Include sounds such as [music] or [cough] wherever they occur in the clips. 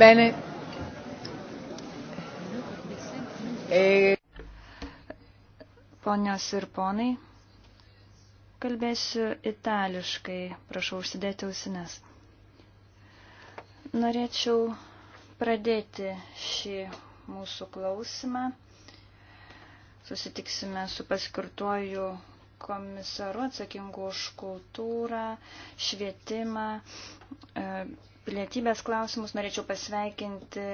Bene. E... Ponios ir ponai, kalbėsiu itališkai, prašau užsidėti ausines. Norėčiau pradėti šį mūsų klausimą. Susitiksime su paskirtuoju komisaru atsakingu už kultūrą, švietimą, e, pilietybės klausimus. Norėčiau pasveikinti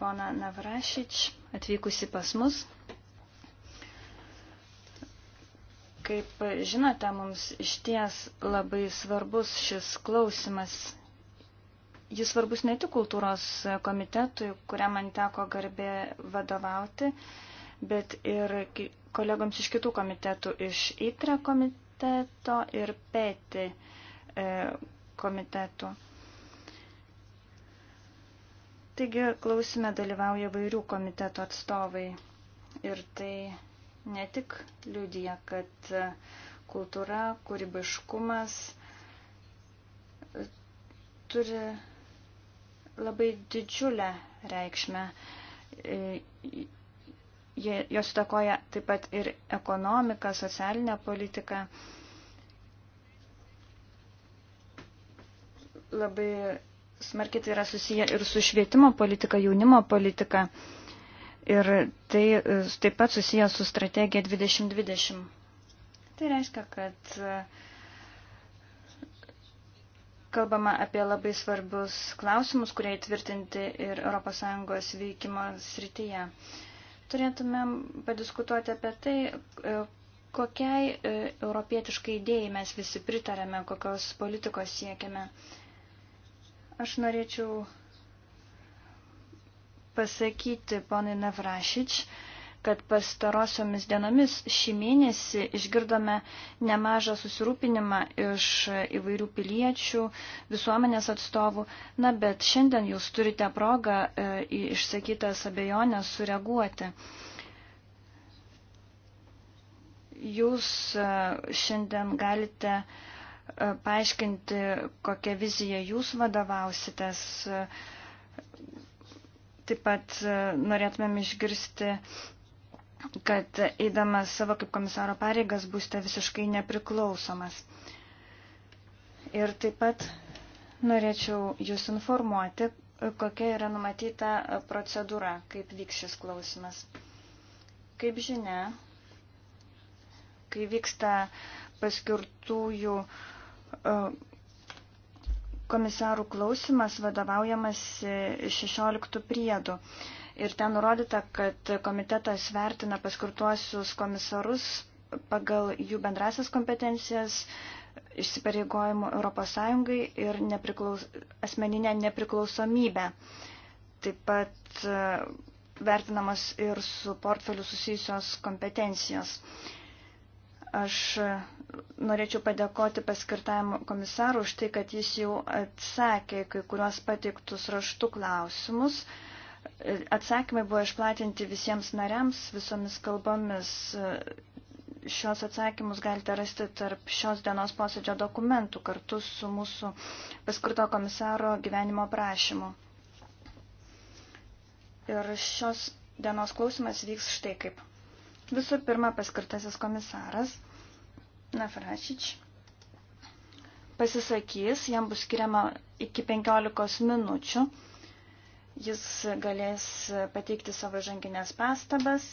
poną Navrašič atvykusi pas mus. Kaip žinote, mums išties labai svarbus šis klausimas. Jis svarbus ne tik kultūros komitetui, kuriam man teko garbė vadovauti, bet ir kolegoms iš kitų komitetų, iš ITRE komiteto ir PETI e, komitetų. Taigi klausime dalyvauja vairių komiteto atstovai ir tai ne tik liudija, kad e, kultūra, kūrybiškumas e, turi labai didžiulę reikšmę jos įtakoja taip pat ir ekonomiką, socialinę politiką. Labai smarkiai tai yra susiję ir su švietimo politika, jaunimo politika. Ir tai e, taip pat susiję su strategija 2020. Tai reiškia, kad e, kalbama apie labai svarbius klausimus, kurie įtvirtinti ir ES veikimo srityje. Uh, Turėtumėm padiskutuoti apie tai, e, kokiai e, europietiškai idėjai mes visi pritarėme, kokios politikos siekiame. Aš norėčiau pasakyti ponai Navrašič, kad pastarosiomis dienomis šį mėnesį išgirdome nemažą susirūpinimą iš įvairių piliečių, visuomenės atstovų. Na, bet šiandien jūs turite progą e, į išsakytas abejonės sureaguoti. Jūs e, šiandien galite e, paaiškinti, kokią viziją jūs vadovausitės Taip pat norėtumėm išgirsti kad eidamas savo kaip komisaro pareigas būsite visiškai nepriklausomas. Ir taip pat norėčiau Jūs informuoti, kokia yra numatyta procedūra, kaip vyks šis klausimas. Kaip žinia, kai vyksta paskirtųjų e, komisarų klausimas vadovaujamas 16 priedų. Ir ten nurodyta, kad komitetas vertina paskirtuosius komisarus pagal jų bendrasias kompetencijas, išsipareigojimų ES ir nepriklaus, asmeninę nepriklausomybę. Taip pat e, vertinamas ir su portfeliu susijusios kompetencijos. Aš e, norėčiau padėkoti paskirtajam komisarui už tai, kad jis jau atsakė kai kuriuos pateiktus raštų klausimus. Uh, Atsakymai buvo išplatinti visiems nariams visomis kalbomis. Šios atsakymus galite rasti tarp šios dienos posėdžio dokumentų kartu su mūsų paskirto komisaro gyvenimo prašymu. Ir šios dienos klausimas vyks štai kaip. Visų pirma, paskirtasis komisaras Nafrašič pasisakys, jam bus skiriama iki 15 minučių Jis galės pateikti savo žanginės pastabas.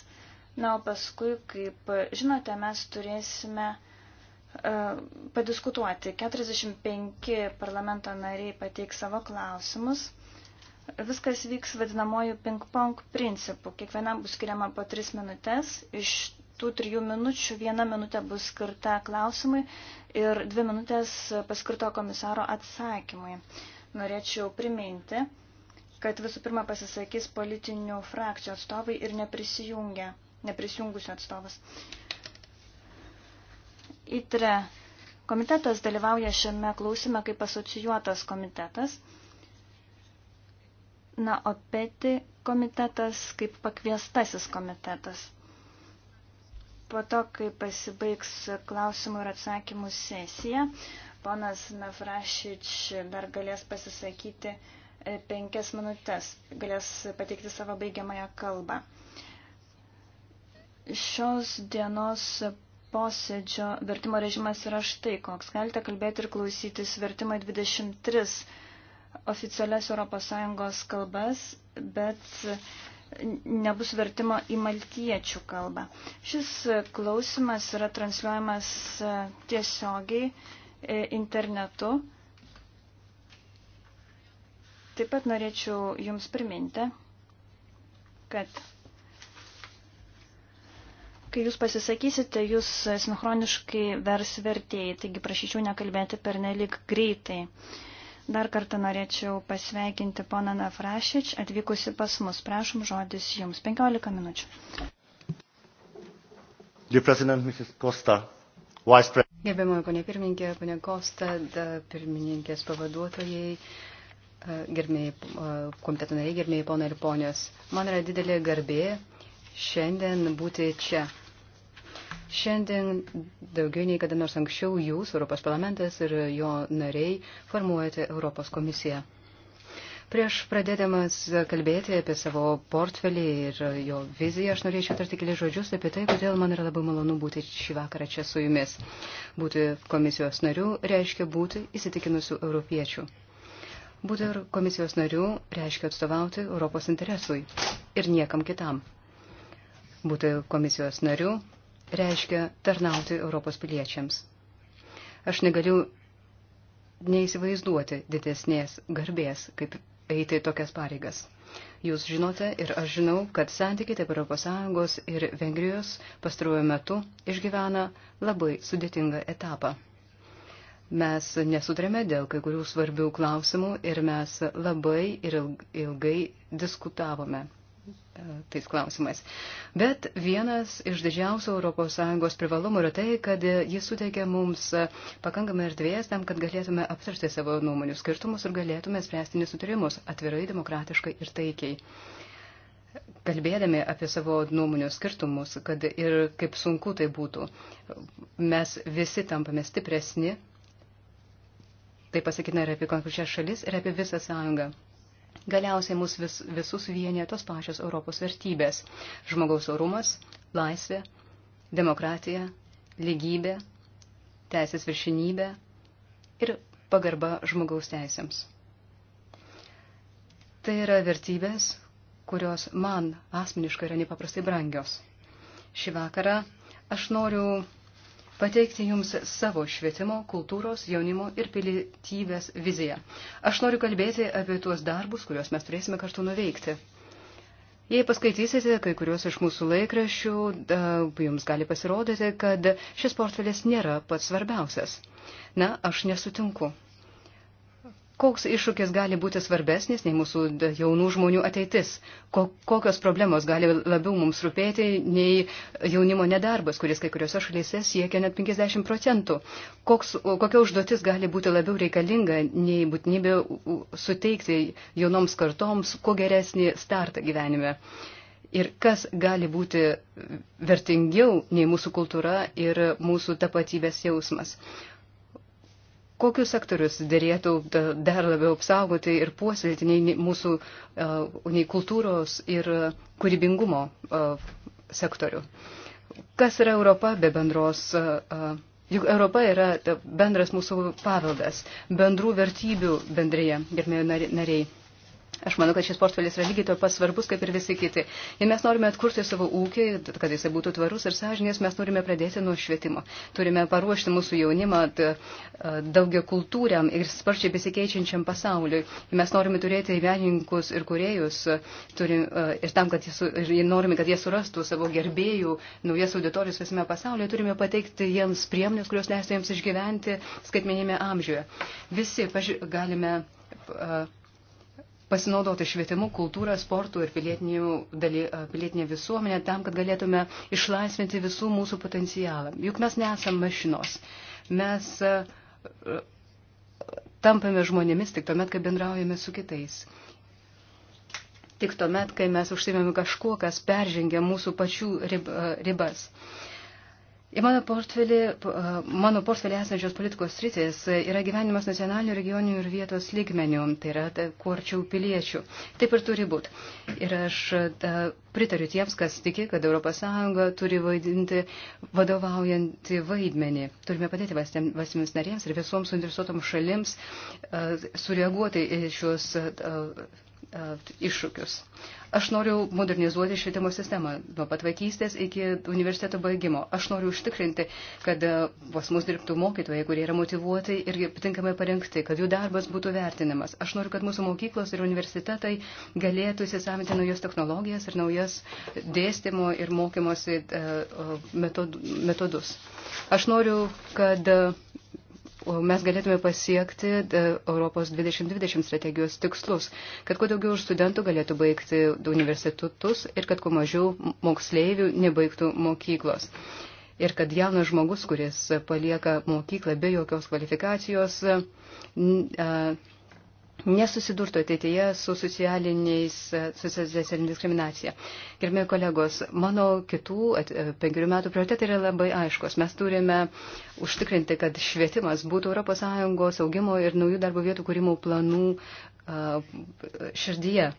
Na, o paskui, kaip žinote, mes turėsime uh, padiskutuoti. 45 parlamento nariai pateiks savo klausimus. Viskas vyks vadinamojų ping-pong principų. Kiekvienam bus skiriama po 3 minutės. Iš tų trijų minučių viena minutė bus skirta klausimui ir dvi minutės paskirto komisaro atsakymui. Norėčiau priminti, kad visų pirma pasisakys politinių frakcijų atstovai ir neprisijungia, neprisijungusių atstovas. ITRE komitetas dalyvauja šiame klausime kaip asocijuotas komitetas. Na, o PETI komitetas kaip pakviestasis komitetas. Po to, kai pasibaigs klausimų ir atsakymų sesija, ponas Nafrašič dar galės pasisakyti uh, E, penkias minutės galės pateikti savo baigiamąją kalbą. Šios dienos posėdžio vertimo režimas yra štai koks. Galite kalbėti ir klausytis vertimą 23 oficialias ES kalbas, bet nebus vertimo į maltiečių kalbą. Šis klausimas yra transliuojamas tiesiogiai e, internetu. Taip pat norėčiau Jums priminti, kad kai Jūs pasisakysite, Jūs sinchroniškai vers vertėjai, taigi prašyčiau nekalbėti per nelik greitai. Dar kartą norėčiau pasveikinti poną Nafrašič, atvykusi pas mus. Prašom žodis jums. 15 minučių. Gerbiamoji ponė pirmininkė, ponė Kosta, pirmininkės pavaduotojai, gerbėjai komiteto nariai, gerbėjai ponai ir ponios. Man yra didelė garbė šiandien būti čia. Šiandien daugiau nei kada nors anksčiau jūs, Europos parlamentas ir jo nariai, formuojate Europos komisiją. Prieš pradėdamas kalbėti apie savo portfelį ir jo viziją, aš norėčiau tarti keli žodžius apie tai, kodėl man yra labai malonu būti šį vakarą čia su jumis. Būti komisijos nariu reiškia būti įsitikinusių europiečių. Būti komisijos narių reiškia atstovauti Europos interesui ir niekam kitam. Būti komisijos narių reiškia tarnauti Europos piliečiams. Aš negaliu neįsivaizduoti didesnės garbės, kaip eiti tokias pareigas. Jūs žinote ir aš žinau, kad santykiai tarp ES ir Vengrijos pastaruoju metu išgyvena labai sudėtingą etapą. Mes nesutrėme dėl kai kurių svarbių klausimų ir mes labai ir ilgai diskutavome e, tais klausimais. Bet vienas iš didžiausių ES privalumų yra tai, kad jis suteikia mums pakankamai erdvės tam, kad galėtume aptarti savo nuomonių skirtumus ir galėtume spręsti nesutarimus atvirai, demokratiškai ir taikiai. Kalbėdami apie savo nuomonių skirtumus, kad ir kaip sunku tai būtų, mes visi tampame stipresni Tai pasakytina ir apie konkrečias šalis, ir apie visą sąjungą. Galiausiai mus vis, visus vienė tos pačios Europos vertybės - žmogaus orumas, laisvė, demokratija, lygybė, teisės viršinybė ir pagarba žmogaus teisėms. Tai yra vertybės, kurios man asmeniškai yra nepaprastai brangios. Šį vakarą aš noriu pateikti jums savo švietimo, kultūros, jaunimo ir pilietybės viziją. Aš noriu kalbėti apie tuos darbus, kuriuos mes turėsime kartu nuveikti. Jei paskaitysite kai kuriuos iš mūsų laikraščių, jums gali pasirodyti, kad šis portfelis nėra pats svarbiausias. Na, aš nesutinku. Koks iššūkis gali būti svarbesnis nei mūsų jaunų žmonių ateitis? Kokios problemos gali labiau mums rūpėti nei jaunimo nedarbas, kuris kai kuriuose šalyse siekia net 50 procentų? Koks, kokia užduotis gali būti labiau reikalinga nei būtinybė suteikti jaunoms kartoms kuo geresnį startą gyvenime? Ir kas gali būti vertingiau nei mūsų kultūra ir mūsų tapatybės jausmas? kokius sektorius dėrėtų dar labiau apsaugoti ir puoselėti nei mūsų nei kultūros ir kūrybingumo sektorių. Kas yra Europa be bendros? Juk Europa yra bendras mūsų paveldas, bendrų vertybių bendrėje, gerbėjai nariai. Aš manau, kad šis portfelis yra lygiai to pasvarbus, kaip ir visi kiti. Jei mes norime atkurti savo ūkį, kad jisai būtų tvarus ir sąžinės, mes norime pradėti nuo švietimo. Turime paruošti mūsų jaunimą daugia kultūriam ir sparčiai besikeičiančiam pasauliui. Mes norime turėti menininkus ir kuriejus turim, ir tam, kad jis, ir norime, kad jie surastų savo gerbėjų naujas auditorijas visame pasaulyje, turime pateikti jiems priemonės, kurios leistų jiems išgyventi skaitmenėme amžiuje. Visi paži galime. Uh, pasinaudoti švietimu, kultūrą, sportų ir daly, pilietinė visuomenė tam, kad galėtume išlaisvinti visų mūsų potencialą. Juk mes nesam mašinos. Mes tampame žmonėmis tik tuomet, kai bendraujame su kitais. Tik tuomet, kai mes užsimėme kažkuo, kas peržengia mūsų pačių ribas. Rib, Į mano portfelį, mano portfelį esančios politikos sritis yra gyvenimas nacionalinių, regioninių ir vietos lygmenių, tai yra ta, kuo arčiau piliečių. Taip ir turi būti. Ir aš ta, pritariu tiems, kas tiki, kad ES turi vaidinti vadovaujantį vaidmenį. Turime padėti valstybėms narėms ir visoms suinteresuotoms šalims sureaguoti į šios. Ta, E, iššūkius. Aš noriu modernizuoti švietimo sistemą nuo pat vaikystės iki universiteto baigimo. Aš noriu užtikrinti, kad e, pas mus dirbtų mokytojai, kurie yra motivuoti ir tinkamai parengti, kad jų darbas būtų vertinamas. Aš noriu, kad mūsų mokyklos ir universitetai galėtų įsisavinti naujas technologijas ir naujas dėstymo ir mokymosi e, metodus. Aš noriu, kad mes galėtume pasiekti e, Europos 2020 strategijos tikslus, kad kuo daugiau studentų galėtų baigti universitetus ir kad kuo mažiau moksleivių nebaigtų mokyklos. Ir kad jaunas žmogus, kuris palieka mokyklą be jokios kvalifikacijos, nesusidurtų ateityje su socialiniais, socialinė diskriminacija. Gerbėjai kolegos, mano kitų e, penkerių metų prioritetai yra labai aiškus. Mes turime užtikrinti, kad švietimas būtų ES augimo ir naujų darbo vietų kūrimo planų širdyje.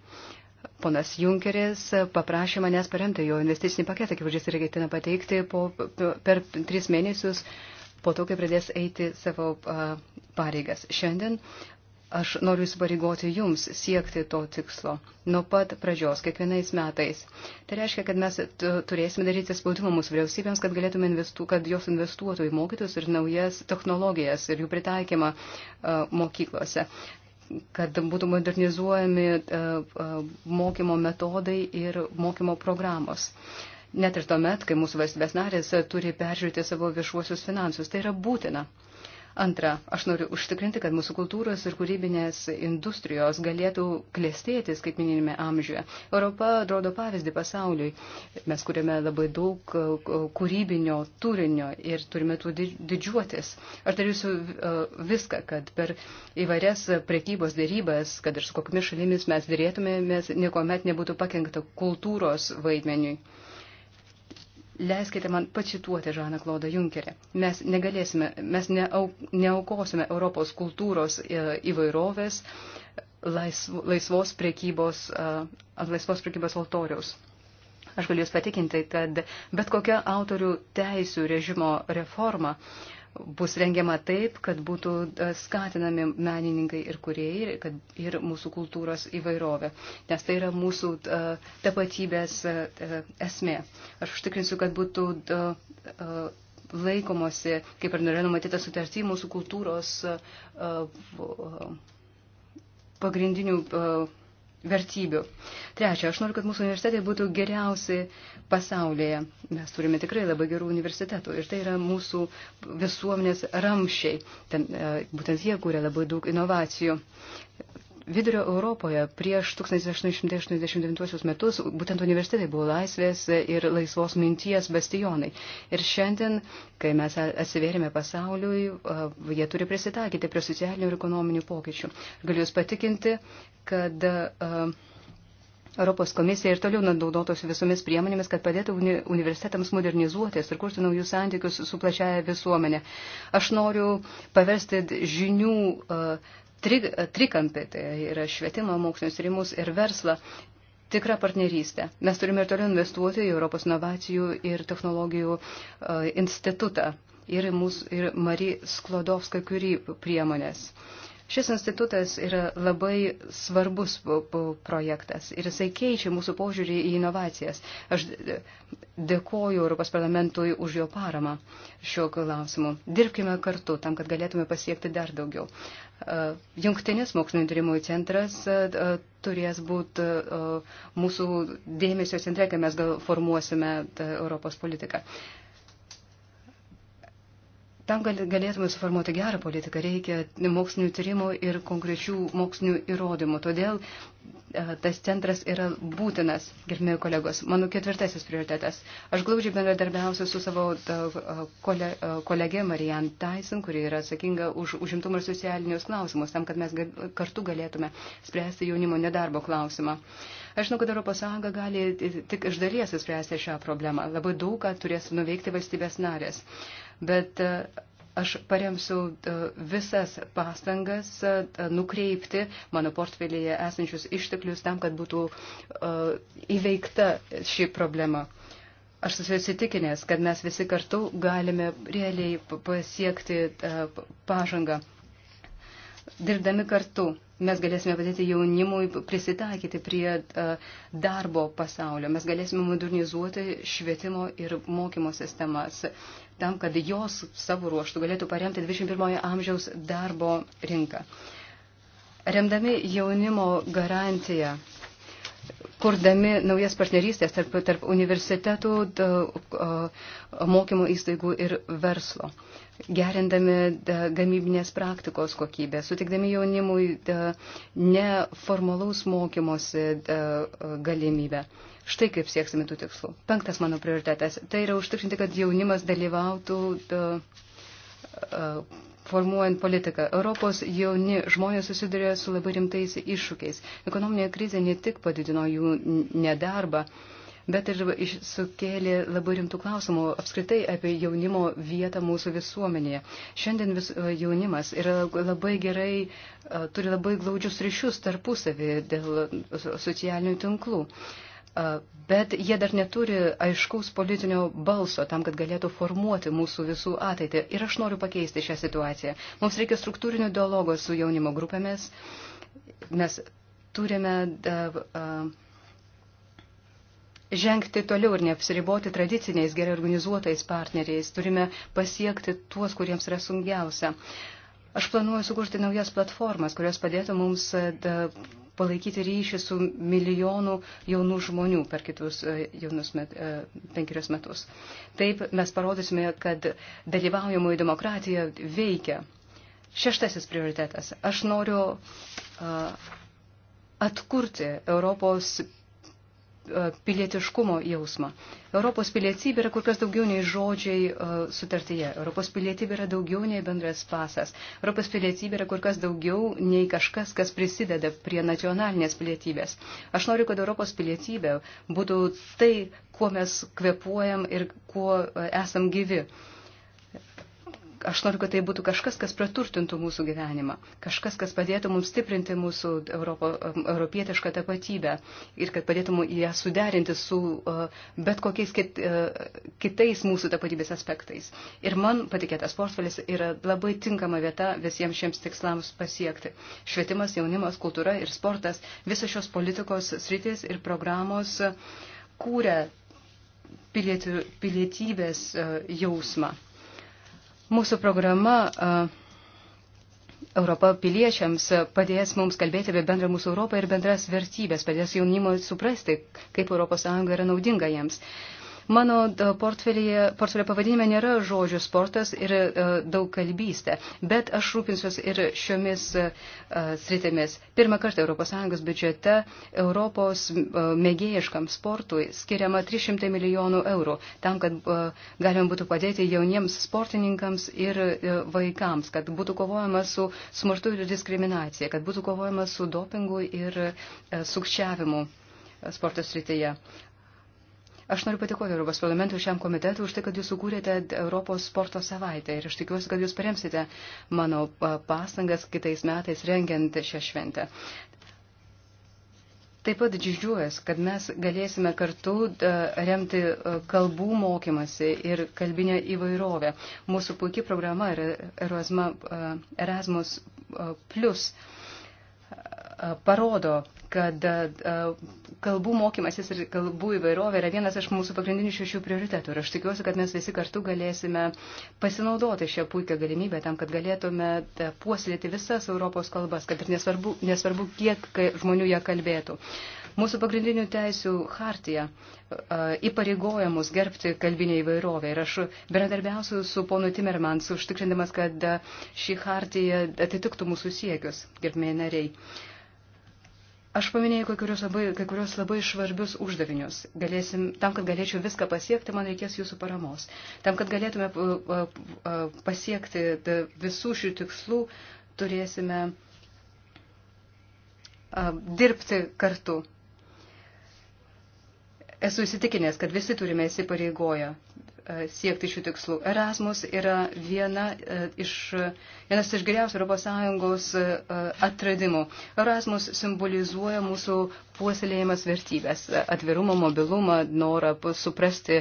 Ponas Junkeris paprašė manęs paremti jo investicinį paketą, kaip žodžiais ir ketina pateikti po, per tris mėnesius po to, kai pradės eiti savo pareigas. Šiandien Aš noriu įsipareigoti jums siekti to tikslo nuo pat pradžios, kiekvienais metais. Tai reiškia, kad mes turėsime daryti spaudimą mūsų vyriausybėms, kad galėtume investu, kad jos investuotų į mokytus ir naujas technologijas ir jų pritaikymą uh, mokyklose kad būtų modernizuojami uh, mokymo metodai ir mokymo programos. Net ir tuomet, kai mūsų valstybės narės turi peržiūrėti savo viešuosius finansus, tai yra būtina. Uh, Antra, aš noriu užtikrinti, kad mūsų kultūros ir kūrybinės industrijos galėtų klėstėtis, kaip minime, amžiuje. Europa rodo pavyzdį pasauliui. Mes kuriame labai daug e, e, kūrybinio turinio ir turime tų didžiuotis. Aš darysiu e, viską, kad per įvairias prekybos dėrybas, kad ir su kokiamis šalimis mes dėrėtume, mes niekuomet nebūtų pakengta kultūros vaidmeniui. Leiskite man pacituoti Žaną Klodą Junkerį. Mes negalėsime, mes neaukosime Europos kultūros e, įvairovės laisvos prekybos, e, ant laisvos prekybos altoriaus. Aš galiu jūs patikinti, kad bet kokia autorių teisų režimo reforma uh, bus rengiama taip, kad būtų e, skatinami menininkai ir kuriejai ir, ir mūsų kultūros įvairovė, nes tai yra mūsų e, tapatybės e, esmė. Aš užtikrinsiu, kad būtų laikomosi, kaip ir norėjau numatytą sutartį, mūsų kultūros pagrindinių vertybių. Trečia, aš noriu, kad mūsų universitetai būtų geriausi pasaulyje. Mes turime tikrai labai gerų universitetų ir tai yra mūsų visuomenės ramšiai. Ten, e, būtent jie kūrė labai daug inovacijų. Vidurio Europoje prieš 1889 metus būtent universitetai buvo laisvės ir laisvos minties bastionai. Ir šiandien, kai mes atsiverėme pasauliui, jie turi prisitaikyti prie socialinių ir ekonominių pokyčių. Galiu Jūs patikinti, kad Europos komisija ir toliau naudotųsi visomis priemonėmis, kad padėtų uni universitetams modernizuotis ir kurti naujus santykius su plačiaja visuomenė. Aš noriu paversti žinių uh, tri, trikampį, tai yra švietimą, mokslinius rimus ir verslą, tikrą partnerystę. Mes turime ir toliau investuoti į Europos inovacijų ir technologijų e, institutą ir, mūsų, ir Mari Sklodovską kurį priemonės. Uh, Šis institutas yra labai svarbus projektas ir jisai keičia mūsų požiūrį į inovacijas. Aš dėkoju Europos parlamentui už jo paramą šiuo klausimu. Dirbkime kartu tam, kad galėtume pasiekti dar daugiau. Jungtinis mokslinio tyrimų centras turės būti mūsų dėmesio centre, kai mes gal formuosime Europos politiką. Tam, kad galėtume suformuoti gerą politiką, reikia mokslinių tyrimų ir konkrečių mokslinių įrodymų. Todėl e, tas centras yra būtinas, gerbėjai kolegos. Mano ketvirtasis prioritetas. Aš glaudžiai bendradarbiausiu su savo e, e, kolegė Marianne Tyson, kuri yra atsakinga už užimtumą ir socialinius klausimus, tam, kad mes kartu galėtume spręsti jaunimo nedarbo klausimą. Aš žinau, kad Europos Sąjunga gali tik iš dalies spręsti šią problemą. Labai daug ką turės nuveikti valstybės narės bet e, aš paremsiu e, visas pastangas e, nukreipti mano portfelyje esančius išteklius tam, kad būtų įveikta ši problema. Aš susitikinęs, kad mes visi kartu galime realiai pasiekti pažangą dirbdami kartu mes galėsime padėti jaunimui prisitaikyti prie e, darbo pasaulio, mes galėsime modernizuoti švietimo ir mokymo sistemas tam, kad jos savo ruoštų galėtų paremti 21 amžiaus darbo rinką. Remdami jaunimo garantiją, kurdami naujas partnerystės tarp, tarp universitetų, da, mokymo įstaigų ir verslo gerindami da, gamybinės praktikos kokybę, sutikdami jaunimui da, neformalaus mokymosi da, galimybę. Štai kaip sieksime tų tikslų. Penktas mano prioritetas - tai yra užtikrinti, kad jaunimas dalyvautų da, a, formuojant politiką. Europos jauni žmonės susiduria su labai rimtais iššūkiais. Ekonominė krizė ne tik padidino jų nedarbą, bet ir sukėlė labai rimtų klausimų apskritai apie jaunimo vietą mūsų visuomenėje. Šiandien vis, e, jaunimas yra labai gerai, e, turi labai glaudžius ryšius tarpusavį dėl socialinių tinklų. E, bet jie dar neturi aiškaus politinio balso tam, kad galėtų formuoti mūsų visų ateitį. Ir aš noriu pakeisti šią situaciją. Mums reikia struktūrinio dialogo su jaunimo grupėmis. Mes turime. Uh, uh, žengti toliau ir neapsiriboti tradiciniais gerai organizuotais partneriais. Turime pasiekti tuos, kuriems yra sungiausia. Aš planuoju sukurti naujas platformas, kurios padėtų mums e, palaikyti ryšį su milijonu jaunų žmonių per kitus e, jaunus met, e, penkerius metus. Taip mes parodysime, kad dalyvaujamoji demokratija veikia. Šeštasis prioritetas. Aš noriu uh, atkurti Europos E, pilietiškumo jausmą. Europos pilietybė yra kur kas daugiau nei žodžiai e, sutartyje. Europos pilietybė yra daugiau nei bendras pasas. Europos pilietybė yra kur kas daugiau nei kažkas, kas prisideda prie nacionalinės pilietybės. Aš noriu, kad Europos pilietybė būtų tai, kuo mes kvepuojam ir kuo e, esam gyvi. Uh, Aš noriu, kad tai būtų kažkas, kas praturtintų mūsų gyvenimą, kažkas, kas padėtų mums stiprinti mūsų Europo, europietišką tapatybę ir kad padėtų mums ją suderinti su e, bet kokiais kit, e, kitais mūsų tapatybės aspektais. Ir man patikėtas portfelis yra labai tinkama vieta visiems šiems tikslams pasiekti. Švietimas, jaunimas, kultūra ir sportas, visos šios politikos sritis ir programos e, kūrė pilietybės jausmą. Mūsų programa Europa piliečiams padės mums kalbėti apie bendrą mūsų Europą ir bendras vertybės, padės jaunimo suprasti, kaip ES yra naudinga jiems. Mano e, portfelio pavadinime nėra žodžių sportas ir e, daug kalbystė, bet aš rūpinsiuos ir šiomis e, sritėmis. Pirmą kartą ES biudžete Europos mėgėjiškam sportui skiriama 300 milijonų eurų, tam, kad galima būtų padėti jauniems sportininkams ir vaikams, kad būtų kovojama su smurtu ir diskriminacija, kad būtų kovojama su dopingu ir sukčiavimu sporto srityje. Aš noriu patikoti Europos parlamentui šiam komitetui už tai, kad jūs sukūrėte Europos sporto savaitę ir aš tikiuosi, kad jūs paremsite mano pastangas kitais metais rengiant šią šventę. Taip pat didžiuojas, kad mes galėsime kartu remti kalbų mokymasi ir kalbinę įvairovę. Mūsų puikia programa yra Erasmus Plus parodo, kad e, e, kalbų mokymasis ir kalbų įvairovė yra vienas iš mūsų pagrindinių šešių prioritetų. Ir aš tikiuosi, kad mes visi kartu galėsime pasinaudoti šią puikią galimybę tam, kad galėtume e, puoselėti visas Europos kalbas, kad ir nesvarbu, nesvarbu kiek žmonių ją kalbėtų. Mūsų pagrindinių teisių hartija įpareigoja mus gerbti kalbinę įvairovę. Ir aš bendradarbiausiu su ponu Timermans, užtikrindamas, kad ši hartija atitiktų mūsų siekius, gerbėjai nariai. Aš paminėjau kai kurios labai, kai kurios labai švarbius uždavinius. Galėsim, tam, kad galėčiau viską pasiekti, man reikės jūsų paramos. Tam, kad galėtume uh, uh, uh, pasiekti visų šių tikslų, turėsime dirbti kartu. Esu įsitikinęs, kad visi turime įsipareigoję E, siekti šių tikslų. Erasmus yra viena e, iš, vienas iš geriausių ES e, atradimų. Erasmus simbolizuoja mūsų puoselėjimas vertybės - atvirumą, mobilumą, norą suprasti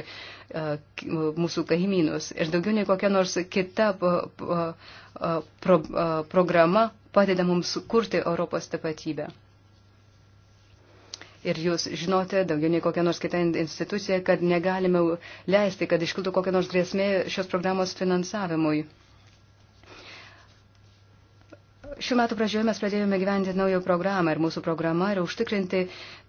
mūsų kaimynus. Ir daugiau nei kokia nors kita pro, pro, programa padeda mums kurti Europos tapatybę. Ir jūs žinote, daugiau nei kokia nors kita institucija, kad negalime leisti, kad iškiltų kokia nors grėsmė šios programos finansavimui. Šiuo metu pradžioje mes pradėjome gyventi naują programą ir mūsų programa yra užtikrinti,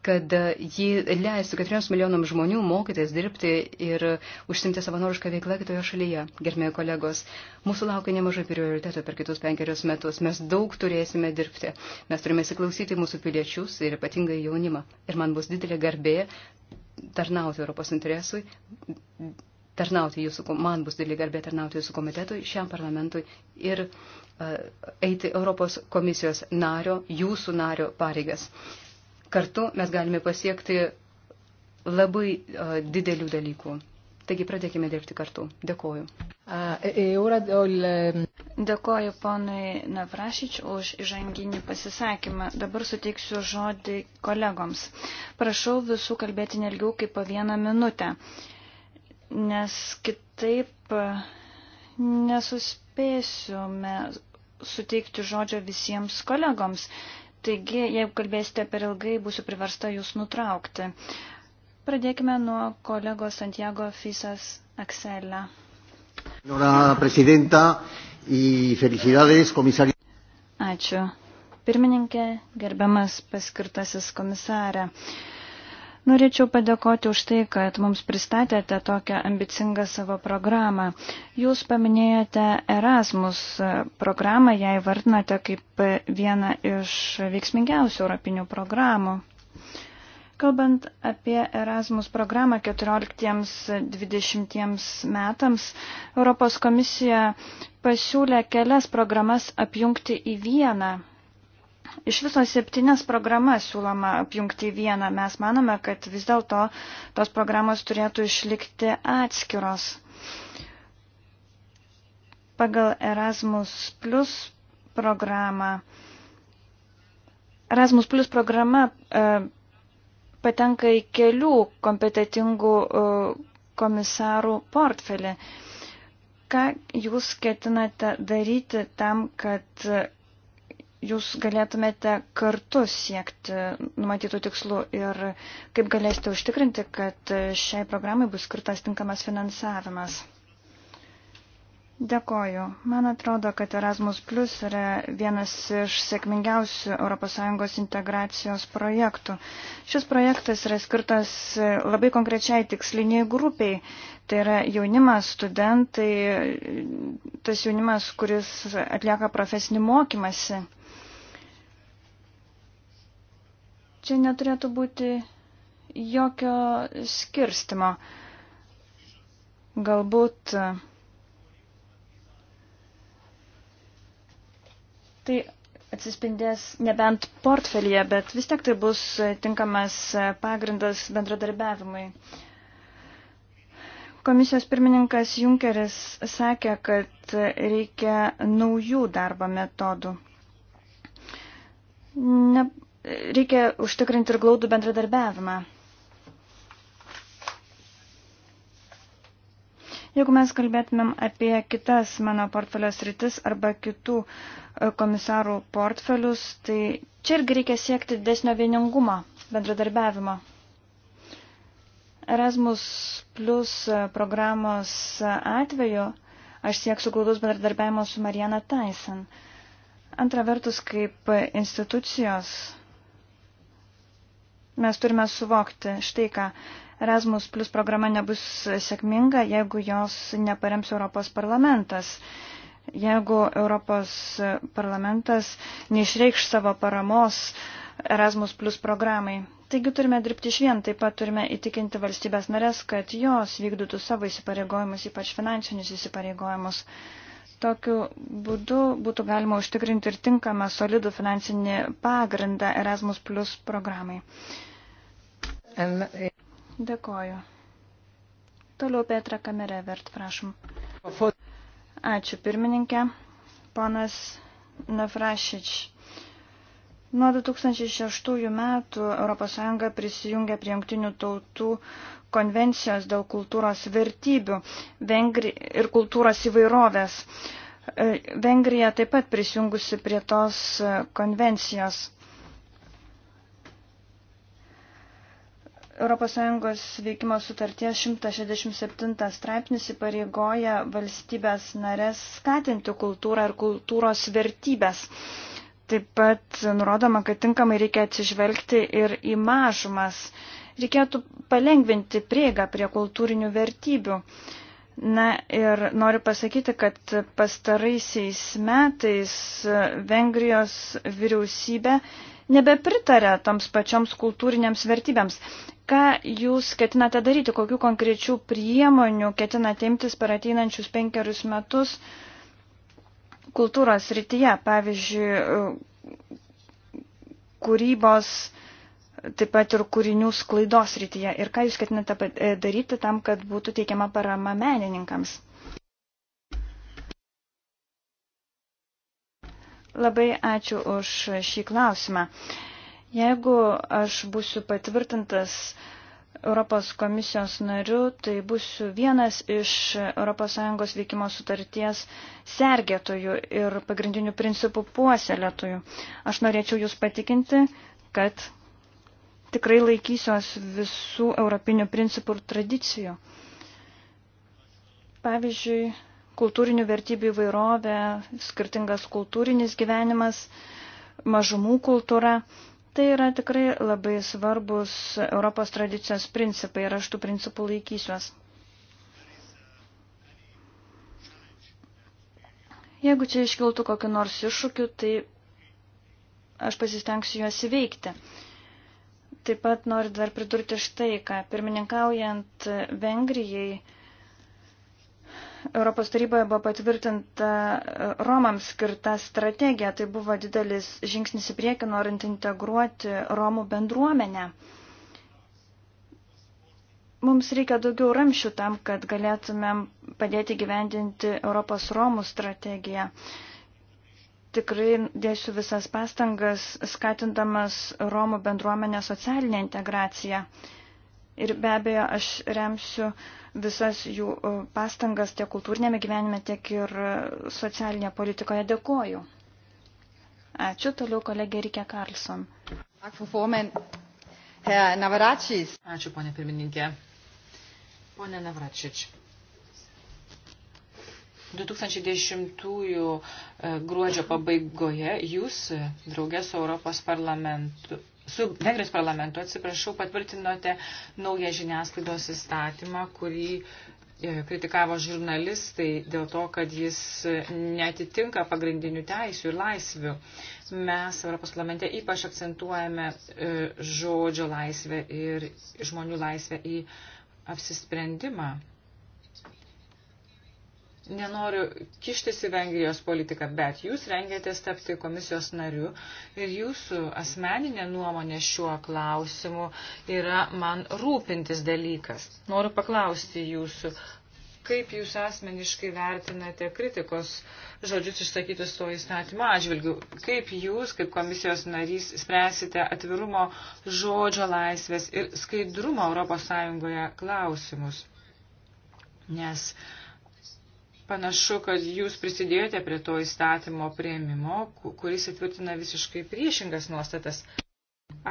kad ji leistų 4 milijonam žmonių mokytis, dirbti ir užsimti savanorišką veiklą kitoje šalyje. Gerbėjai kolegos, mūsų laukia nemažai prioritetų per kitus penkerius metus. Mes daug turėsime dirbti. Mes turime įsiklausyti mūsų piliečius ir ypatingai jaunimą. Ir man bus didelė garbė tarnauti Europos interesui tarnauti jūsų, man bus didelį garbė tarnauti jūsų komitetui, šiam parlamentui ir eiti Europos komisijos nario, jūsų nario pareigas. Kartu mes galime pasiekti labai didelių dalykų. Taigi pradėkime dirbti kartu. Dėkoju. E, e, Dėkoju ponui Navrašič už įžanginį pasisakymą. Dabar suteiksiu žodį kolegoms. Prašau visų kalbėti nelgiau kaip po vieną minutę, nes kitaip nesuspėsime suteikti žodžio visiems kolegoms. Taigi, jeigu kalbėsite per ilgai, būsiu priversta jūs nutraukti. Pradėkime nuo kolegos Santiago Fisas Akselė. Ačiū. Pirmininkė, gerbiamas paskirtasis komisarė. Norėčiau padėkoti už tai, kad mums pristatėte tokią ambicingą savo programą. Jūs paminėjote Erasmus programą, jai vardinate kaip vieną iš veiksmingiausių europinių programų. Kalbant apie Erasmus programą 14-20 metams, Europos komisija pasiūlė kelias programas apjungti į vieną Iš viso septynias programas siūloma apjungti vieną. Mes manome, kad vis dėlto tos programos turėtų išlikti atskiros. Pagal Erasmus Plus programą. Erasmus Plus programa e, patenka į kelių kompetitingų e, komisarų portfelį. Ką jūs ketinate daryti tam, kad jūs galėtumėte kartu siekti numatytų tikslų ir kaip galėsite užtikrinti, kad šiai programai bus skirtas tinkamas finansavimas? Dėkoju. Man atrodo, kad Erasmus Plus yra vienas iš sėkmingiausių ES integracijos projektų. Šis projektas yra skirtas labai konkrečiai tiksliniai grupiai. Tai yra jaunimas, studentai, tas jaunimas, kuris atlieka profesinį mokymasi. Čia neturėtų būti jokio skirstimo. Galbūt tai atsispindės nebent portfelyje, bet vis tiek tai bus tinkamas pagrindas bendradarbiavimui. Komisijos pirmininkas Junkeris sakė, kad reikia naujų darbo metodų. Ne, Reikia užtikrinti ir glaudų bendradarbiavimą. Jeigu mes kalbėtumėm apie kitas mano portfelios rytis arba kitų e, komisarų portfelius, tai čia irgi reikia siekti desnio vieningumo, bendradarbiavimo. Erasmus plus e, programos atveju aš sieksiu glaudus bendradarbiavimo su Mariana Tyson. Antra vertus, kaip institucijos Mes turime suvokti štai ką. Erasmus plus programa nebus sėkminga, jeigu jos neparems Europos parlamentas. Jeigu Europos parlamentas neišreikš savo paramos Erasmus plus programai. Taigi turime dirbti iš vien, taip pat turime įtikinti valstybės narės, kad jos vykdytų savo įsipareigojimus, ypač finansinius įsipareigojimus. Tokiu būdu būtų galima užtikrinti ir tinkamą solidų finansinį pagrindą Erasmus Plus programai. E- Dėkoju. Toliau Petra Kamerevert, prašom. Ačiū pirmininkė. Ponas Navrašič Nuo 2006 metų ES prisijungia prie jungtinių tautų konvencijos dėl kultūros vertybių Vengri ir kultūros įvairovės. E, Vengrija taip pat prisijungusi prie tos e, konvencijos. ES veikimo sutarties 167 straipsnis įpareigoja valstybės narės skatinti kultūrą ir kultūros vertybės. Taip pat nurodoma, kad tinkamai reikia atsižvelgti ir į mažumas. Reikėtų palengvinti prieigą prie kultūrinių vertybių. Na ir noriu pasakyti, kad pastaraisiais metais Vengrijos vyriausybė nebepritarė toms pačioms kultūriniams vertybėms. Ką jūs ketinate daryti, kokiu konkrečiu priemoniu ketinate imtis per ateinančius penkerius metus, uh, kultūros rytyje, pavyzdžiui, kūrybos, taip pat ir kūrinių sklaidos rytyje. Ir ką jūs ketinate e, daryti tam, kad būtų teikiama parama menininkams? Labai ačiū už šį klausimą. Jeigu aš būsiu patvirtintas uh, Europos komisijos nariu, tai būsiu vienas iš ES veikimo sutarties sergėtojų ir pagrindinių principų puoselėtojų. Aš norėčiau Jūs patikinti, kad tikrai laikysiuos visų europinių principų ir tradicijų. Pavyzdžiui, kultūrinių vertybių įvairovė, skirtingas kultūrinis gyvenimas, mažumų kultūra. Tai yra tikrai labai svarbus Europos tradicijos principai ir aš tų principų laikysiuos. Jeigu čia iškiltų kokį nors iššūkių, tai aš pasistengsiu juos įveikti. Taip pat noriu dar pridurti štai, ką pirmininkaujant Vengrijai Europos taryboje buvo patvirtinta Romams skirta strategija. Tai buvo didelis žingsnis į priekį, norint integruoti Romų bendruomenę. Mums reikia daugiau ramšių tam, kad galėtumėm padėti gyvendinti Europos Romų strategiją. Tikrai dėsiu visas pastangas, skatindamas Romų bendruomenę socialinę integraciją. Ir be abejo, aš remsiu visas jų e, pastangas tiek kultūrinėme gyvenime, tiek ir e, socialinėje politikoje. Dėkoju. Ačiū toliau kolegė Rikė Karlson. Ačiū, ponė pirmininkė. Pone Navračič. 2010 gruodžio pabaigoje jūs, e, draugės Europos parlamentu, su Vengrijos parlamentu, atsiprašau, patvirtinote naują žiniasklaidos įstatymą, kurį e, kritikavo žurnalistai dėl to, kad jis e, netitinka pagrindinių teisių ir laisvių. Mes Europos parlamente ypač akcentuojame e, žodžio laisvę ir žmonių laisvę į apsisprendimą nenoriu kištis į Vengrijos politiką, bet jūs rengėtės tapti komisijos nariu ir jūsų asmeninė nuomonė šiuo klausimu yra man rūpintis dalykas. Noriu paklausti jūsų, kaip jūs asmeniškai vertinate kritikos žodžius išsakytus to įstatymo atžvilgių, kaip jūs, kaip komisijos narys, spręsite atvirumo žodžio laisvės ir skaidrumo ES klausimus. Nes uh, Panašu, kad jūs prisidėjote prie to įstatymo prieimimo, kuris įtvirtina visiškai priešingas nuostatas.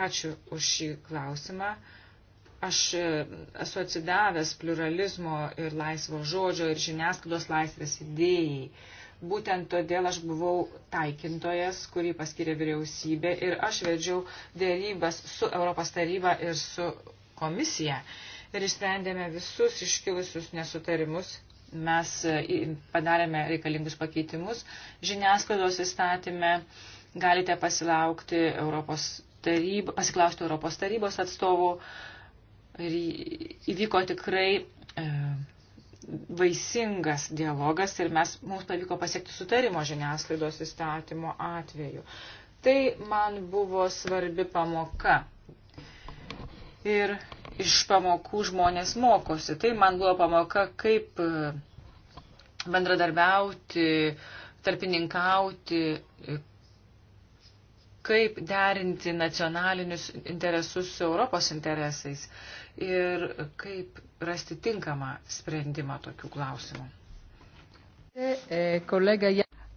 Ačiū už šį klausimą. Aš e, esu atsidavęs pluralizmo ir laisvo žodžio ir žiniasklaidos laisvės idėjai. Būtent todėl aš buvau taikintojas, kurį paskiria vyriausybė ir aš vedžiau dėrybas su Europos taryba ir su komisija ir išsprendėme visus iškilusius nesutarimus mes e, padarėme reikalingus pakeitimus žiniasklaidos įstatymę. Galite pasilaukti Europos taryb, pasiklausti Europos tarybos atstovų. Ir įvyko tikrai e, vaisingas dialogas ir mes, mums pavyko pasiekti sutarimo žiniasklaidos įstatymo atveju. Tai man buvo svarbi pamoka ir iš pamokų žmonės mokosi. Tai man buvo pamoka, kaip e, bendradarbiauti, tarpininkauti, e, kaip derinti nacionalinius interesus su Europos interesais ir kaip rasti tinkamą sprendimą tokių klausimų.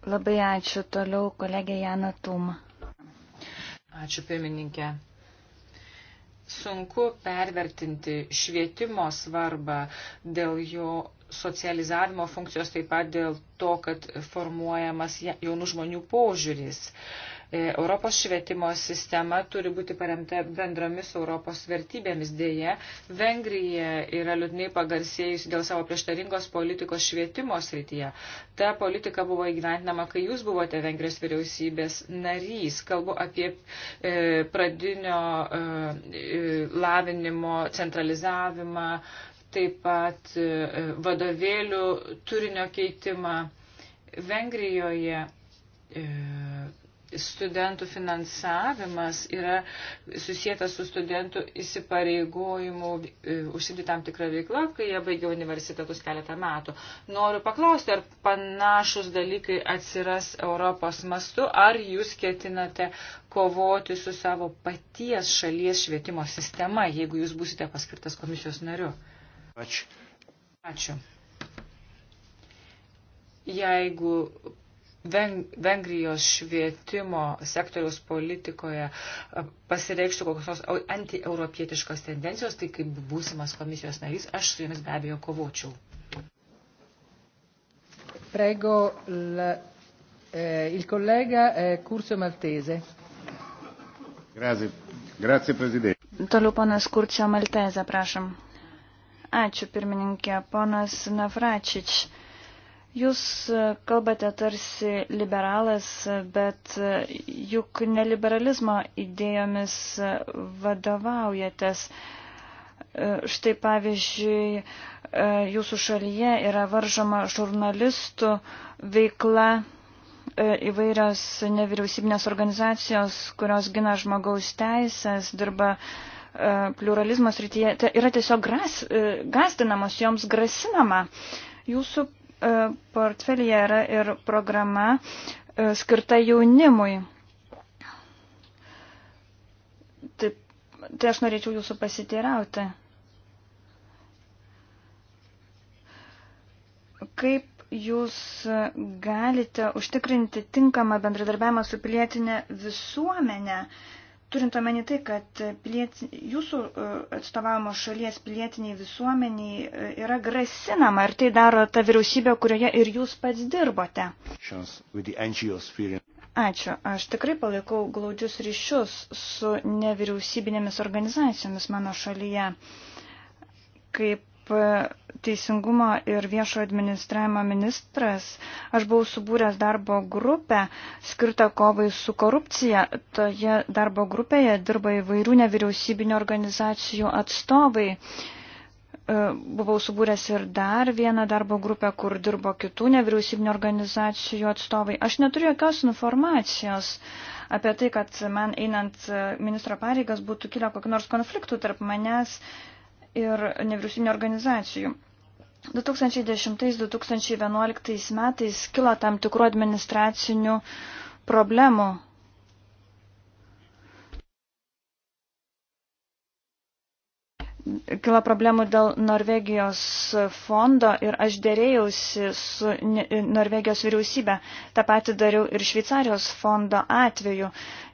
Labai ačiū toliau kolegė Jana Tuma. Ačiū pirmininkė sunku pervertinti švietimo svarbą dėl jo socializavimo funkcijos, taip pat dėl to, kad formuojamas jaunų žmonių požiūris. Uh, E, Europos švietimo sistema turi būti paremta bendromis Europos vertybėmis. Dėje, Vengrija yra liūdnai pagarsėjusi dėl savo prieštaringos politikos švietimo srityje. Ta politika buvo įgyventinama, kai jūs buvote Vengrijos vyriausybės narys. Kalbu apie e, pradinio e, e lavinimo centralizavimą, taip pat e, vadovėlių turinio keitimą. Vengrijoje studentų finansavimas yra susijęs su studentų įsipareigojimu e, užsimti tam tikrą veiklą, kai jie baigia universitetus keletą metų. Noriu paklausti, ar panašus dalykai atsiras Europos mastu, ar jūs ketinate kovoti su savo paties šalies švietimo sistema, jeigu jūs būsite paskirtas komisijos nariu. Ačiū. Ačiū. Jeigu Vengrijos švietimo sektoriaus politikoje pasireikštų kokios nors antieuropietiškos tendencijos, tai kaip būsimas komisijos narys, aš su jumis be abejo kovočiau. Prego la, eh, il collega eh, Curso Maltese. Grazie, grazie Presidente. Toliau ponas Kurčio Maltese, prašom. Ačiū pirmininkė, ponas Navračič Jūs e, kalbate tarsi liberalas, bet e, juk neliberalizmo idėjomis e, vadovaujatės. Štai pavyzdžiui, jūsų šalyje yra varžoma žurnalistų veikla įvairios nevyriausybinės organizacijos, kurios gina žmogaus teisės, dirba pluralizmo srityje. Tai yra tiesiog gras, gastinamos, joms grasinama. Jūsų E, portfelėje yra ir programa e, skirta jaunimui. Taip, tai aš norėčiau jūsų pasiteirauti. Kaip jūs galite užtikrinti tinkamą bendradarbiavimą su pilietinė visuomenė, uh, turint omeny tai, kad piliet, jūsų e, atstovavimo šalies pilietiniai visuomeniai e, yra grasinama ir tai daro ta vyriausybė, kurioje ir jūs pats dirbote. Ačiū. Aš tikrai palaikau glaudžius ryšius su nevyriausybinėmis organizacijomis mano šalyje. Kaip kaip teisingumo ir viešo administravimo ministras, aš buvau subūręs darbo grupę skirtą kovai su korupcija. Toje darbo grupėje dirba įvairių nevyriausybinio organizacijų atstovai. E, buvau subūręs ir dar vieną darbo grupę, kur dirbo kitų nevyriausybinio organizacijų atstovai. Aš neturiu jokios informacijos apie tai, kad man einant ministro pareigas būtų kilę kokiu nors konfliktų tarp manęs ir nevyriausybinio organizacijų. 2010-2011 metais kilo tam tikrų administracinių problemų kilo problemų dėl Norvegijos fondo ir aš dėrėjausi su Norvegijos vyriausybė. Ta pati dariau ir Šveicarijos fondo atveju.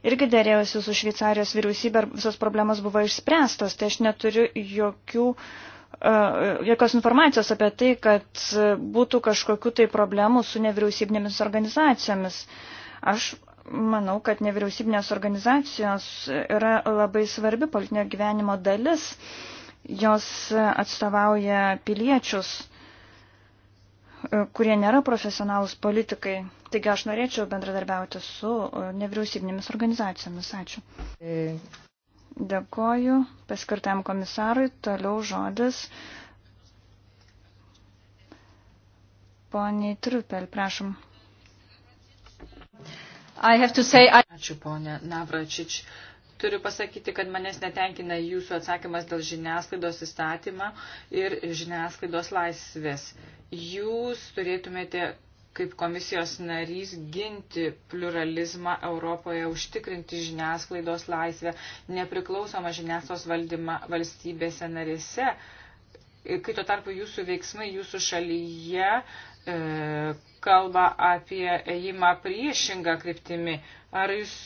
Irgi dėrėjausi su Šveicarijos vyriausybė ir visos problemos buvo išspręstos, tai aš neturiu jokių, e, jokios informacijos apie tai, kad būtų kažkokių tai problemų su nevyriausybinėmis organizacijomis. Aš manau, kad nevyriausybinės organizacijos yra labai svarbi politinio gyvenimo dalis. Uh, Jos atstovauja piliečius, e, kurie nėra profesionalus politikai. Taigi aš norėčiau bendradarbiauti su e, nevyriausybinėmis organizacijomis. Ačiū. E. Dėkoju paskirtam komisarui. Toliau žodis. Poniai Trupel, prašom. I have to say I... Ačiū, ponė Navračič. Uh, Turiu pasakyti, kad manęs netenkina jūsų atsakymas dėl žiniasklaidos įstatymą ir žiniasklaidos laisvės. Jūs turėtumėte kaip komisijos narys ginti pluralizmą Europoje, užtikrinti žiniasklaidos laisvę, nepriklausomą žiniasklaidos valdymą valstybėse narėse. Kai tuo tarpu jūsų veiksmai jūsų šalyje e, kalba apie ėjimą priešingą kryptimi. Ar jūs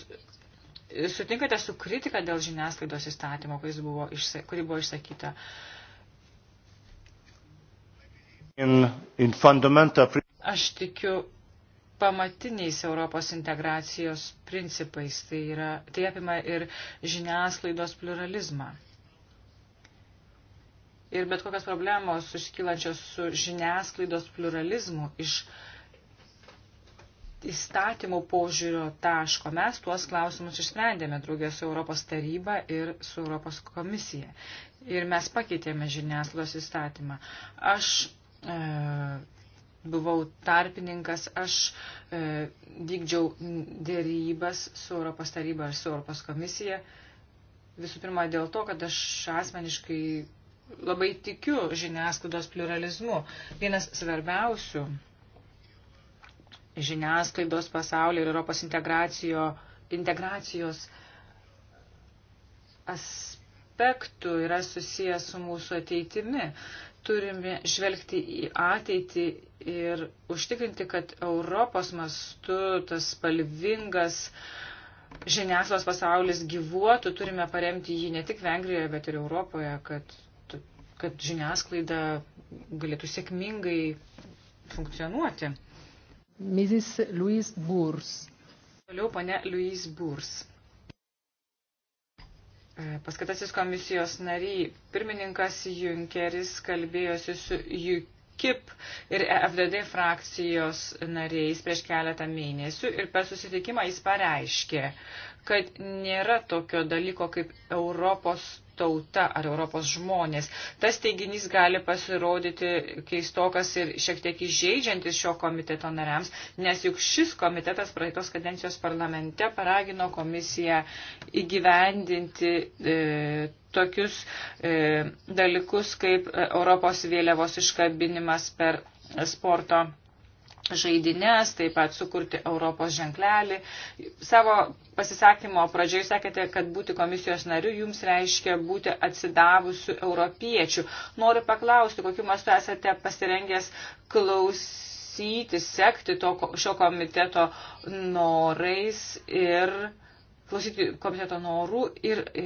sutinkate su kritika dėl žiniasklaidos įstatymo, buvo išsa, kuri buvo išsakyta? In, in fundamental... Aš tikiu pamatiniais Europos integracijos principais, tai, yra, tai apima ir žiniasklaidos pluralizmą. Ir bet kokios problemos suskylančios su žiniasklaidos pluralizmu iš įstatymų požiūrio taško. Mes tuos klausimus išsprendėme draugės su Europos taryba ir su Europos komisija. Ir mes pakeitėme žiniasklaidos įstatymą. Aš e, buvau tarpininkas, aš e, vykdžiau dėrybas su Europos taryba ir su Europos komisija. Visų pirma, dėl to, kad aš asmeniškai labai tikiu žiniasklaidos pluralizmu. Vienas svarbiausių žiniasklaidos pasaulio ir Europos integracijos aspektų yra susijęs su mūsų ateitimi. Turime žvelgti į ateitį ir užtikrinti, kad Europos mastu tas spalvingas žiniasklaidos pasaulis gyvuotų, turime paremti jį ne tik Vengrijoje, bet ir Europoje, kad, kad žiniasklaida galėtų sėkmingai funkcionuoti. Mrs. Louise Burs. Toliau pane Louise Burs. E, paskatasis komisijos nariai, pirmininkas Junkeris kalbėjosi su UKIP ir e FDD frakcijos nariais prieš keletą mėnesių ir per susitikimą jis pareiškė, kad nėra tokio dalyko kaip Europos tauta ar Europos žmonės. Tas teiginys gali pasirodyti keistokas ir šiek tiek įžeidžiantis šio komiteto nariams, nes juk šis komitetas praeitos kadencijos parlamente paragino komisiją įgyvendinti e, tokius e, dalykus kaip Europos vėliavos iškabinimas per sporto žaidinės, taip pat sukurti Europos ženklelį. Savo pasisakymo pradžioje sakėte, kad būti komisijos nariu jums reiškia būti atsidavusiu europiečiu. Noriu paklausti, kokiu mastu esate pasirengęs klausyti, sekti to, šio komiteto norais ir klausyti komiteto norų ir e,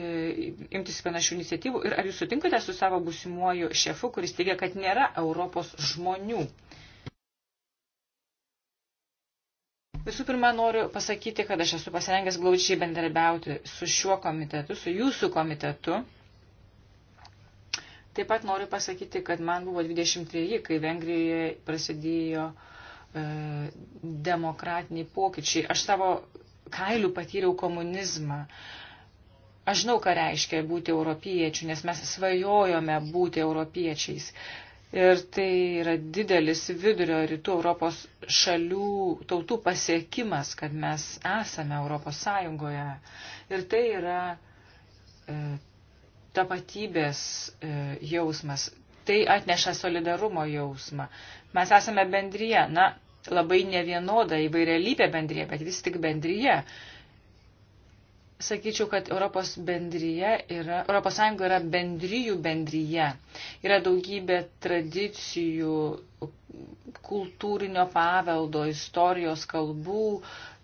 imtis panašių iniciatyvų. Ir ar jūs sutinkate su savo būsimuoju šefu, kuris teigia, kad nėra Europos žmonių? Visų pirma, noriu pasakyti, kad aš esu pasirengęs glaudžiai bendradarbiauti su šiuo komitetu, su jūsų komitetu. Taip pat noriu pasakyti, kad man buvo 23, kai Vengrijoje prasidėjo e, demokratiniai pokyčiai. Aš savo kailių patyriau komunizmą. Aš žinau, ką reiškia būti europiečių, nes mes svajojome būti europiečiais. E, Ir tai yra didelis vidurio rytų Europos šalių tautų pasiekimas, kad mes esame Europos Sąjungoje. Ir tai yra e, tapatybės e, jausmas. Tai atneša solidarumo jausmą. Mes esame bendryje. Na, labai nevienoda įvairialypė bendryje, bet vis tik bendryje. E, sakyčiau, kad Europos, bendryje yra, Europos Sąjunga yra bendryjų bendryje. Yra daugybė tradicijų, kultūrinio paveldo, istorijos kalbų,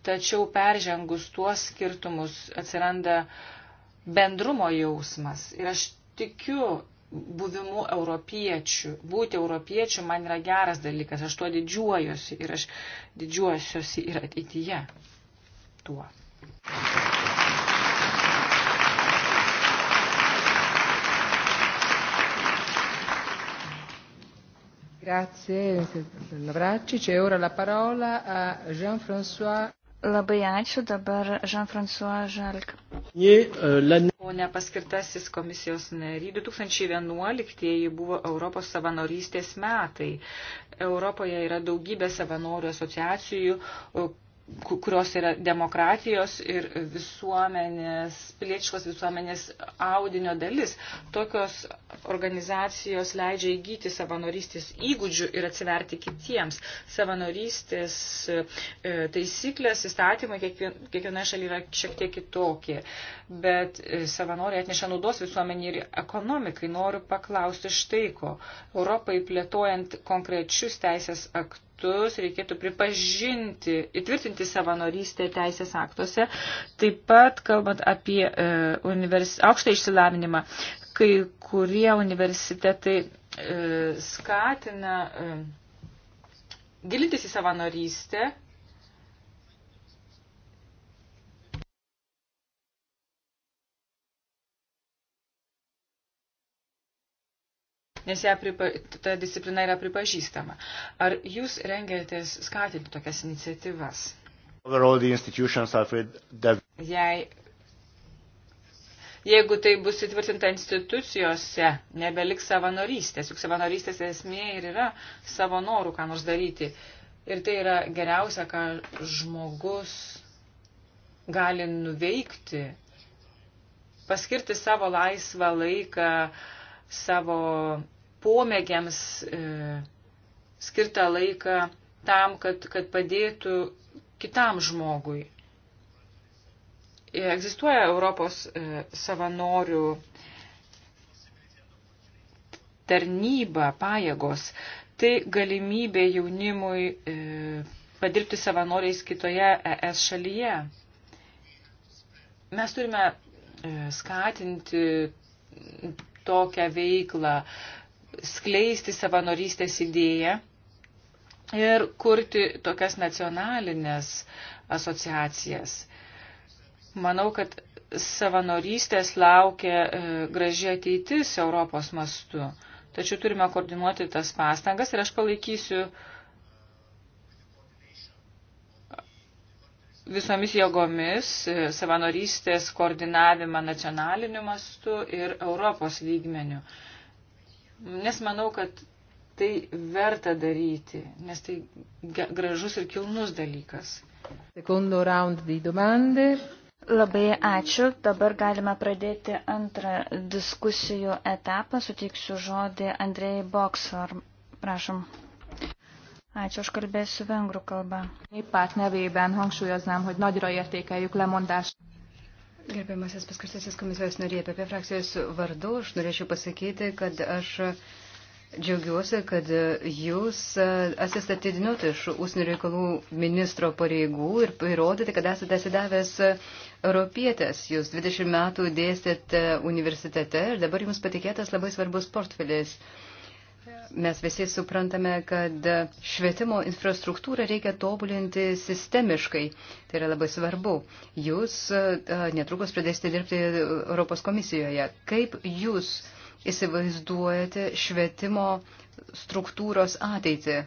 tačiau peržengus tuos skirtumus atsiranda bendrumo jausmas. Ir aš tikiu buvimu europiečiu. Būti europiečiu man yra geras dalykas, aš tuo didžiuojuosi ir aš didžiuosiuosi ir ateityje tuo. Thank you. Grazie, Navračič. E ora la parola a Jean-François. Labai ačiū dabar Jean-François Žalk. Pone e, paskirtasis komisijos nary, 2011 buvo Europos savanorystės metai. Europoje yra daugybė savanorių asociacijų, kurios yra demokratijos ir visuomenės, pilietiškos visuomenės audinio dalis. Tokios organizacijos leidžia įgyti savanorystės įgūdžių ir atsiverti kitiems. Savanorystės e, taisyklės, įstatymai kiekvienoje šalyje yra šiek tiek kitokie, bet e, savanoriai atneša naudos visuomenį ir ekonomikai. Noriu paklausti štai ko. Europai plėtojant konkrečius teisės aktus metus reikėtų pripažinti, įtvirtinti savanorystę teisės aktuose. Taip pat, kalbant apie e, univers... aukštą išsilavinimą, kai kurie universitetai e, skatina e, gilintis į savanorystę nes pripa, ta disciplina yra pripažįstama. Ar jūs rengiatės skatinti tokias iniciatyvas? Jei, jeigu tai bus įtvirtinta institucijose, nebeliks savanorystės, juk savanorystės esmė ir yra savo norų, ką nors daryti. Ir tai yra geriausia, ką žmogus gali nuveikti, paskirti savo laisvą laiką, savo pomėgiams e, skirtą laiką tam, kad, kad padėtų kitam žmogui. Egzistuoja Europos e, savanorių tarnyba, pajėgos. Tai galimybė jaunimui e, padirbti savanoriais kitoje ES šalyje. Mes turime e, skatinti tokią veiklą, skleisti savanorystės idėją ir kurti tokias nacionalinės asociacijas. Manau, kad savanorystės laukia e, graži ateitis Europos mastu. Tačiau turime koordinuoti tas pastangas ir aš palaikysiu visomis jėgomis e, savanorystės koordinavimą nacionaliniu mastu ir Europos lygmeniu nes manau, kad tai verta daryti, nes tai gražus ir kilnus dalykas. Sekundo round di domande. Labai ačiū. Dabar galime pradėti antrą diskusijų etapą. Suteiksiu žodį Andrėjai Boksor. Prašom. Ačiū, aš kalbėsiu vengrų kalbá. Néppárt nevében hangsúlyoznám, hogy nagyra értékeljük lemondását. Gerbiamasis paskirtasis komisijos narė, apie frakcijos vardu aš norėčiau pasakyti, kad aš džiaugiuosi, kad jūs atsistatydinot iš ūsnių reikalų ministro pareigų ir įrodėte, kad esate atsidavęs europietės. Jūs 20 metų dėstėte universitete ir dabar jums patikėtas labai svarbus portfelis. Mes visi suprantame, kad švietimo infrastruktūrą reikia tobulinti sistemiškai. Tai yra labai svarbu. Jūs e, netrukus pradėsite dirbti Europos komisijoje. Kaip jūs įsivaizduojate švietimo struktūros ateitį?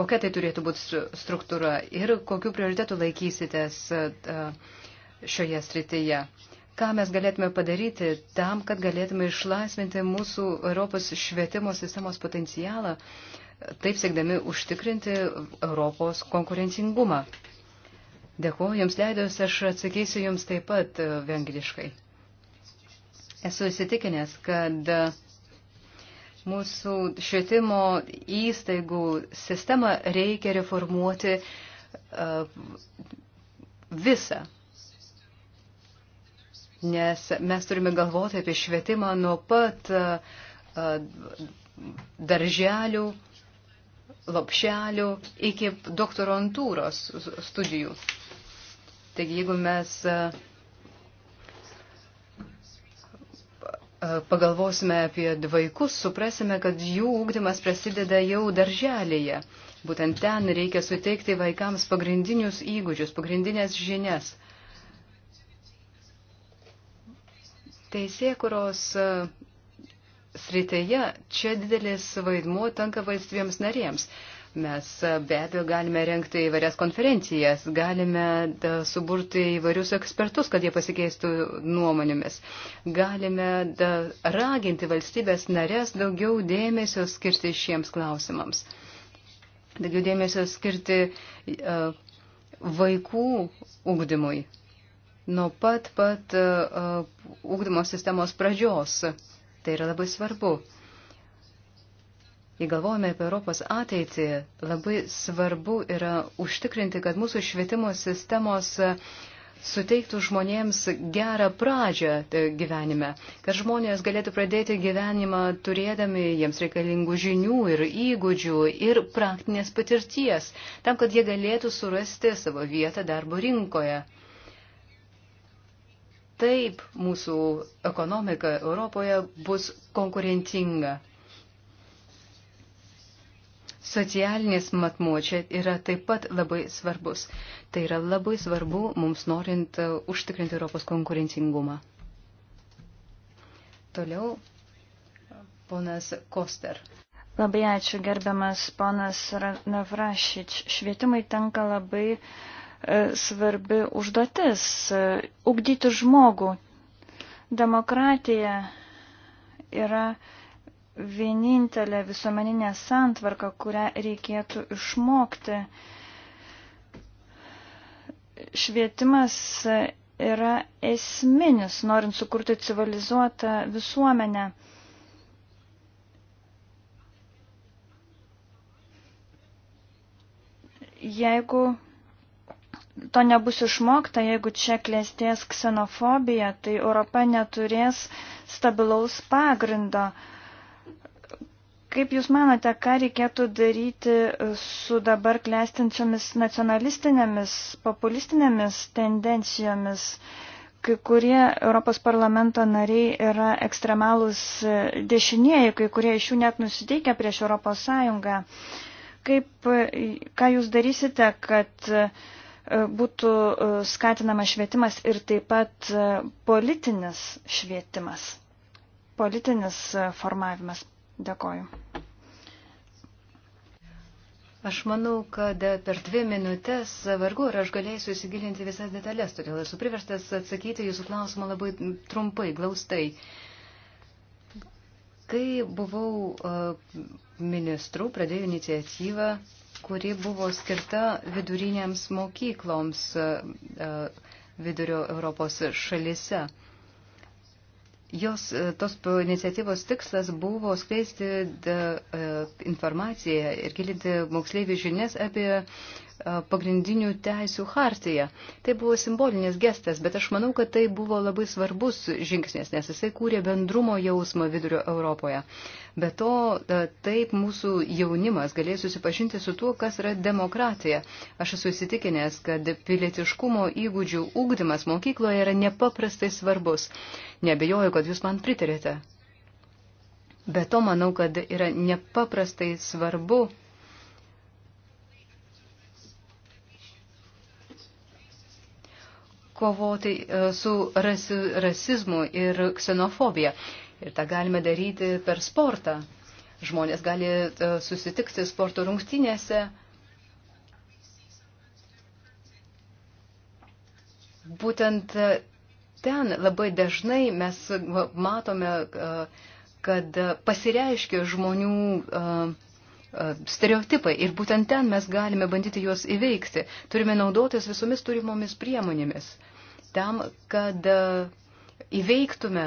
Kokia tai turėtų būti struktūra ir kokiu prioritetu laikysitės e, e, šioje srityje? ką mes galėtume padaryti tam, kad galėtume išlaisvinti mūsų Europos švietimo sistemos potencialą, taip siekdami užtikrinti Europos konkurencingumą. Dėkuoju Jums leidus, aš atsakysiu Jums taip pat e, vengriškai. Esu įsitikinęs, kad mūsų švietimo įstaigų sistemą reikia reformuoti e, visą nes mes turime galvoti apie švietimą nuo pat darželių, lopšelių iki doktorantūros studijų. Taigi, jeigu mes pagalvosime apie vaikus, suprasime, kad jų ūkdymas prasideda jau darželėje. Būtent ten reikia suteikti vaikams pagrindinius įgūdžius, pagrindinės žinias. Teisėkuros e, srityje čia didelis vaidmuo tenka valstybėms narėms. Mes e, be abejo galime renkti įvairias konferencijas, galime da, suburti įvairius ekspertus, kad jie pasikeistų nuomonėmis. Galime da, raginti valstybės narės daugiau dėmesio skirti šiems klausimams. Daugiau dėmesio skirti uh, vaikų ugdymui nuo pat pat e, e, uh, ūkdymo sistemos pradžios. Tai yra labai svarbu. Jei galvojame apie Europos ateitį, labai svarbu yra užtikrinti, kad mūsų švietimo sistemos suteiktų žmonėms gerą pradžią e, gyvenime, kad žmonės galėtų pradėti gyvenimą turėdami jiems reikalingų žinių ir įgūdžių ir praktinės patirties, tam, kad jie galėtų surasti savo vietą darbo rinkoje. Taip mūsų ekonomika Europoje bus konkurencinga. Socialinis matmuo čia yra taip pat labai svarbus. Tai yra labai svarbu mums norint e, užtikrinti Europos konkurencingumą. Toliau ponas Koster. Labai ačiū gerbiamas ponas Navrašič. Švietimai tenka labai uh, E, svarbi užduotis e, - ugdyti žmogų. Demokratija yra vienintelė visuomeninė santvarka, kurią reikėtų išmokti. Švietimas yra esminis, norint sukurti civilizuotą visuomenę. Jeigu to nebus išmokta, jeigu čia klėsties ksenofobija, tai Europa neturės stabilaus pagrindo. Kaip Jūs manote, ką reikėtų daryti su dabar klestinčiomis nacionalistinėmis, populistinėmis tendencijomis? Kai kurie Europos parlamento nariai yra ekstremalūs dešinieji, kai kurie iš jų net nusiteikia prieš Europos Sąjungą. Kaip, ką Jūs darysite, kad uh, E, būtų e, skatinamas švietimas ir taip pat e, politinis švietimas, politinis formavimas. Dėkoju. Aš manau, kad per dvi minutės vargu ar aš galėsiu įsigilinti visas detalės, todėl esu priverstas atsakyti jūsų klausimą labai trumpai, glaustai. Kai buvau ministru, pradėjau iniciatyvą kuri buvo skirta vidurinėms mokykloms e, e, vidurio Europos šalise. Jos, e, tos iniciatyvos tikslas buvo skleisti informaciją ir gilinti moksleivių žinias apie uh, pagrindinių teisių hartiją. Tai buvo simbolinis gestas, bet aš manau, kad tai buvo labai svarbus žingsnis, nes jisai kūrė bendrumo jausmą vidurio Europoje. Be to, taip mūsų jaunimas galės susipažinti su tuo, kas yra demokratija. Aš esu įsitikinęs, kad pilietiškumo įgūdžių ūkdymas mokykloje yra nepaprastai svarbus. Nebejoju, kad jūs man pritarėte. Be to, manau, kad yra nepaprastai svarbu kovoti e, su rasi, rasizmu ir ksenofobija. Ir tą galime daryti per sportą. Žmonės gali e, susitikti sporto rungtynėse. Būtent e, ten labai dažnai mes matome, kad pasireiškia žmonių E, stereotipai ir būtent ten mes galime bandyti juos įveikti. Turime naudotis visomis turimomis priemonėmis tam, kad e, įveiktume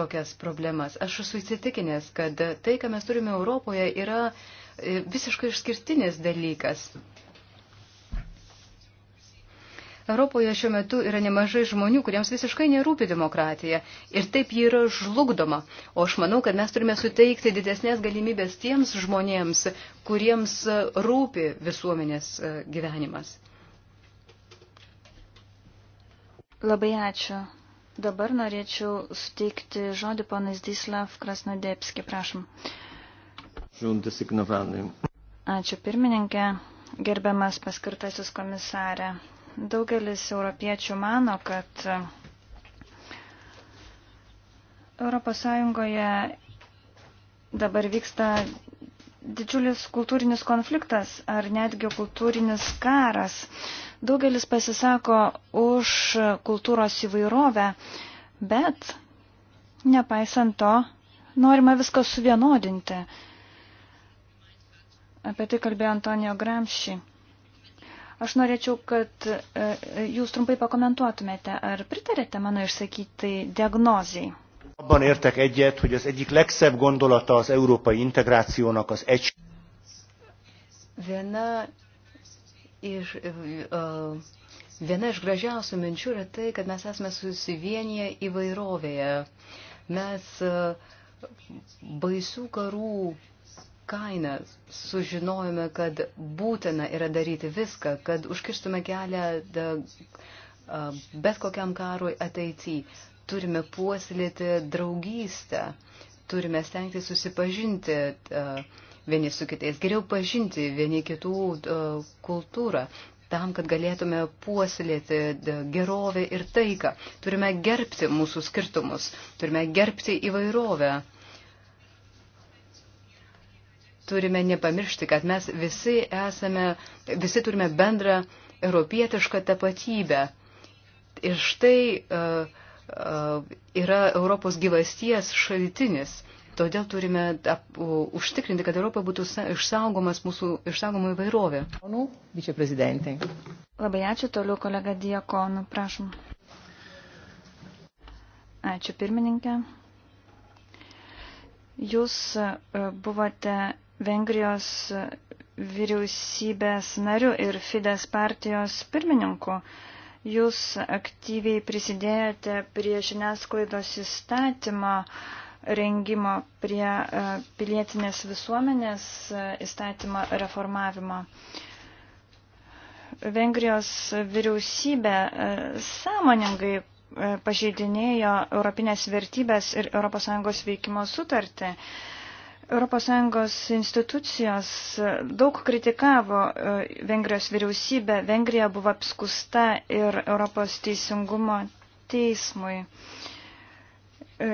tokias problemas. Aš esu įsitikinęs, kad tai, ką mes turime Europoje, yra e, visiškai išskirtinis dalykas. Europoje šiuo metu yra nemažai žmonių, kuriems visiškai nerūpi demokratija ir taip ji yra žlugdoma. O aš manau, kad mes turime suteikti didesnės galimybės tiems žmonėms, kuriems e, rūpi visuomenės e, gyvenimas. Labai ačiū. Dabar norėčiau suteikti žodį ponas Dislav Krasnodėpski, prašom. Ačiū pirmininkė, gerbiamas paskirtasis komisarė. Daugelis europiečių mano, kad ES dabar vyksta didžiulis kultūrinis konfliktas ar netgi kultūrinis karas. Daugelis pasisako už kultūros įvairovę, bet nepaisant to norima viską suvienodinti. Apie tai kalbėjo Antonijo Gramšį. Aš norėčiau, kad e, e, jūs trumpai pakomentuotumėte, ar pritarėte mano išsakytai diagnozijai. Abban értek egyet, hogy az egyik legszebb gondolata az európai integrációnak az egy. Viena iš, uh, viena iš gražiausių minčių yra tai, kad mes esame susivienyje įvairovėje. Mes uh, baisių karų kainą sužinojome, kad būtina yra daryti viską, kad užkirstume kelią da, bet kokiam karui ateityje. Turime puoselėti draugystę, turime stengti susipažinti vieni su kitais, geriau pažinti vieni kitų kultūrą, tam, kad galėtume puoselėti gerovę ir taiką. Turime gerbti mūsų skirtumus, turime gerbti įvairovę turime nepamiršti, kad mes visi esame, visi turime bendrą europietišką tapatybę. Ir štai uh, uh, yra Europos gyvasties šaltinis. Todėl turime ap, uh, užtikrinti, kad Europoje būtų išsaugomas mūsų išsaugoma įvairovė. Viceprezidentai. Labai ačiū toliau, kolega Diakonu, prašom. Ačiū pirmininkė. Jūs e, buvote Vengrijos vyriausybės nariu ir Fides partijos pirmininku. Jūs aktyviai prisidėjote prie žiniasklaidos įstatymo rengimo, prie e, pilietinės visuomenės e, įstatymo reformavimo. Vengrijos vyriausybė e, sąmoningai pažeidinėjo Europinės vertybės ir ES veikimo sutartį. ES institucijos daug kritikavo e, Vengrijos vyriausybę. Vengrija buvo apskusta ir Europos teisingumo teismui. E,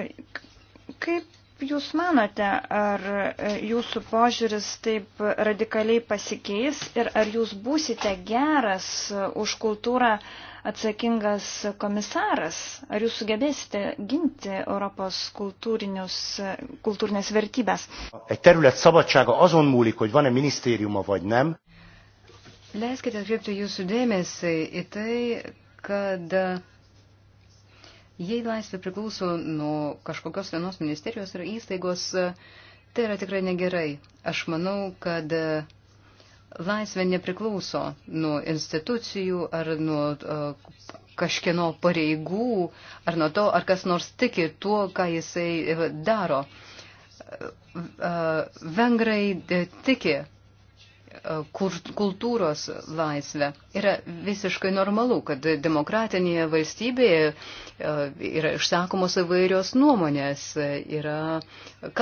kaip Kaip Jūs manote, ar e, Jūsų požiūris taip radikaliai pasikeis ir ar Jūs būsite geras e, už kultūrą atsakingas komisaras? Ar Jūs sugebėsite ginti Europos e, kultūrinės vertybės? Egy terület szabadsága azon múlik, hogy van-e minisztériuma vagy nem. Leiskite atkreipti Jūsų dėmesį į tai, kad Jei laisvė priklauso nuo kažkokios vienos ministerijos ar įstaigos, tai yra tikrai negerai. Aš manau, kad laisvė nepriklauso nuo institucijų ar nuo e, kažkieno pareigų, ar nuo to, ar kas nors tiki tuo, ką jisai e, daro. E, vengrai tiki E, kultūros laisvę. Yra visiškai normalu, kad demokratinėje valstybėje e, yra išsakomos įvairios nuomonės, e, yra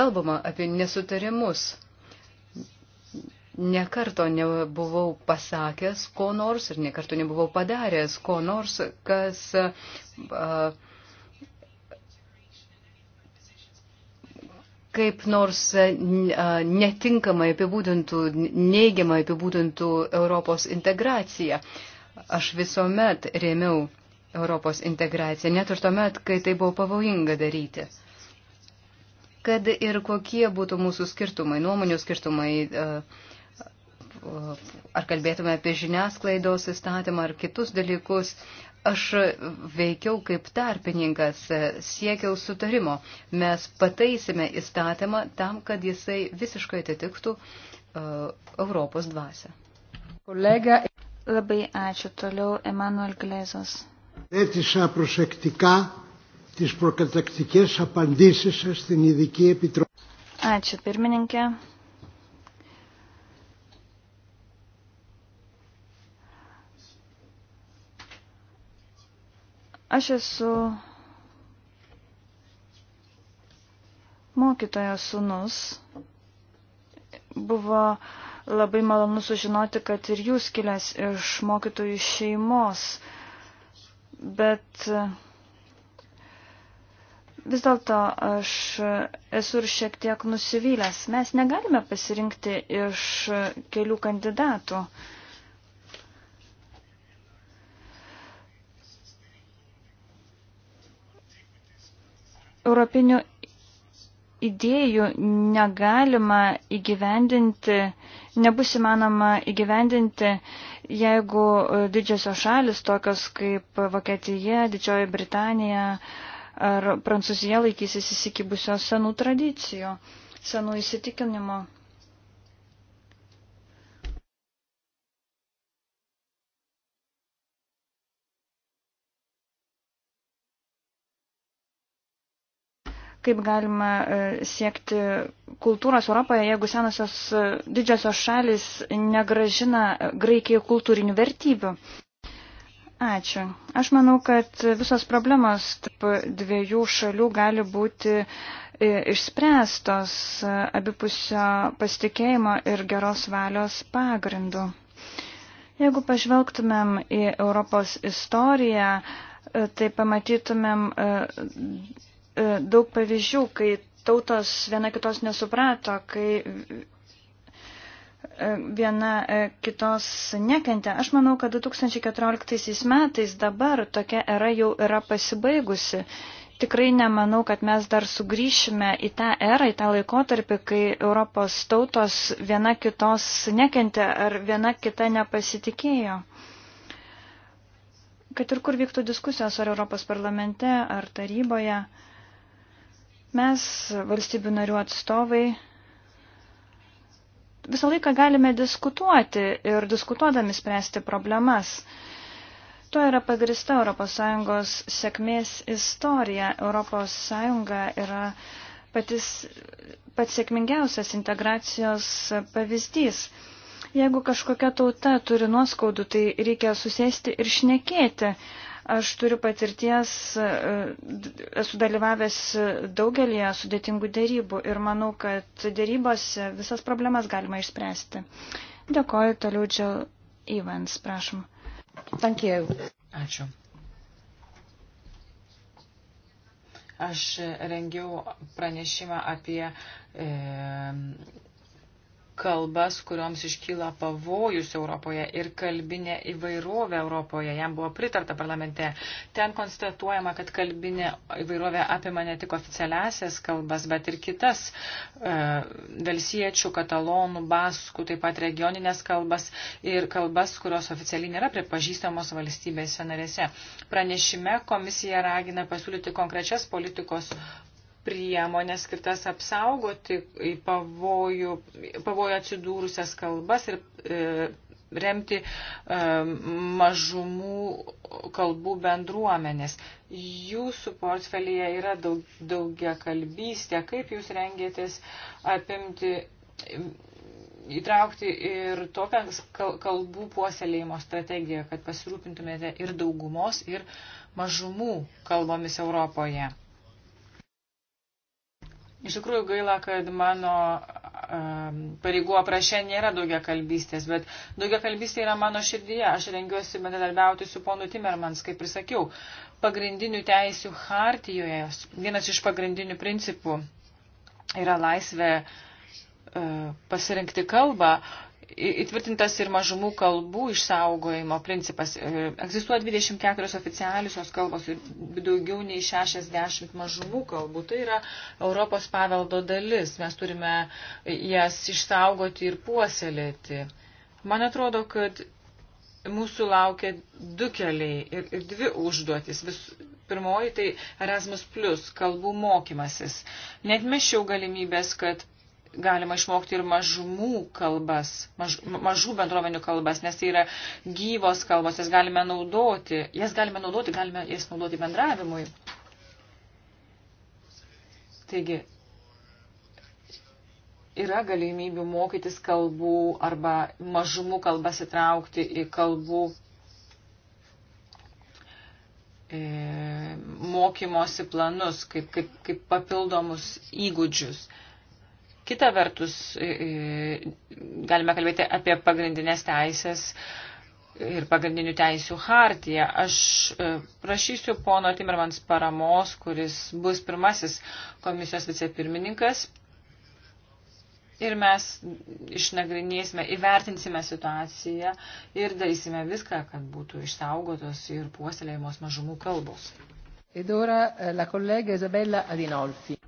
kalbama apie nesutarimus. Nekarto nebuvau pasakęs ko nors ir nekarto nebuvau padaręs ko nors, kas. Uh, kaip nors e, e, netinkamai apibūdintų, neigiamai apibūdintų Europos integraciją. Aš visuomet rėmiau Europos integraciją, net ir tuomet, kai tai buvo pavojinga daryti. Kad ir kokie būtų mūsų skirtumai, nuomonių skirtumai, e, ar kalbėtume apie žiniasklaidos įstatymą ar kitus dalykus, Aš veikiau kaip tarpininkas, siekiau sutarimo. Mes pataisime įstatymą tam, kad jisai visiškai atitiktų uh, Europos dvasę. Kolega. Labai ačiū. Toliau Emanuel Glezos. Έτησα προσεκτικά τις προκατακτικές απαντήσεις σας στην Ειδική Επιτροπή. Ačiū, pirmininkė. Aš esu mokytojo sunus. Buvo labai malonu sužinoti, kad ir jūs kilęs iš mokytojų šeimos. Bet eh, vis dėlto aš esu ir šiek tiek nusivylęs. Mes negalime pasirinkti iš kelių kandidatų. Uh, europinių idėjų negalima įgyvendinti, nebus įmanoma įgyvendinti, jeigu e, didžiosios šalis, tokios kaip Vokietija, Didžioji Britanija ar Prancūzija laikysis įsikibusios senų tradicijų, senų įsitikinimų. kaip galima e, siekti kultūros Europoje, jeigu senosios e, didžiosios šalis negražina e, Graikijai kultūrinių vertybių. Ačiū. Aš manau, kad visos problemos tarp dviejų šalių gali būti išspręstos abipusio pasitikėjimo ir geros valios pagrindų. Jeigu pažvelgtumėm į Europos istoriją, tai pamatytumėm E, daug pavyzdžių, kai tautos viena kitos nesuprato, kai e, viena e, kitos nekentė. Aš manau, kad 2014 metais dabar tokia era jau yra pasibaigusi. Tikrai nemanau, kad mes dar sugrįšime į tą erą, į tą laikotarpį, kai Europos tautos viena kitos nekentė ar viena kita nepasitikėjo kad ir kur vyktų diskusijos, ar Europos parlamente, ar taryboje, Mes, valstybių narių atstovai, visą laiką galime diskutuoti ir diskutuodami spręsti problemas. Tuo yra pagrista ES sėkmės istorija. ES yra patys, pats sėkmingiausias integracijos pavyzdys. Jeigu kažkokia tauta turi nuoskaudų, tai reikia susėsti ir šnekėti Aš turiu patirties, e, esu dalyvavęs daugelį sudėtingų dėrybų ir manau, kad dėrybose visas problemas galima išspręsti. Dėkoju toliau čia Evans, prašom. Thank you. Ačiū. Aš rengiau pranešimą apie e, kalbas, kurioms iškyla pavojus Europoje ir kalbinė įvairovė Europoje. Jam buvo pritarta parlamente. Ten konstatuojama, kad kalbinė įvairovė apima ne tik oficialiasias kalbas, bet ir kitas e, velsiečių, katalonų, baskų, taip pat regioninės kalbas ir kalbas, kurios oficialiai nėra pripažįstamos valstybėse narėse. Pranešime komisija ragina pasiūlyti konkrečias politikos priemonės skirtas apsaugoti į pavojų, pavojų atsidūrusias kalbas ir e, remti e, mažumų kalbų bendruomenės. Jūsų portfelėje yra daug, daugia kalbystė. Kaip jūs rengėtės apimti, įtraukti ir tokią kalbų puoselėjimo strategiją, kad pasirūpintumėte ir daugumos, ir mažumų kalbomis Europoje? Iš tikrųjų gaila, kad mano um, pareigų aprašė nėra daugia kalbystės, bet daugia kalbystė yra mano širdyje. Aš rengiuosi bendradarbiauti su ponu Timermans, kaip ir sakiau. Pagrindinių teisių hartijoje vienas iš pagrindinių principų yra laisvė uh, pasirinkti kalbą, įtvirtintas ir mažumų kalbų išsaugojimo principas. E, egzistuoja 24 oficialiusios kalbos ir daugiau nei 60 mažumų kalbų. Tai yra Europos paveldo dalis. Mes turime jas išsaugoti ir puoselėti. Man atrodo, kad mūsų laukia du keliai ir, ir dvi užduotis. Vis, pirmoji tai Erasmus, kalbų mokymasis. Net mešiau galimybės, kad galima išmokti ir mažumų kalbas, maž, mažų bendruomenių kalbas, nes tai yra gyvos kalbos, jas galime naudoti, jas galime naudoti, galime jas naudoti bendravimui. Taigi, yra galimybių mokytis kalbų arba mažumų kalbas įtraukti į kalbų e, mokymosi planus, kaip, kaip, kaip papildomus įgūdžius. E, Kita vertus, e, e, galime kalbėti apie pagrindinės teisės ir pagrindinių teisių hartiją. Aš e, prašysiu pono Timermans paramos, kuris bus pirmasis komisijos vicepirmininkas. Ir mes išnagrinėsime, įvertinsime situaciją ir darysime viską, kad būtų išsaugotos ir puoselėjimos mažumų kalbos. Eh,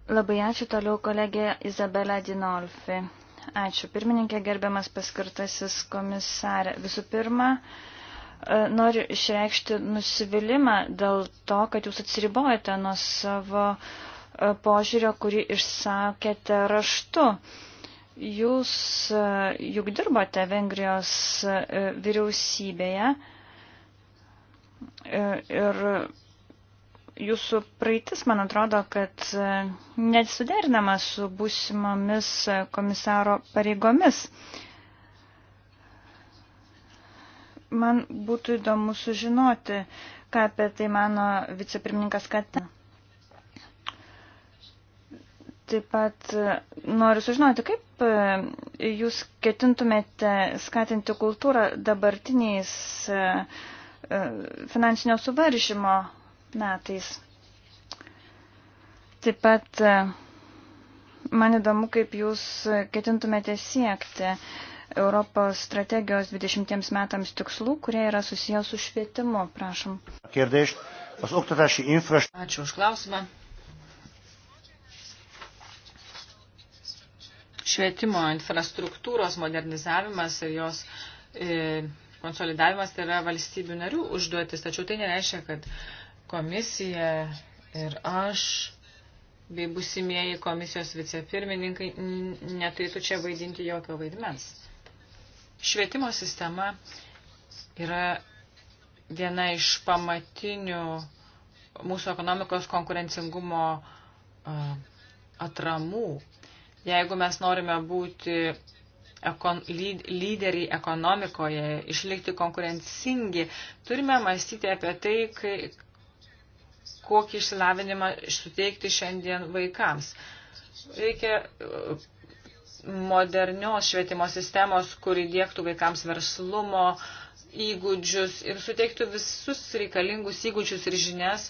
Labai ačiū toliau kolegė Izabela Adinolfi. Ačiū pirmininkė, gerbiamas paskirtasis komisarė. Visų pirma, eh, noriu išreikšti nusivylimą dėl to, kad jūs atsiribojate nuo savo eh, požiūrio, kurį išsakėte raštu. Jūs juk dirbote Vengrijos vyriausybėje ir jūsų praeitis, man atrodo, kad e, nesuderinama su būsimomis komisaro pareigomis. Man būtų įdomu sužinoti, ką apie tai mano vicepirmininkas Kate. Taip pat e, noriu sužinoti, kaip e, jūs ketintumėte skatinti kultūrą dabartiniais finansinio suvaržymo metais. Taip pat e, man įdomu, kaip jūs ketintumėte siekti Europos strategijos 20 metams tikslų, kurie yra susijęs su švietimu. Prašom. Ačiū už klausimą. Švietimo infrastruktūros modernizavimas ir jos e, konsolidavimas tai yra valstybių narių užduotis, tačiau tai nereiškia, kad komisija ir aš bei busimieji komisijos vicepirmininkai neturėtų čia vaidinti jokio vaidmens. Švietimo sistema yra viena iš pamatinių mūsų ekonomikos konkurencingumo atramų. Jeigu mes norime būti ekon, lyd, lyderiai ekonomikoje, išlikti konkurencingi, turime mąstyti apie tai, kai, kokį išsilavinimą suteikti šiandien vaikams. Reikia e, modernios švietimo sistemos, kuri dėktų vaikams verslumo įgūdžius ir suteiktų visus reikalingus įgūdžius ir žinias,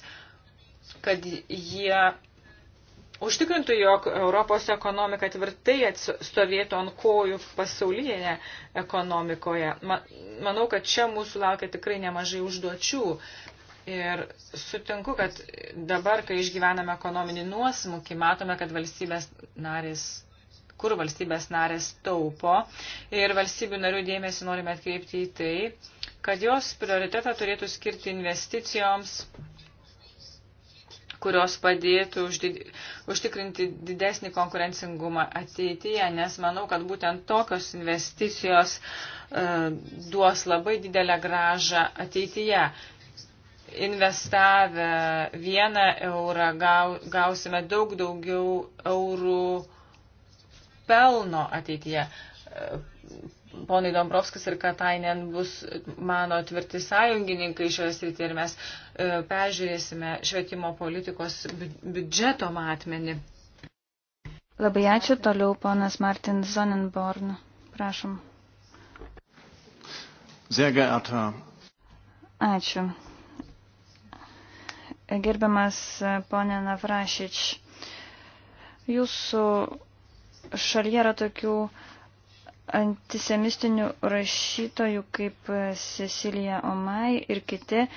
kad jie užtikrintų, jog Europos ekonomika tvirtai atstovėtų ant kojų pasaulyje ekonomikoje. Manau, kad čia mūsų laukia tikrai nemažai užduočių. Ir sutinku, kad dabar, kai išgyvename ekonominį nuosmukį, matome, kad valstybės narės kur valstybės narės taupo ir valstybių narių dėmesį norime atkreipti į tai, kad jos prioritetą turėtų skirti investicijoms, kurios padėtų užtikrinti didesnį konkurencingumą ateityje, nes manau, kad būtent tokios investicijos uh, duos labai didelę gražą ateityje investavę vieną eurą gausime daug daugiau eurų pelno ateityje. Ponai Dombrovskis ir Katainen bus mano tvirti sąjungininkai šioje srityje ir mes e, peržiūrėsime švietimo politikos biudžeto matmenį. Labai ačiū. Toliau ponas Martin Zonenborn. Prašom. Sehr geehrter. Ačiū. Gerbiamas e, ponė Navrašič, jūsų šalyje yra tokių antisemistinių rašytojų kaip Cecilija Omai ir kiti,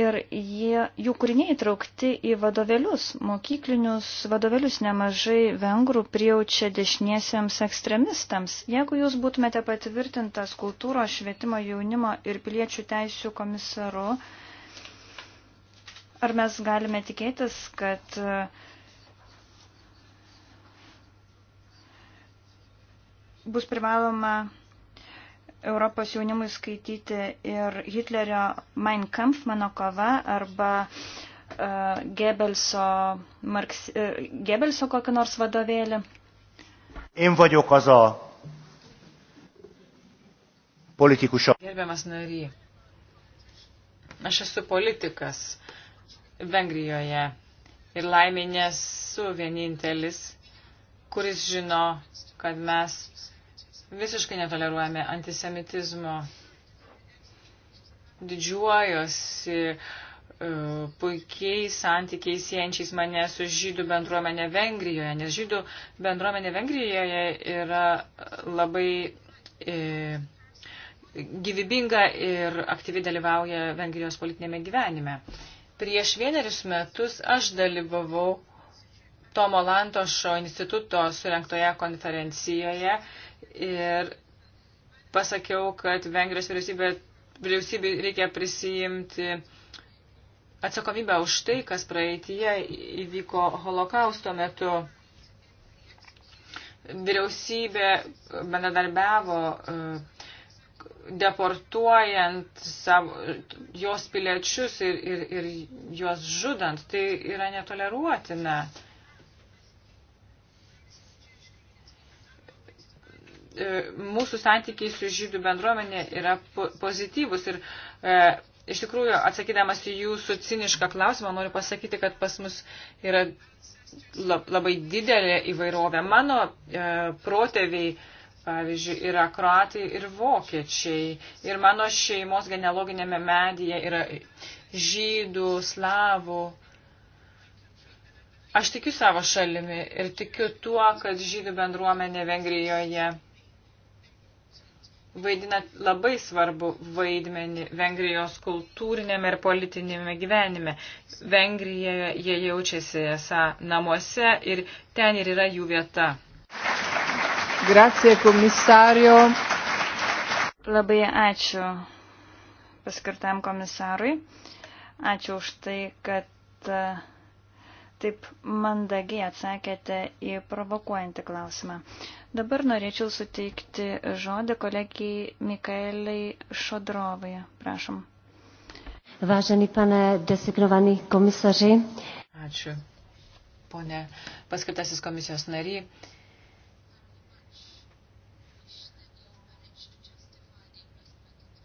ir jie, jų kūriniai įtraukti į vadovėlius, mokyklinius vadovėlius nemažai vengrų prijaučia dešiniesiems ekstremistams. Jeigu jūs būtumėte patvirtintas kultūros švietimo jaunimo ir piliečių teisų komisaru, Ar mes galime tikėtis, kad e, bus privaloma Europos jaunimui skaityti ir Hitlerio Mein Kampf, mano kova, arba uh, Gebelso, Marks, uh, Gebelso kokį nors vadovėlį? Én vagyok az a politikusa. Gerbiamas nary, aš esu politikas. Vengrijoje. Ir laimė nesu vienintelis, kuris žino, kad mes visiškai netoleruojame antisemitizmo. Didžiuojosi e, puikiais santykiais siejančiais mane su žydų bendruomenė Vengrijoje, nes žydų bendruomenė Vengrijoje yra labai e, gyvybinga ir aktyviai dalyvauja Vengrijos politinėme gyvenime. E, Prieš vienerius metus aš dalyvavau Tomo Lantošo instituto surenktoje konferencijoje ir pasakiau, kad Vengrijos vyriausybė, vyriausybė reikia prisijimti atsakomybę už tai, kas praeitie įvyko holokausto metu. Vyriausybė bendradarbiavo uh, deportuojant savo, jos piliečius ir, ir, ir juos žudant, tai yra netoleruotina. E, mūsų santykiai su žydų bendruomenė yra pozityvus ir e, iš tikrųjų, atsakydamas į jūsų cinišką klausimą, noriu pasakyti, kad pas mus yra labai didelė įvairovė. Mano e, protėviai e, Pavyzdžiui, yra kroatai ir vokiečiai. Ir mano šeimos genealoginėme medyje yra žydų, slavų. Aš tikiu savo šalimi ir tikiu tuo, kad žydų bendruomenė Vengrijoje vaidina labai svarbu vaidmenį Vengrijos kultūrinėme ir politinėme gyvenime. Vengrijoje jie jaučiasi esą namuose ir ten ir yra jų vieta. Grazie, komisario. Labai ačiū paskirtam komisarui. Ačiū už tai, kad e, taip mandagiai atsakėte į provokuojantį klausimą. Dabar norėčiau suteikti žodį kolegijai Mikaeliai Šodrovai. Prašom. Vážený pane designovaný komisaři. Ačiū. Pone paskirtasis komisijos nary,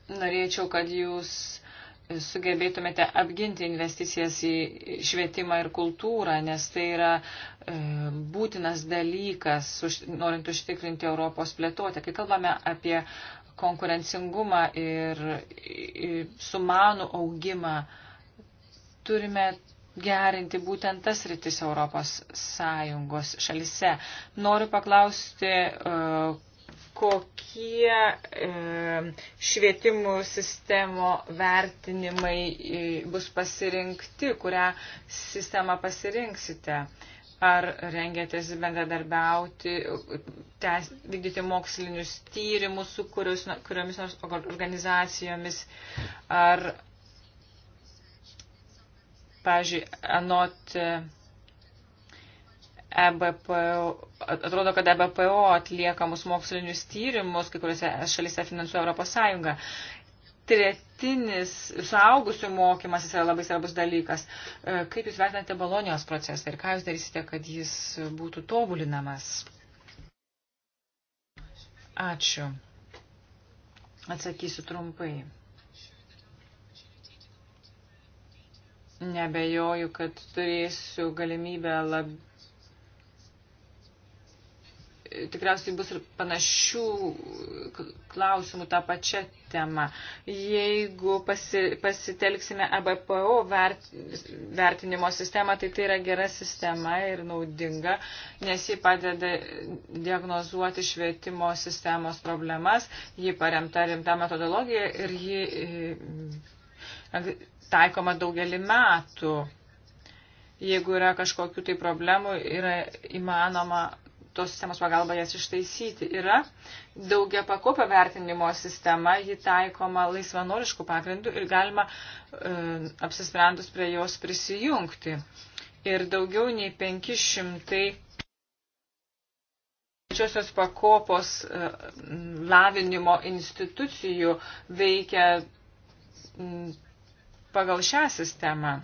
norėčiau, kad jūs sugebėtumėte apginti investicijas į švietimą ir kultūrą, nes tai yra e, būtinas dalykas, norint užtikrinti Europos plėtotę. Kai kalbame apie konkurencingumą ir sumanų augimą, turime gerinti būtent tas rytis Europos Sąjungos šalise. Noriu paklausti e, kokie e, švietimų sistemo vertinimai e, bus pasirinkti, kurią sistemą pasirinksite. Ar rengiatės bendradarbiauti, tęs, vykdyti mokslinius tyrimus su kurios, kuriomis nors organizacijomis, ar, pažiūrėjau, anot EBPO, atrodo, kad EBPO atliekamus mokslinius tyrimus, kai kuriuose šalyse finansuoja Europos Sąjunga. Tretinis suaugusių mokymasis yra labai svarbus dalykas. E, kaip Jūs vertinate Bolonijos procesą ir ką Jūs darysite, kad jis būtų tobulinamas? Ačiū. Atsakysiu trumpai. Nebejoju, kad turėsiu galimybę lab, tikriausiai bus ir panašių klausimų tą pačią temą. Jeigu pasi, pasitelksime ABPO vert, vertinimo sistemą, tai tai yra gera sistema ir naudinga, nes ji padeda diagnozuoti švietimo sistemos problemas, ji paremta rimta metodologija ir ji e, taikoma daugelį metų jeigu yra kažkokių tai problemų, yra įmanoma tos sistemos pagalba jas ištaisyti. Yra daugia pakopio vertinimo sistema, ji taikoma laisvanoriškų pagrindų ir galima e, apsisprendus prie jos prisijungti. Ir daugiau nei 500 trečiosios pakopos e, lavinimo institucijų veikia m, pagal šią sistemą.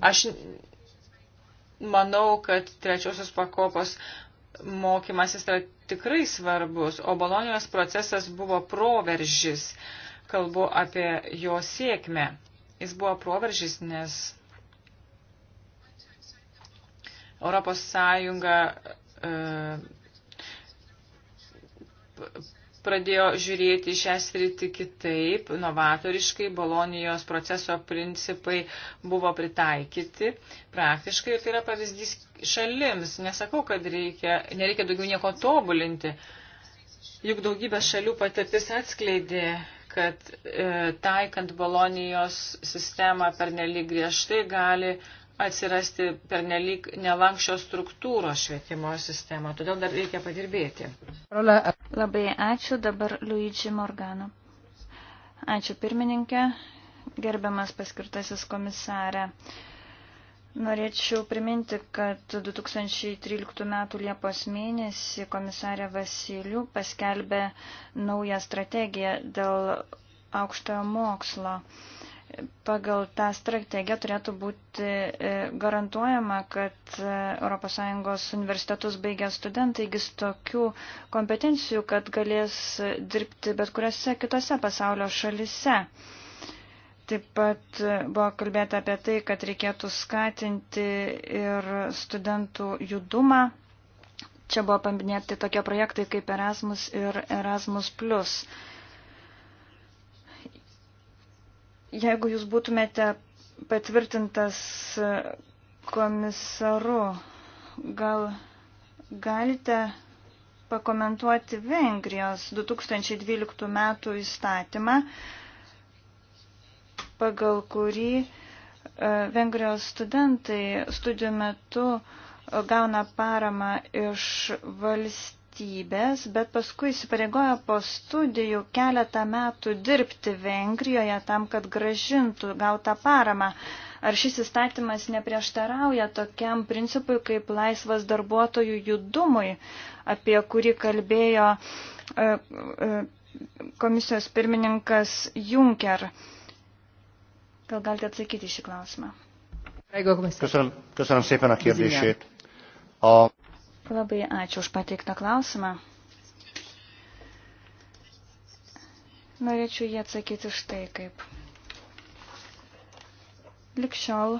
Aš manau, kad trečiosios pakopos mokymasis yra tikrai svarbus, o Bolonijos procesas buvo proveržis. Kalbu apie jo sėkmę. Jis buvo proveržis, nes Europos Sąjunga e, pradėjo žiūrėti šią sritį kitaip, novatoriškai, Bolonijos proceso principai buvo pritaikyti praktiškai ir tai yra pavyzdys šalims. Nesakau, kad reikia, nereikia daugiau nieko tobulinti. Juk daugybė šalių patirtis atskleidė, kad e, taikant Bolonijos sistemą per nelik griežtai gali atsirasti pernelyg nelankščios struktūros švietimo sistema. Todėl dar reikia padirbėti. Labai ačiū dabar Luigi Morgano. Ačiū pirmininkė, gerbiamas paskirtasis komisarė. Norėčiau priminti, kad 2013 m. Liepos mėnesį komisarė Vasilių paskelbė naują strategiją dėl aukštojo mokslo pagal tą strategiją turėtų būti e, garantuojama, kad ES universitetus baigę studentai įgis tokių kompetencijų, kad galės dirbti bet kuriuose kitose pasaulio šalise. Taip pat e, buvo kalbėta apie tai, kad reikėtų skatinti ir studentų judumą. Čia buvo paminėti tokie projektai kaip Erasmus ir Erasmus. Jeigu jūs būtumėte patvirtintas komisaru, gal galite pakomentuoti Vengrijos 2012 metų įstatymą, pagal kurį e, Vengrijos studentai studijų metu e, gauna paramą iš valstybės valstybės, bet paskui įsipareigojo po studijų keletą metų dirbti Vengrijoje tam, kad gražintų gautą paramą. Ar šis įstatymas neprieštarauja tokiam principui kaip laisvas darbuotojų judumui, apie kurį kalbėjo e, e, komisijos pirmininkas Juncker? Gal galite atsakyti šį klausimą? Köszönöm, köszönöm szépen a kérdését. A... Labai ačiū už pateiktą klausimą. Norėčiau jį atsakyti štai kaip. Likščiol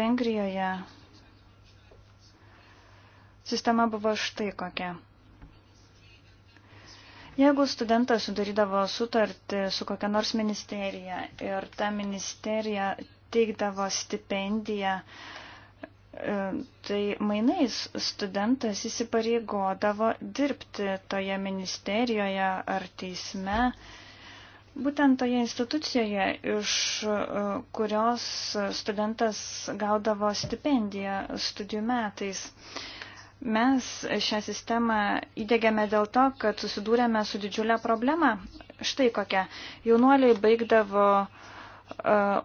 Vengrijoje sistema buvo štai kokia. Jeigu studentas sudarydavo sutartį su kokia nors ministerija ir ta ministerija teikdavo stipendiją uh, E, tai mainais studentas įsipareigodavo dirbti toje ministerijoje ar teisme, būtent toje institucijoje, iš e, kurios studentas gaudavo stipendiją studijų metais. Mes šią sistemą įdėgėme dėl to, kad susidūrėme su didžiulė problema. Štai kokia. Jaunuoliai baigdavo uh,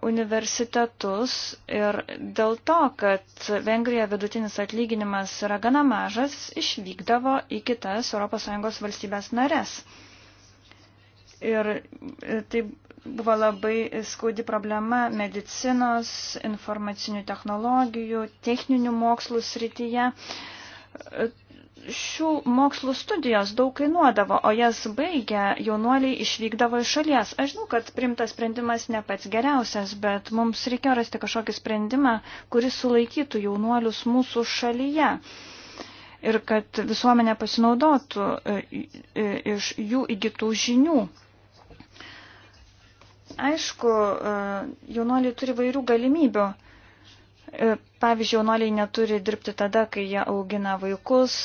universitetus ir dėl to, kad Vengrija vidutinis atlyginimas yra gana mažas, išvykdavo į kitas ES valstybės narės. Ir e, tai buvo labai skaudi problema medicinos, informacinių technologijų, techninių mokslų srityje e, šių mokslų studijos daug kainuodavo, o jas baigę jaunuoliai išvykdavo iš šalies. Aš žinau, kad primtas sprendimas ne pats geriausias, bet mums reikėjo rasti kažkokį sprendimą, kuris sulaikytų jaunuolius mūsų šalyje. Ir kad visuomenė pasinaudotų e, e, iš jų įgytų žinių. Aišku, e, jaunuoliai turi vairių galimybių. Pavyzdžiui, jaunuoliai neturi dirbti tada, kai jie augina vaikus,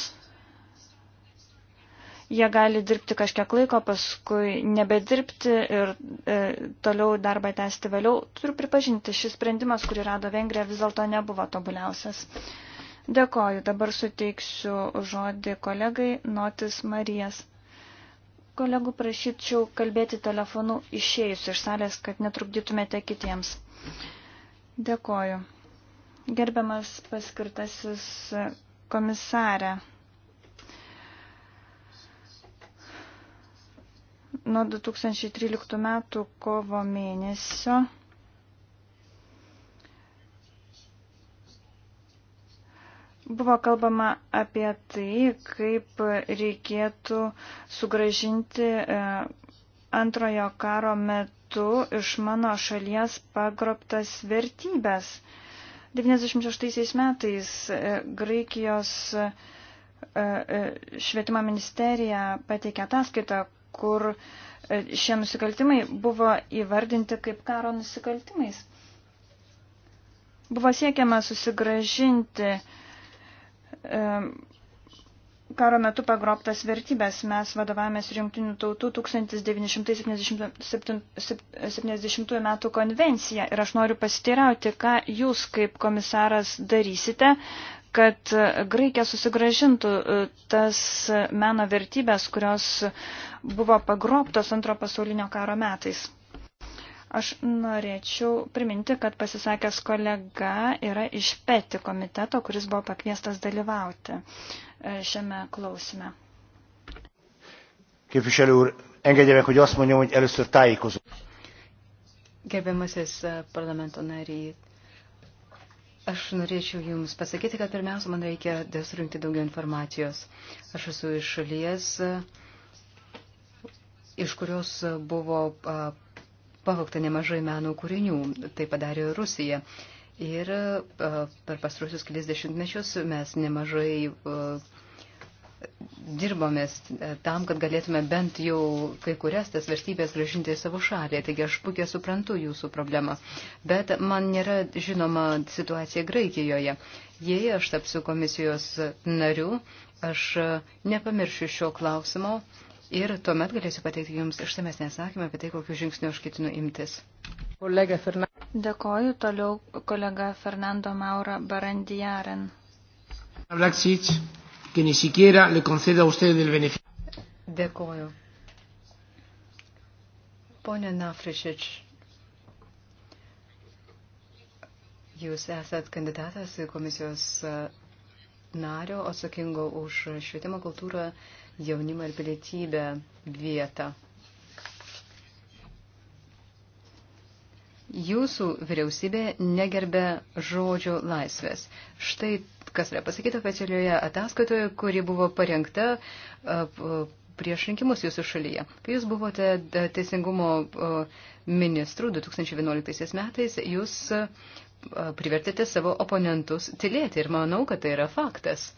Jie gali dirbti kažkiek laiko, paskui nebedirbti ir e, toliau darbą tęsti vėliau. Turiu pripažinti, šis sprendimas, kurį rado Vengrija, vis dėlto nebuvo tobuliausias. Dėkoju, dabar suteiksiu žodį kolegai Notis Marijas. Kolegų prašyčiau kalbėti telefonu išėjus iš salės, kad netrukdytumėte kitiems. Dėkoju. Gerbiamas paskirtasis komisarė. Nuo 2013 metų kovo mėnesio buvo kalbama apie tai, kaip reikėtų sugražinti e, antrojo karo metu iš mano šalies pagrobtas vertybės. 96 metais e, Graikijos e, švietimo ministerija pateikė ataskaitą, kur e, šie nusikaltimai buvo įvardinti kaip karo nusikaltimais. Buvo siekiama susigražinti e, karo metu pagrobtas vertybės. Mes vadovavomės Junktinių tautų 1970 metų konvenciją. Ir aš noriu pasiteirauti, ką jūs kaip komisaras darysite, kad Graikija susigražintų e, tas meno vertybės, kurios buvo pagrobtos antro pasaulinio karo metais. Aš norėčiau priminti, kad pasisakęs kolega yra iš PETI komiteto, kuris buvo pakviestas dalyvauti e, šiame klausime. Képviselő úr, engedje meg, hogy azt mondjam, hogy először tájékozom. Gerbiamasis e, parlamento nariai, Aš norėčiau Jums pasakyti, kad pirmiausia, man reikia surinkti daugiau informacijos. Aš esu iš šalies, iš kurios buvo pavokta nemažai meno kūrinių. Tai padarė Rusija. Ir per pastrusius kelis dešimtmečius mes nemažai uh, dirbomės e, tam, kad galėtume bent jau kai kurias tas vertybės gražinti į savo šalį. Taigi aš puikiai suprantu jūsų problemą. Bet man nėra žinoma situacija Graikijoje. Jei aš tapsiu komisijos nariu, aš e, nepamiršiu šio klausimo ir tuomet galėsiu pateikti jums išsamesnį atsakymą apie tai, kokiu žingsniu aš ketinu imtis. Kolega Fernando. Dėkoju toliau kolega Fernando Maura Barandijaren. Labdaksič que ni siquiera le conceda a usted el beneficio. Dėkoju. Pone Nafrišič, jūs esat kandidatas į komisijos e, nario atsakingo už švietimo kultūrą, jaunimą ir pilietybę vietą. Jūsų vyriausybė negerbė žodžio laisvės. Štai kas yra pasakyta oficialioje ataskaitoje, kuri buvo parengta e, prieš rinkimus jūsų šalyje. Kai jūs buvote e, teisingumo e, ministrų 2011 metais, jūs privertėte savo oponentus tylėti ir manau, kad tai yra faktas.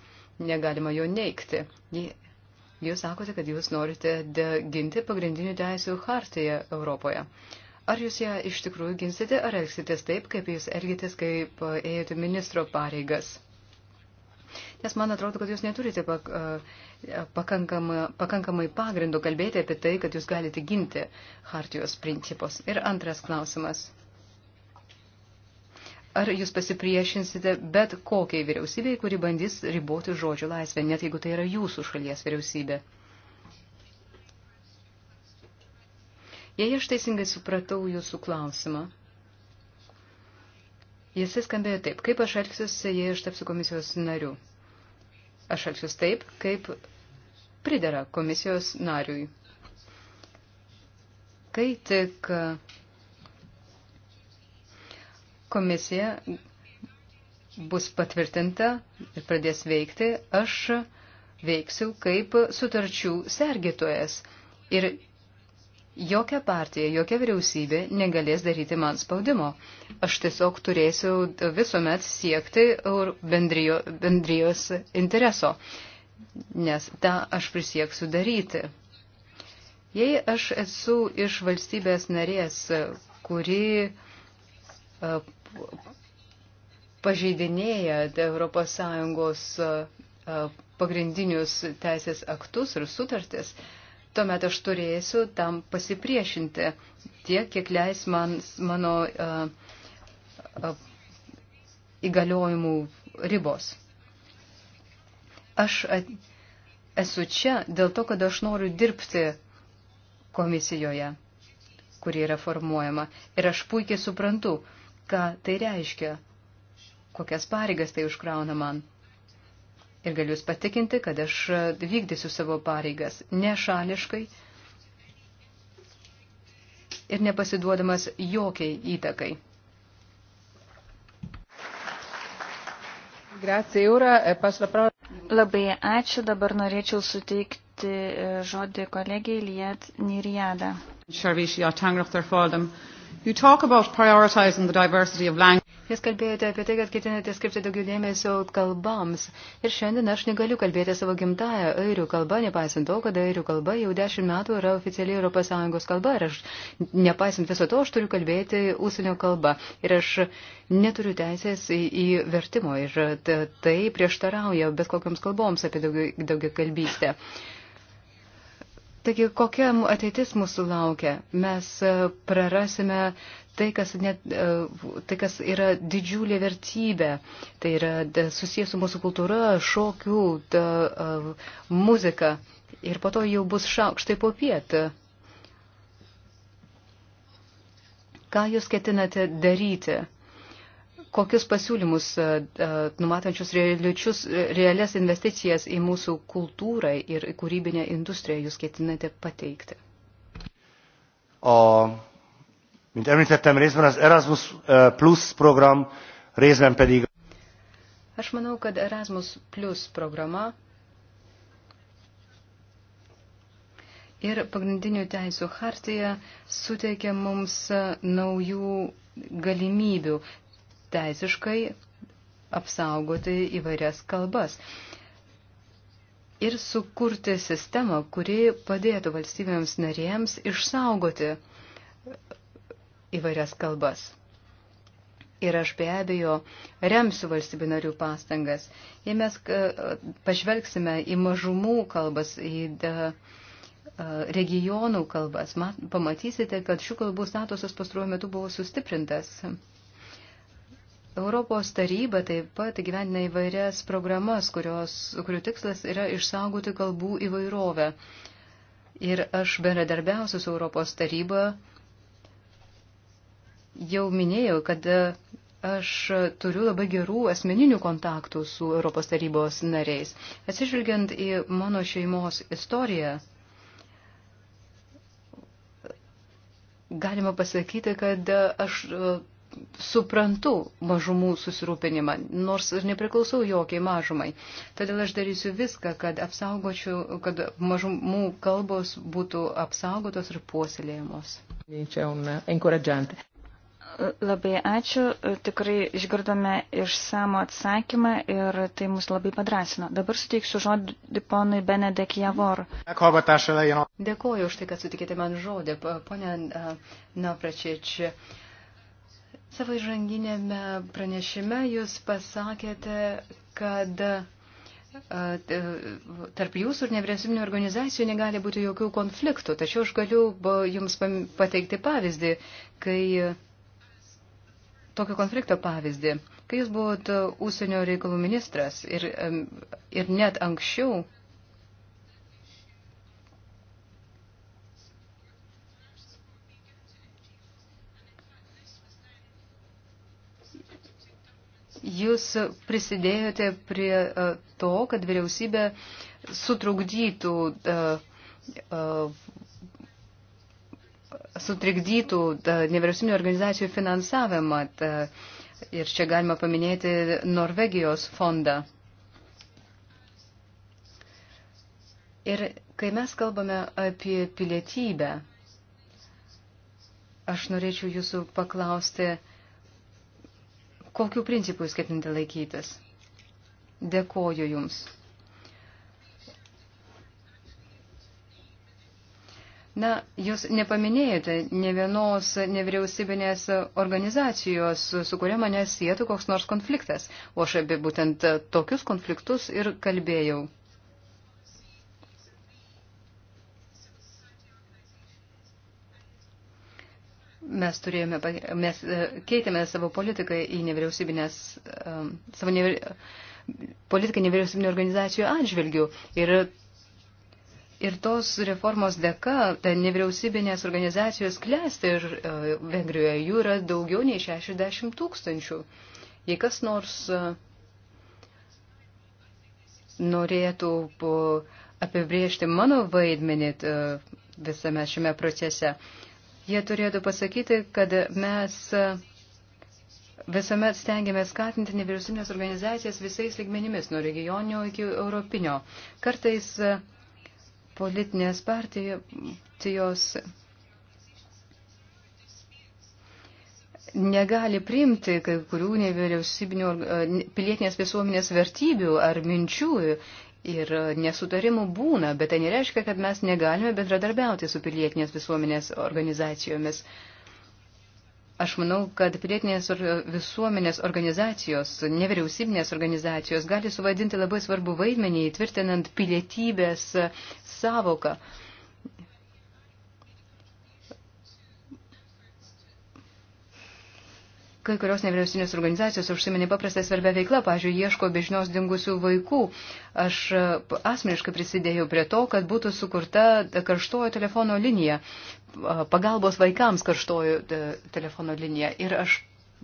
Negalima jo neikti. Jūs sakote, kad jūs norite ginti pagrindinių teisų hartiją Europoje. Ar jūs ją iš tikrųjų ginsite, ar elgsitės taip, kaip jūs elgitės, kaip ėjote ministro pareigas? Nes man atrodo, kad jūs neturite pak, e, pakankamai, pakankamai pagrindų kalbėti apie tai, kad jūs galite ginti hartijos principus. Ir antras klausimas. Ar jūs pasipriešinsite bet kokiai vyriausybei, kuri bandys riboti žodžio laisvę, net jeigu tai yra jūsų šalies vyriausybė? Jei aš teisingai supratau jūsų klausimą, Jis skambėjo taip, kaip aš elgsiuosi, jei aš tapsiu komisijos nariu. Aš elgsiuosi taip, kaip pridera komisijos nariui. Kai tik komisija bus patvirtinta ir pradės veikti, aš veiksiu kaip sutarčių sergėtojas. Ir Jokia partija, jokia vyriausybė negalės daryti man spaudimo. Aš tiesiog turėsiu visuomet siekti bendrijo, bendrijos intereso, nes tą aš prisieksiu daryti. Jei aš esu iš valstybės narės, kuri e, pažeidinėja ES e, pagrindinius teisės aktus ir sutartis, tuomet aš turėsiu tam pasipriešinti tiek, kiek leis man, mano uh, uh, įgaliojimų ribos. Aš at, esu čia dėl to, kad aš noriu dirbti komisijoje, kuri yra formuojama. Ir aš puikiai suprantu, ką tai reiškia, kokias pareigas tai užkrauna man. Ir galiu Jūs patikinti, kad aš vykdysiu savo pareigas nešališkai ir nepasiduodamas jokiai įtakai. E, Labai ačiū. Dabar norėčiau suteikti e, žodį kolegijai Liet Niriada. You talk about prioritizing the diversity of language. Jūs kalbėjote apie tai, kad ketinate skirti daugiau dėmesio kalbams. Ir šiandien aš negaliu kalbėti savo gimtają airių kalbą, nepaisant to, kad airių kalba jau dešimt metų yra oficialiai ES kalba. Ir aš, nepaisant viso to, aš turiu kalbėti ūsienio kalbą. Ir aš neturiu teisės į, į vertimo. Ir tai prieštarauja bet kokiams kalboms apie daugia kalbystę. Daugia Taigi, kokia ateitis mūsų laukia? Mes e, prarasime tai, kas, net, e, tai, kas yra didžiulė vertybė. Tai yra susijęs su mūsų kultūra, šokių, ta, e, muzika. Ir po to jau bus šaukštai po pietą. Ką jūs ketinate daryti? kokius pasiūlymus e, e, numatančius realiučius, e, realias investicijas į mūsų kultūrą ir kūrybinę industriją jūs ketinate pateikti? A, mint említettem, részben az Erasmus Plus program, részben pedig. Aš manau, kad Erasmus Plus programa ir pagrindinių teisų hartija suteikia mums naujų galimybių teisiškai apsaugoti įvairias kalbas ir sukurti sistemą, kuri padėtų valstybėms narėms išsaugoti įvairias kalbas. Ir aš be abejo remsiu valstybių narių pastangas. Jei mes e, pažvelgsime į mažumų kalbas, į e, e, regionų kalbas, pamatysite, kad šių kalbų statusas pastaruoju metu buvo sustiprintas. Europos taryba taip pat gyvena įvairias programas, kurios, kurių tikslas yra išsaugoti kalbų įvairovę. Ir aš bendradarbiausiu su Europos taryba jau minėjau, kad e, aš turiu labai gerų asmeninių kontaktų su Europos tarybos nariais. Atsižvelgiant į mano šeimos istoriją, galima pasakyti, kad e, aš e, suprantu mažumų susirūpinimą, nors ir nepriklausau jokiai mažumai. Todėl aš darysiu viską, kad apsaugočiau, kad mažumų kalbos būtų apsaugotos ir puoselėjamos. Labai ačiū, tikrai išgirdome išsamo atsakymą ir tai mus labai padrasino. Dabar suteiksiu žodį ponui Benedek Javor. Dėkuoju už tai, kad sutikėte man žodį, ponė Navračič. No, Savo žanginėme pranešime jūs pasakėte, kad e, tarp jūsų ir nevyriausybinio organizacijų negali būti jokių konfliktų. Tačiau aš galiu e, jums pateikti pavyzdį, kai tokio konflikto pavyzdį, kai jūs buvot ūsienio e, reikalų ministras ir, ir net anksčiau jūs prisidėjote prie e, to, kad vyriausybė sutrukdytų, e, e, sutrikdytų nevyriausybinio organizacijų finansavimą. Ir čia galima paminėti Norvegijos fondą. Ir kai mes kalbame apie pilietybę, aš norėčiau jūsų paklausti, kokiu principu jūs ketinate laikytis. Dėkoju Jums. Na, jūs nepaminėjote ne vienos nevyriausybinės organizacijos, su kuria mane sėtų koks nors konfliktas, o aš apie būtent tokius konfliktus ir kalbėjau. mes turėjome, mes e, keitėme savo politiką į nevyriausybinės, e, savo nevyri, politiką nevyriausybinio organizacijų atžvilgių. Ir, ir tos reformos dėka ta nevyriausybinės organizacijos klesti ir e, Vengrijoje jų yra daugiau nei 60 tūkstančių. Jei kas nors norėtų apibriežti mano vaidmenį visame šiame procese, Jie turėtų pasakyti, kad mes e, visuomet stengiamės skatinti nevyriausybinės organizacijas visais lygmenimis, nuo regioninio iki europinio. Kartais e, politinės partijos negali priimti kai kurių nevyriausybinių e, pilietinės visuomenės vertybių ar minčių Ir e, nesutarimų būna, bet tai nereiškia, kad mes negalime bendradarbiauti su pilietinės visuomenės organizacijomis. Aš manau, kad pilietinės visuomenės organizacijos, nevyriausybinės organizacijos gali suvaidinti labai svarbu vaidmenį įtvirtinant pilietybės e, savoką. Uh, kai kurios nevyriausinės organizacijos užsiminė paprastą svarbę veiklą, pažiūrėjau, ieško bežnios dingusių vaikų. Aš e, asmeniškai prisidėjau prie to, kad būtų sukurta karštojo telefono linija, pagalbos vaikams karštojo telefono linija. Ir aš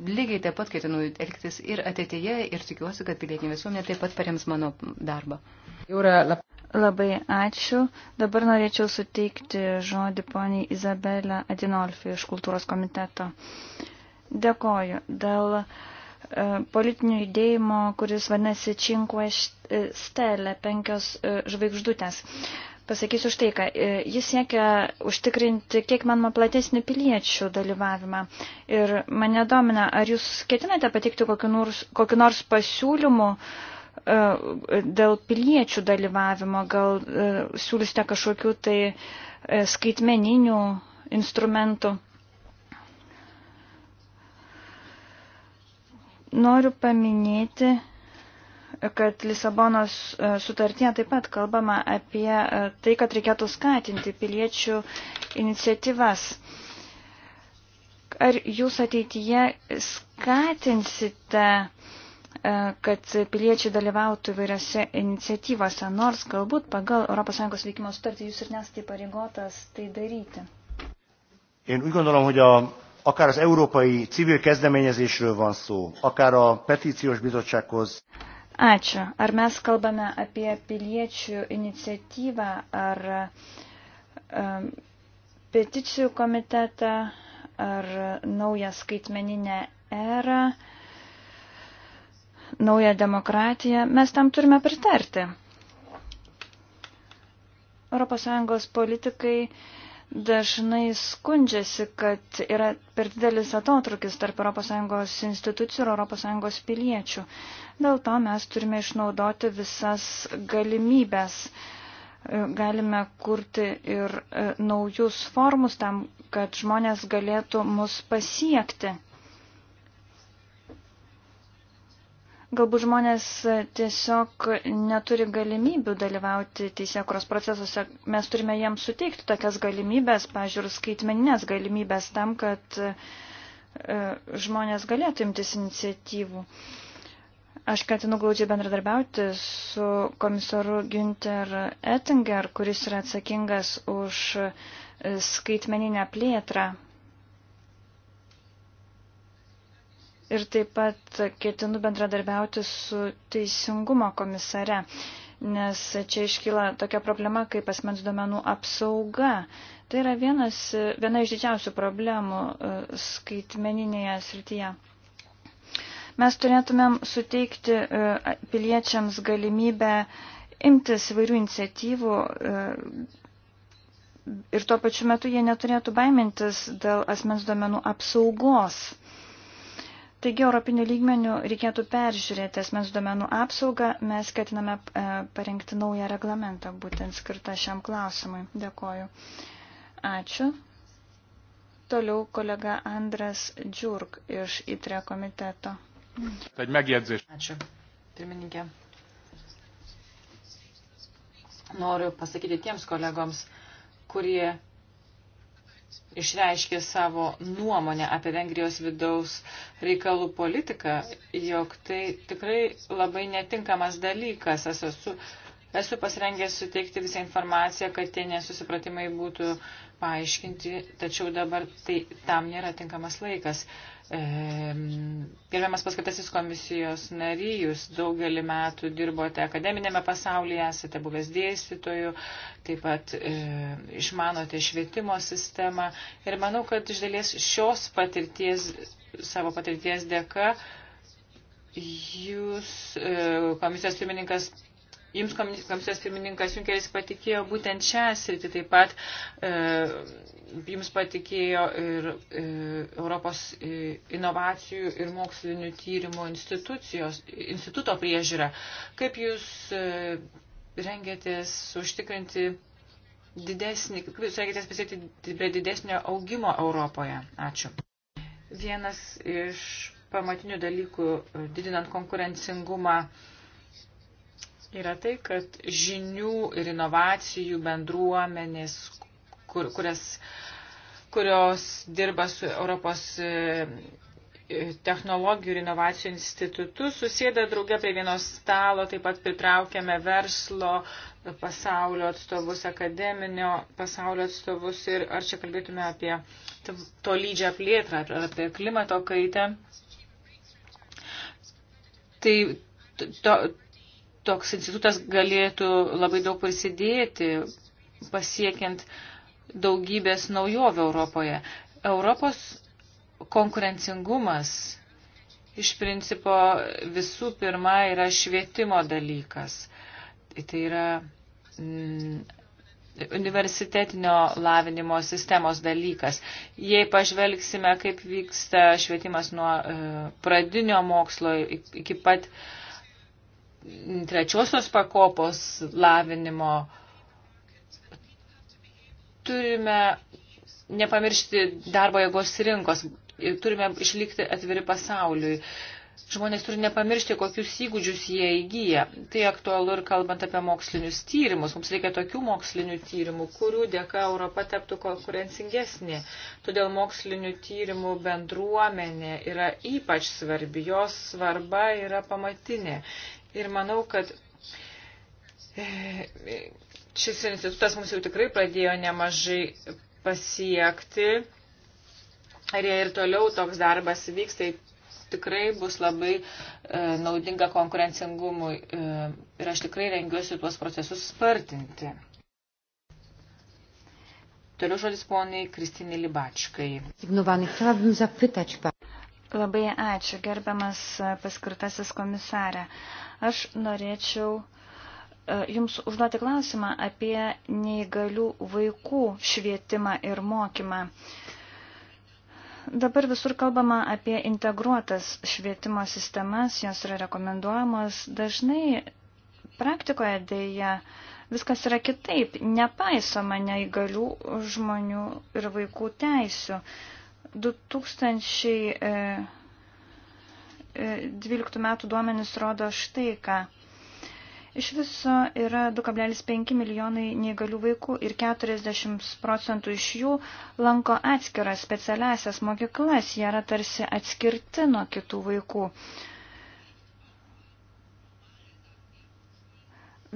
lygiai taip pat ketinu elgtis ir ateityje ir tikiuosi, kad pilietinė visuomenė taip pat parems mano darbą. Labai ačiū. Dabar norėčiau suteikti žodį poniai Izabelę Adinolfi iš kultūros komiteto. Uh, Dėkoju. Dėl e, politinių judėjimo, kuris vadinasi Cinque Stelle, penkios e, žvaigždutės. Pasakysiu štai ką. E, jis siekia užtikrinti kiek manoma platesnį piliečių dalyvavimą. Ir mane domina, ar jūs ketinate patikti kokiu nors, kokiu nors pasiūlymu dėl piliečių dalyvavimo, gal siūlysite kažkokiu tai skaitmeninių instrumentų. Noriu paminėti, kad Lisabonos e, sutartyje taip pat kalbama apie e, tai, kad reikėtų skatinti piliečių iniciatyvas. Ar jūs ateityje skatinsite, e, kad piliečiai dalyvautų įvairiose iniciatyvose, nors galbūt pagal ES veikimo sutartį jūs ir nesate pareigotas tai daryti? Én úgy gondolom, hogy a akár az európai civil kezdeményezésről van szó, akár a petíciós bizottsághoz. Ačiū. Ar mes kalbame apie piliečių iniciatyvą, ar um, peticijų komitetą, ar naują skaitmeninę erą, naują demokratiją, mes tam turime pritarti. ES politikai uh, dažnai skundžiasi, kad yra per didelis atotrukis tarp ES institucijų ir ES piliečių. Dėl to mes turime išnaudoti visas galimybės. Galime kurti ir e, naujus formus tam, kad žmonės galėtų mus pasiekti. Galbūt žmonės tiesiog neturi galimybių dalyvauti teisėkuros procesuose. Mes turime jiems suteikti tokias galimybės, pažiūrėjau, skaitmeninės galimybės tam, kad e, žmonės galėtų imtis iniciatyvų. Aš ketinu glaudžiai bendradarbiauti su komisaru Günter Ettinger, kuris yra atsakingas už e, skaitmeninę plėtrą ir taip pat ketinu bendradarbiauti su teisingumo komisare, nes čia iškyla tokia problema kaip asmens duomenų apsauga. Tai yra vienas, viena iš didžiausių problemų e, skaitmeninėje srityje. Mes turėtumėm suteikti e, piliečiams galimybę imtis įvairių iniciatyvų e, ir tuo pačiu metu jie neturėtų baimintis dėl asmens duomenų apsaugos. Taigi, europinių lygmenių reikėtų peržiūrėti asmens duomenų apsaugą. Mes ketiname e, parengti naują reglamentą, būtent skirtą šiam klausimui. Dėkoju. Ačiū. Toliau kolega Andras Džiurk iš ITRE komiteto. Tad megjegyzés. Ačiū. Pirmininkė. Noriu pasakyti tiems kolegoms, kurie išreiškė savo nuomonę apie Vengrijos vidaus reikalų politiką, jog tai tikrai labai netinkamas dalykas. Aš esu, esu pasirengęs suteikti visą informaciją, kad tie nesusipratimai būtų paaiškinti, tačiau dabar tai, tam nėra tinkamas laikas. Uh, Gerbiamas paskatasis komisijos nary, jūs daugelį metų dirbote akademinėme pasaulyje, esate buvęs dėstytojų, taip pat e, išmanote švietimo sistemą ir manau, kad iš dalies šios patirties, savo patirties dėka jūs, e, komisijos pirmininkas, Jums komisijos pirmininkas Junkeris patikėjo būtent šią sritį, taip pat e, jums patikėjo ir e, Europos e, inovacijų ir mokslinių tyrimų instituto priežiūra. Kaip jūs e, rengėtės užtikrinti didesnį, kaip jūs rengėtės pasiekti prie didesnio augimo Europoje? Ačiū. Vienas iš pamatinių dalykų didinant konkurencingumą yra tai, kad žinių ir inovacijų bendruomenės, kur, kurias, kurios dirba su Europos e, e, technologijų ir inovacijų institutu, susėda draugė prie vieno stalo, taip pat pritraukėme verslo pasaulio atstovus, akademinio pasaulio atstovus ir ar čia kalbėtume apie tolydžią plėtrą, ar apie klimato kaitę. Tai to, toks institutas galėtų labai daug prisidėti pasiekiant daugybės naujovių Europoje. Europos konkurencingumas iš principo visų pirma yra švietimo dalykas. Tai yra mm, universitetinio lavinimo sistemos dalykas. Jei pažvelgsime, kaip vyksta švietimas nuo e, pradinio mokslo iki pat e, trečiosios pakopos lavinimo, turime nepamiršti darbo jėgos rinkos ir turime išlikti atviri pasauliui. Žmonės turi nepamiršti, kokius įgūdžius jie įgyja. Tai aktualu ir kalbant apie mokslinius tyrimus. Mums reikia tokių mokslinių tyrimų, kurių dėka Europa taptų konkurencingesnė. Todėl mokslinių tyrimų bendruomenė yra ypač svarbi. Jos svarba yra pamatinė. Ir manau, kad e, šis institutas mums jau tikrai pradėjo nemažai pasiekti. Ar jie ir toliau toks darbas vyks, tai tikrai bus labai e, naudinga konkurencingumui. E, ir aš tikrai rengiuosi tuos procesus spartinti. Toliau žodis poniai Kristinai Libačkai. Labai ačiū, gerbiamas paskirtasis komisarė. Aš norėčiau e, Jums užduoti klausimą apie neįgalių vaikų švietimą ir mokymą. Dabar visur kalbama apie integruotas švietimo sistemas, jos yra rekomenduojamos. Dažnai praktikoje dėja viskas yra kitaip, nepaisoma neįgalių žmonių ir vaikų teisių. 2012 metų duomenys rodo štai ką. Iš viso yra 2,5 milijonai neįgalių vaikų ir 40 procentų iš jų lanko atskiras specialiasias mokyklas, jie yra tarsi atskirti nuo kitų vaikų.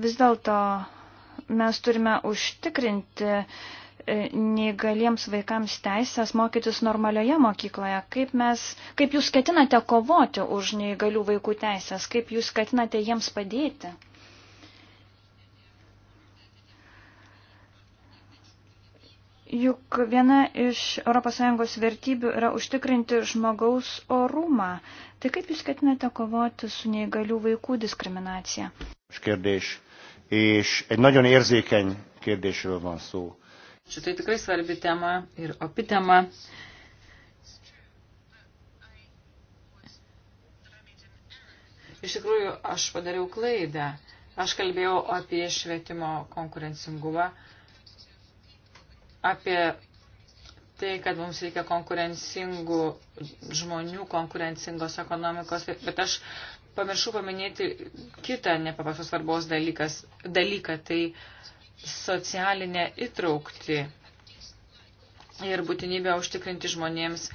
Vis dėlto mes turime užtikrinti E, neįgaliems vaikams teisės mokytis normalioje mokykloje. Kaip, mes, kaip jūs ketinate kovoti už neįgalių vaikų teisės? Kaip jūs ketinate jiems padėti? Juk viena iš ES vertybių yra užtikrinti žmogaus orumą. Tai kaip jūs ketinate kovoti su neįgalių vaikų diskriminacija? Kérdés. És egy nagyon érzékeny kérdésről van szó Šitai tikrai svarbi tema ir opi tema. Iš tikrųjų, aš padariau klaidą. Aš kalbėjau apie švietimo konkurencingumą, apie tai, kad mums reikia konkurencingų žmonių, konkurencingos ekonomikos, bet aš pamiršau paminėti kitą nepaprastos svarbos dalykas, dalyką, tai socialinę įtraukti ir būtinybę užtikrinti žmonėms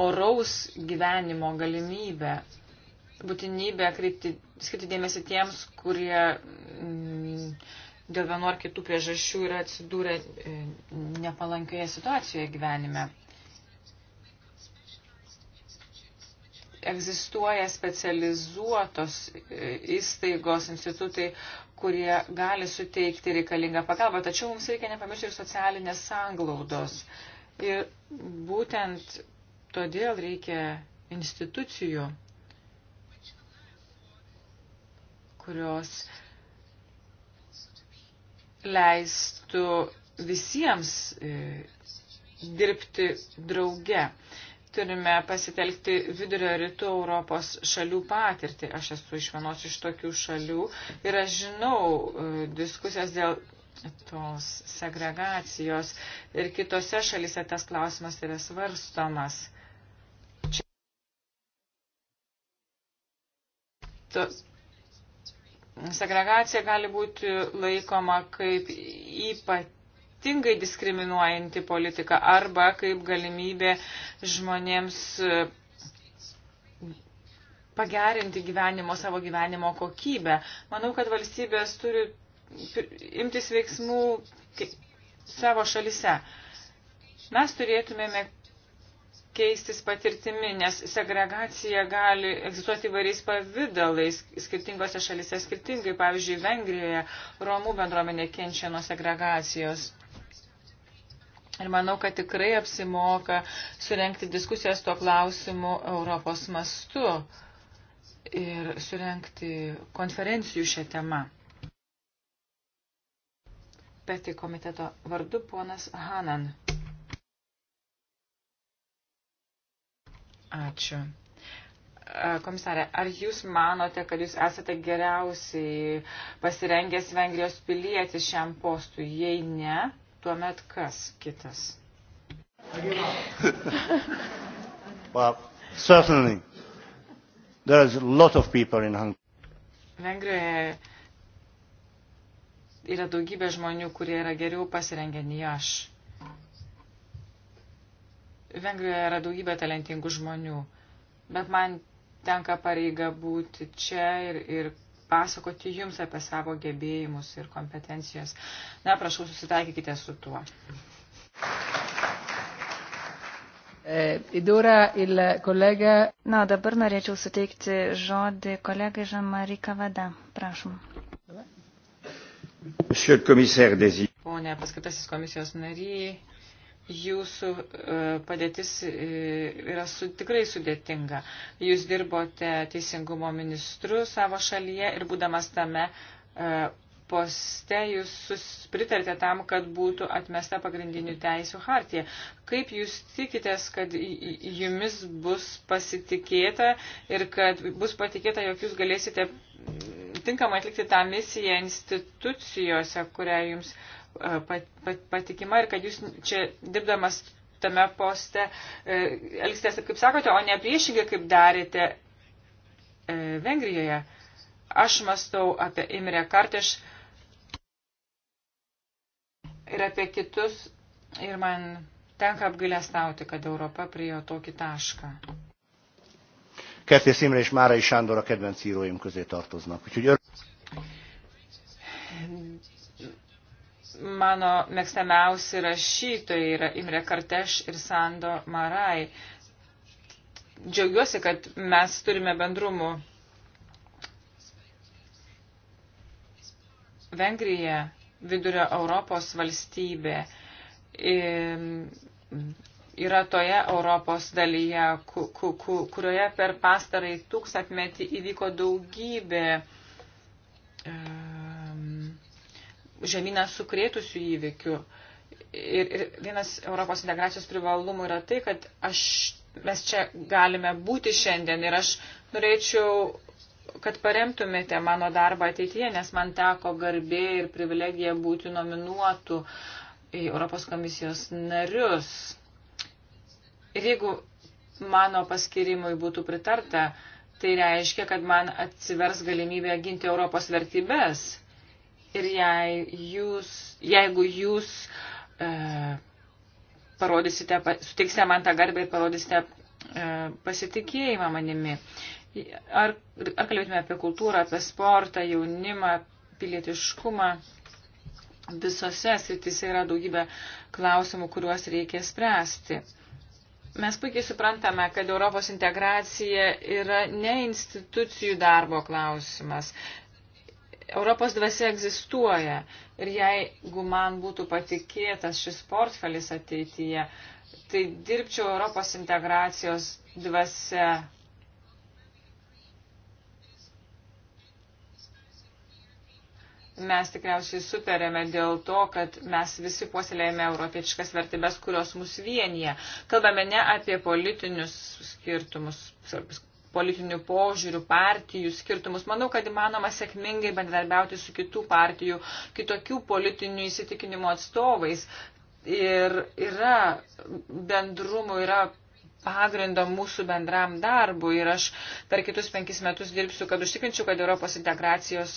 oraus gyvenimo galimybę, būtinybę kreipti, skirti dėmesį tiems, kurie m, mm, dėl vienu ar kitų priežasčių yra atsidūrę e, nepalankioje situacijoje gyvenime. Egzistuoja specializuotos e, įstaigos institutai, kurie gali suteikti reikalingą pagalbą. Tačiau mums reikia nepamiršti ir socialinės sanglaudos. Ir būtent todėl reikia institucijų, kurios leistų visiems e, dirbti drauge turime pasitelkti vidurio rytų Europos šalių patirtį. Aš esu iš vienos iš tokių šalių ir aš žinau e, diskusijas dėl tos segregacijos ir kitose šalise tas klausimas yra svarstomas. Čia... Tos... Segregacija gali būti laikoma kaip ypač ypatingai diskriminuojanti politika arba kaip galimybė žmonėms e, pagerinti gyvenimo, savo gyvenimo kokybę. Manau, kad valstybės turi imtis veiksmų savo šalise. Mes turėtumėme keistis patirtimi, nes segregacija gali egzistuoti įvairiais pavydalais, skirtingose šalise skirtingai. Pavyzdžiui, Vengrijoje Romų bendruomenė kenčia nuo segregacijos. Ir manau, kad tikrai apsimoka surenkti diskusijas tuo klausimu Europos mastu ir surenkti konferencijų šią temą. Peti komiteto vardu ponas Hanan. Ačiū. Komisarė, ar jūs manote, kad jūs esate geriausiai pasirengęs Vengrijos pilietis šiam postui? Jei ne, tuomet kas kitas? [laughs] well, certainly. There is a lot of people in Hungary. Vengrijoje yra daugybė žmonių, kurie yra geriau pasirengę nei aš. Vengrijoje yra daugybė talentingų žmonių, bet man tenka pareiga būti čia ir, ir pasakoti jums apie savo gebėjimus ir kompetencijas. Na, prašau, susitaikykite su tuo. Eh, Na, dabar norėčiau suteikti žodį kolegai Žamari Kavada. Prašom. Pone paskatasis komisijos nariai, jūsų e, padėtis e, yra su, tikrai sudėtinga. Jūs dirbote teisingumo ministru savo šalyje ir būdamas tame e, poste jūs pritartė tam, kad būtų atmesta pagrindinių teisų hartija. Kaip jūs tikitės, kad jumis bus pasitikėta ir kad bus patikėta, jog jūs galėsite tinkamai atlikti tą misiją institucijose, kurią jums patikima ir kad jūs čia dirbdamas tame poste e, elgsitės, kaip sakote, o ne priešingai, kaip darėte e, Vengrijoje. Aš mastau apie Imre Karteš ir apie kitus ir man tenka apgailestauti, kad Europa priejo tokį tašką. Kertész Imre és Márai Sándor a kedvenc íróim közé tartoznak. Úgyhogy Mano mėgstamiausi rašytojai yra Imre Karteš ir Sando Marai. Džiaugiuosi, kad mes turime bendrumų. Vengrija, vidurio Europos valstybė, yra toje Europos dalyje, kurioje per pastarai tūkstantmetį įvyko daugybė e, žemyną sukrėtusių įvykių. Ir, ir vienas Europos integracijos privalumų yra tai, kad aš, mes čia galime būti šiandien ir aš norėčiau, kad paremtumėte mano darbą ateityje, nes man teko garbė ir privilegija būti nominuotų į Europos komisijos narius. Ir jeigu mano paskirimui būtų pritarta, tai reiškia, kad man atsivers galimybė ginti Europos vertybės ir jei jūs, jeigu jūs e, parodysite, suteiksite man tą garbę ir parodysite e, pasitikėjimą manimi. Ar, ar kalbėtume apie kultūrą, apie sportą, jaunimą, pilietiškumą, visose sritise yra daugybė klausimų, kuriuos reikia spręsti. Mes puikiai suprantame, kad Europos integracija yra ne institucijų darbo klausimas, Europos dvasia egzistuoja ir jeigu man būtų patikėtas šis portfelis ateityje, tai dirbčiau Europos integracijos dvasia. Mes tikriausiai sutarėme dėl to, kad mes visi puoselėjame europietiškas vertybės, kurios mus vienyje. Kalbame ne apie politinius skirtumus, politinių požiūrių, partijų skirtumus. Manau, kad įmanoma sėkmingai bendarbiauti su kitų partijų, kitokių politinių įsitikinimų atstovais. Ir yra bendrumų, yra pagrindo mūsų bendram darbui. Ir aš per kitus penkis metus dirbsiu, kad užtikrinčiau, kad Europos integracijos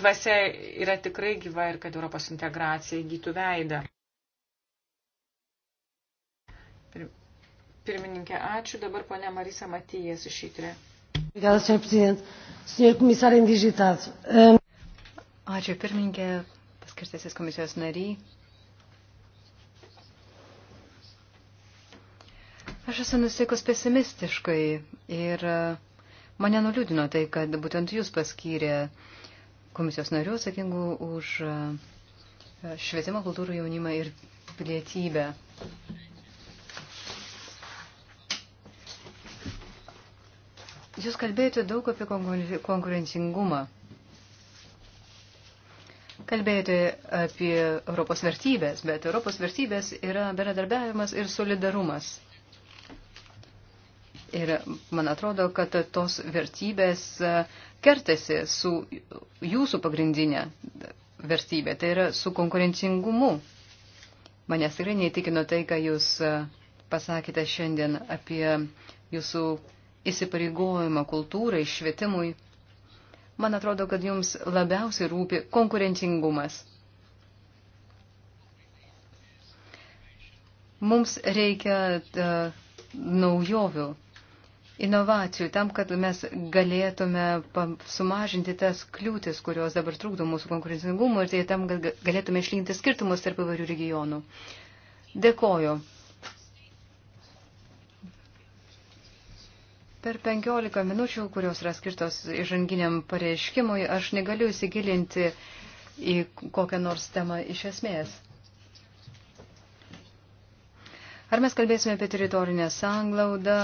dvasia yra tikrai gyva ir kad Europos integracija įgytų veidą. Pirmininkė, ačiū. Dabar ponia Marisa Matijas iš įtrė. E. Ačiū, pirmininkė, paskirtasis komisijos nariai. Aš esu nusiteikus pesimistiškai ir uh, mane nuliūdino tai, kad būtent jūs paskyrė komisijos narių atsakingų už uh, švietimą, kultūrą, jaunimą ir pilietybę. Jūs kalbėjote daug apie konkurencingumą. Kalbėjote apie Europos vertybės, bet Europos vertybės yra bendradarbiavimas ir solidarumas. Ir man atrodo, kad tos vertybės e, kertasi su jūsų pagrindinė vertybė, tai yra su konkurencingumu. Manęs tikrai neįtikino tai, ką jūs e, pasakėte šiandien apie jūsų įsipareigojimą kultūrai, švietimui, man atrodo, kad jums labiausiai rūpi konkurencingumas. Mums reikia uh, naujovių, inovacijų, tam, kad mes galėtume sumažinti tas kliūtis, kurios dabar trukdo mūsų konkurencingumui ir tai tam, kad galėtume išlyginti skirtumus tarp įvairių regionų. Dėkoju. Per 15 minučių, kurios yra skirtos įžanginiam pareiškimui, aš negaliu įsigilinti į kokią nors temą iš esmės. Ar mes kalbėsime apie teritorinę sanglaudą,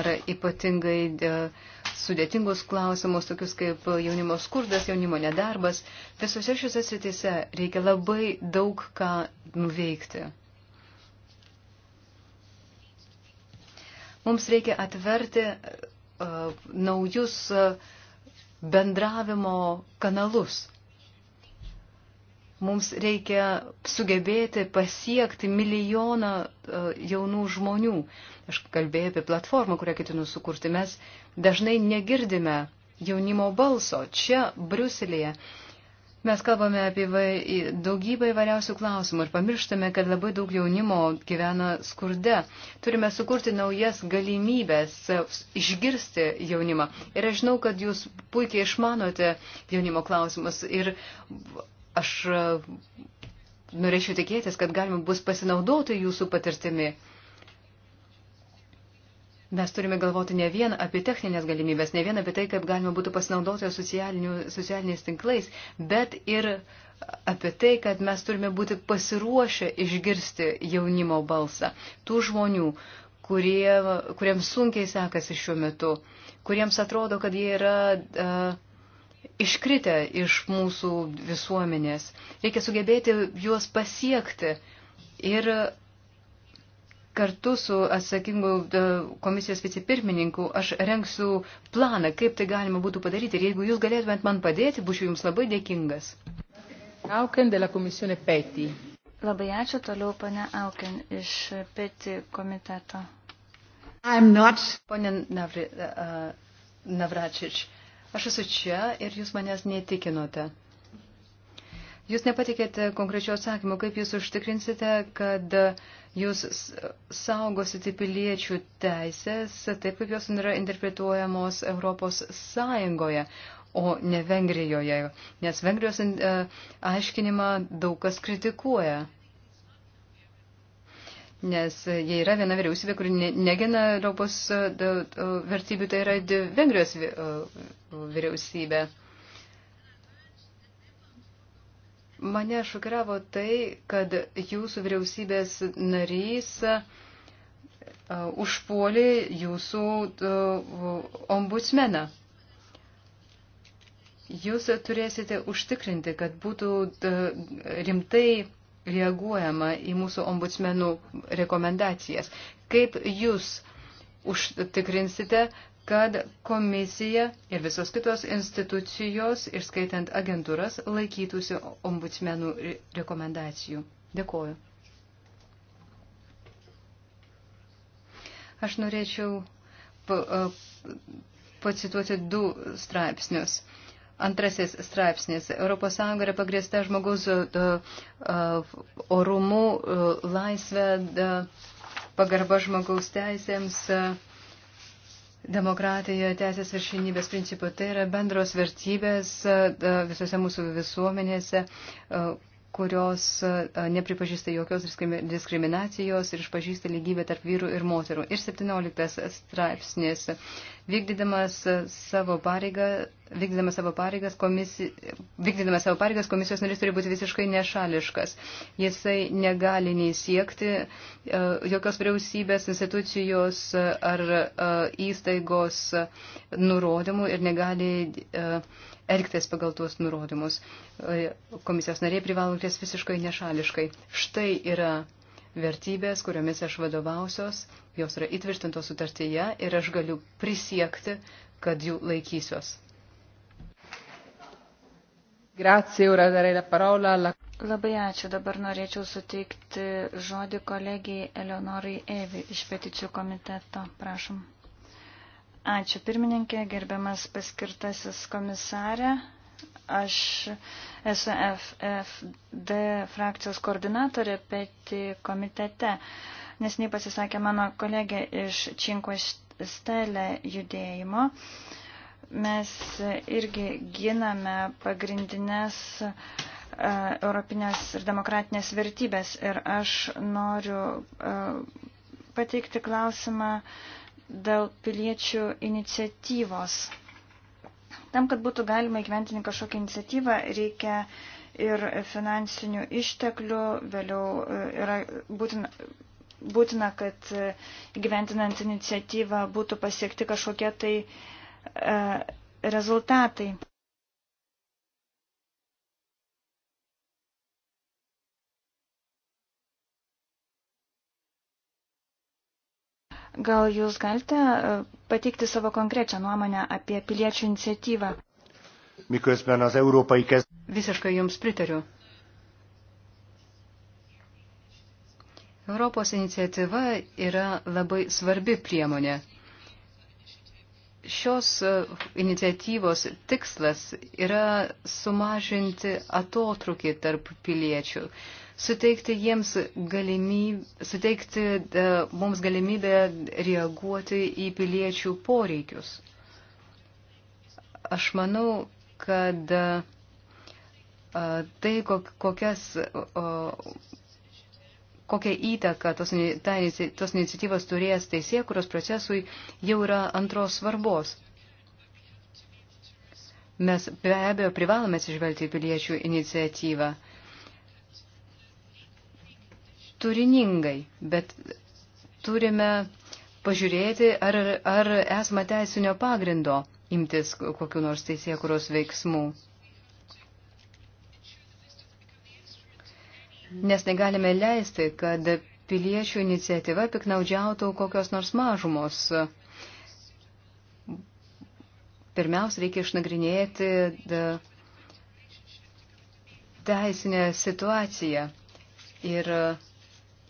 ar ypatingai e, sudėtingus klausimus, tokius kaip jaunimo skurdas, jaunimo nedarbas, visose šiuose sritise reikia labai daug ką nuveikti. Mums reikia atverti uh, naujus uh, bendravimo kanalus. Mums reikia sugebėti pasiekti milijoną uh, jaunų žmonių. Aš kalbėjau apie platformą, kurią ketinu sukurti. Mes dažnai negirdime jaunimo balso čia, Briuselėje. Uh, Mes kalbame apie daugybą įvairiausių klausimų ir pamirštame, kad labai daug jaunimo gyvena skurde. Turime sukurti naujas galimybės išgirsti jaunimą. Ir aš žinau, kad jūs puikiai išmanote jaunimo klausimus ir aš norėčiau tikėtis, kad galima bus pasinaudoti jūsų patirtimi. Mes turime galvoti ne vien apie techninės galimybės, ne vien apie tai, kaip galima būtų pasinaudoti socialiniais tinklais, bet ir apie tai, kad mes turime būti pasiruošę išgirsti jaunimo balsą. Tų žmonių, kurie, kuriems sunkiai sekasi šiuo metu, kuriems atrodo, kad jie yra uh, iškritę iš mūsų visuomenės. Reikia sugebėti juos pasiekti ir uh, kartu su atsakingu e, komisijos vicepirmininku aš renksiu planą, kaip tai galima būtų padaryti. Ir jeigu jūs galėtumėt man padėti, būčiau jums labai dėkingas. Auken de la komisione Peti. Labai ačiū toliau, pane Auken, iš Peti komiteto. I'm not. Pone Navri, uh, Navračič, aš esu čia ir jūs manęs netikinote. Jūs nepatikėte konkrečio atsakymo, kaip jūs užtikrinsite, kad uh, Jūs saugosite piliečių teisės taip, kaip jos yra interpretuojamos Europos Sąjungoje, o ne Vengrijoje, nes Vengrijos e, aiškinimą daug kas kritikuoja. Nes jei yra viena vyriausybė, kuri negina Europos e, e, vertybių, tai yra Vengrijos vyriausybė. Mane šokiravo tai, kad jūsų vyriausybės narys e, užpuolė jūsų e, ombudsmeną. Jūs turėsite užtikrinti, kad būtų e, rimtai reaguojama į mūsų ombudsmenų rekomendacijas. Kaip jūs užtikrinsite, kad komisija ir visos kitos institucijos, išskaitant agentūras, laikytųsi ombudsmenų rekomendacijų. Dėkoju. Aš norėčiau pacituoti du straipsnius. Antrasis straipsnis. ES yra pagrėsta žmogaus orumu, laisvę, pagarba žmogaus teisėms demokratija, teisės viršinybės principų. Tai yra bendros vertybės visose mūsų visuomenėse, kurios nepripažįsta jokios diskriminacijos ir išpažįsta lygybę tarp vyrų ir moterų. Ir 17 straipsnės vykdydamas savo, pareigą, vykdydamas, savo pareigas, komisi, vykdydamas savo pareigas komisijos narys turi būti visiškai nešališkas. Jisai negali nei siekti e, jokios vyriausybės, institucijos e, ar e, įstaigos nurodymų ir negali elgtis pagal tuos nurodymus. Komisijos nariai privalo elgtis visiškai nešališkai. Štai yra vertybės, kuriomis aš vadovausios, jos yra įtvirtintos sutartyje ir aš galiu prisiekti, kad jų laikysiuos. Grazie, ora darei la parola alla... Labai ačiū. Dabar norėčiau suteikti žodį kolegijai Eleonorai Evi iš peticijų komiteto. Prašom. Ačiū pirmininkė, gerbiamas paskirtasis komisarė. Aš esu FFD frakcijos koordinatorė peti komitete, nes nei pasisakė mano kolegė iš Činkvastelė judėjimo. Mes irgi giname pagrindinės e, europinės ir demokratinės vertybės. Ir aš noriu e, pateikti klausimą dėl piliečių iniciatyvos. Tam, kad būtų galima įgyventinti kažkokią iniciatyvą, reikia ir finansinių išteklių, vėliau e, yra būtina, būtina kad e, įgyventinant iniciatyvą būtų pasiekti kažkokie tai e, rezultatai. Gal jūs galite e, pateikti savo konkrečią nuomonę apie piliečių iniciatyvą? Visiškai jums pritariu. Europos iniciatyva yra labai svarbi priemonė. Šios e, iniciatyvos tikslas yra sumažinti atotrukį tarp piliečių, suteikti jiems galimybę, suteikti e, mums galimybę reaguoti į piliečių poreikius. Aš manau, kad e, tai, kokias, kokią įtaką tos, ta, tos iniciatyvos turės teisė, kurios procesui jau yra antros svarbos. Mes be abejo privalome atsižvelgti į piliečių iniciatyvą turiningai, bet turime pažiūrėti, ar, ar esame teisinio pagrindo imtis kokiu nors teisėkuros veiksmų. Nes negalime leisti, kad piliečių iniciatyva piknaudžiautų kokios nors mažumos. Pirmiausia, reikia išnagrinėti teisinę situaciją ir uh,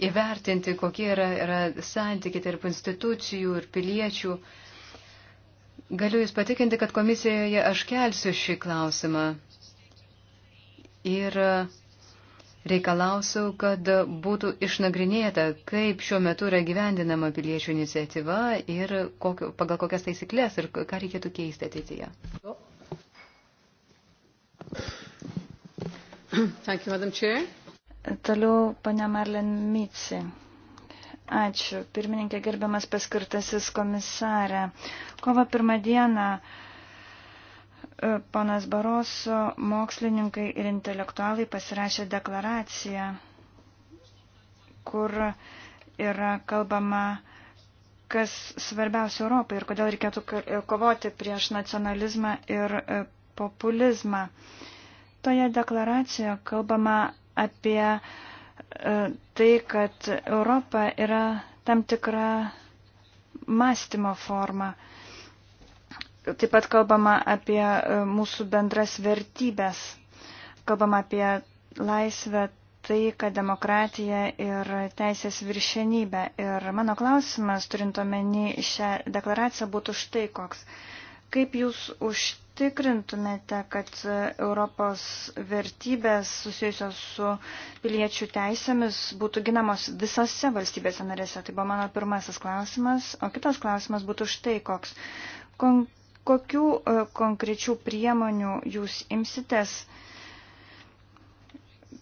įvertinti, kokie yra, yra santykiai tarp institucijų ir piliečių. Galiu Jūs patikinti, kad komisijoje aš kelsiu šį klausimą ir reikalausiu, kad būtų išnagrinėta, kaip šiuo metu yra gyvendinama piliečių iniciatyva ir kokio, pagal kokias taisyklės ir ką reikėtų keisti ateityje. Thank you, Madam Chair. Toliau pane Marlen Mici. Ačiū. Pirmininkė gerbiamas paskirtasis komisarė. Kovo pirmą dieną e, ponas Baroso mokslininkai ir intelektualai pasirašė deklaraciją, kur yra kalbama, kas svarbiausia Europai ir kodėl reikėtų e, kovoti prieš nacionalizmą ir e, populizmą. Toje deklaracijoje kalbama apie e, tai, kad Europa yra tam tikra mąstymo forma. Taip pat kalbama apie e, mūsų bendras vertybės, kalbama apie laisvę, taiką, demokratiją ir teisės viršenybę. Ir mano klausimas, turint omeny šią deklaraciją, būtų štai koks. Kaip jūs už užtikrintumėte, kad Europos vertybės susijusios su piliečių teisėmis būtų ginamos visose valstybėse narėse? Tai buvo mano pirmasis klausimas. O kitas klausimas būtų štai koks. Kon kokių e, konkrečių priemonių jūs imsitės,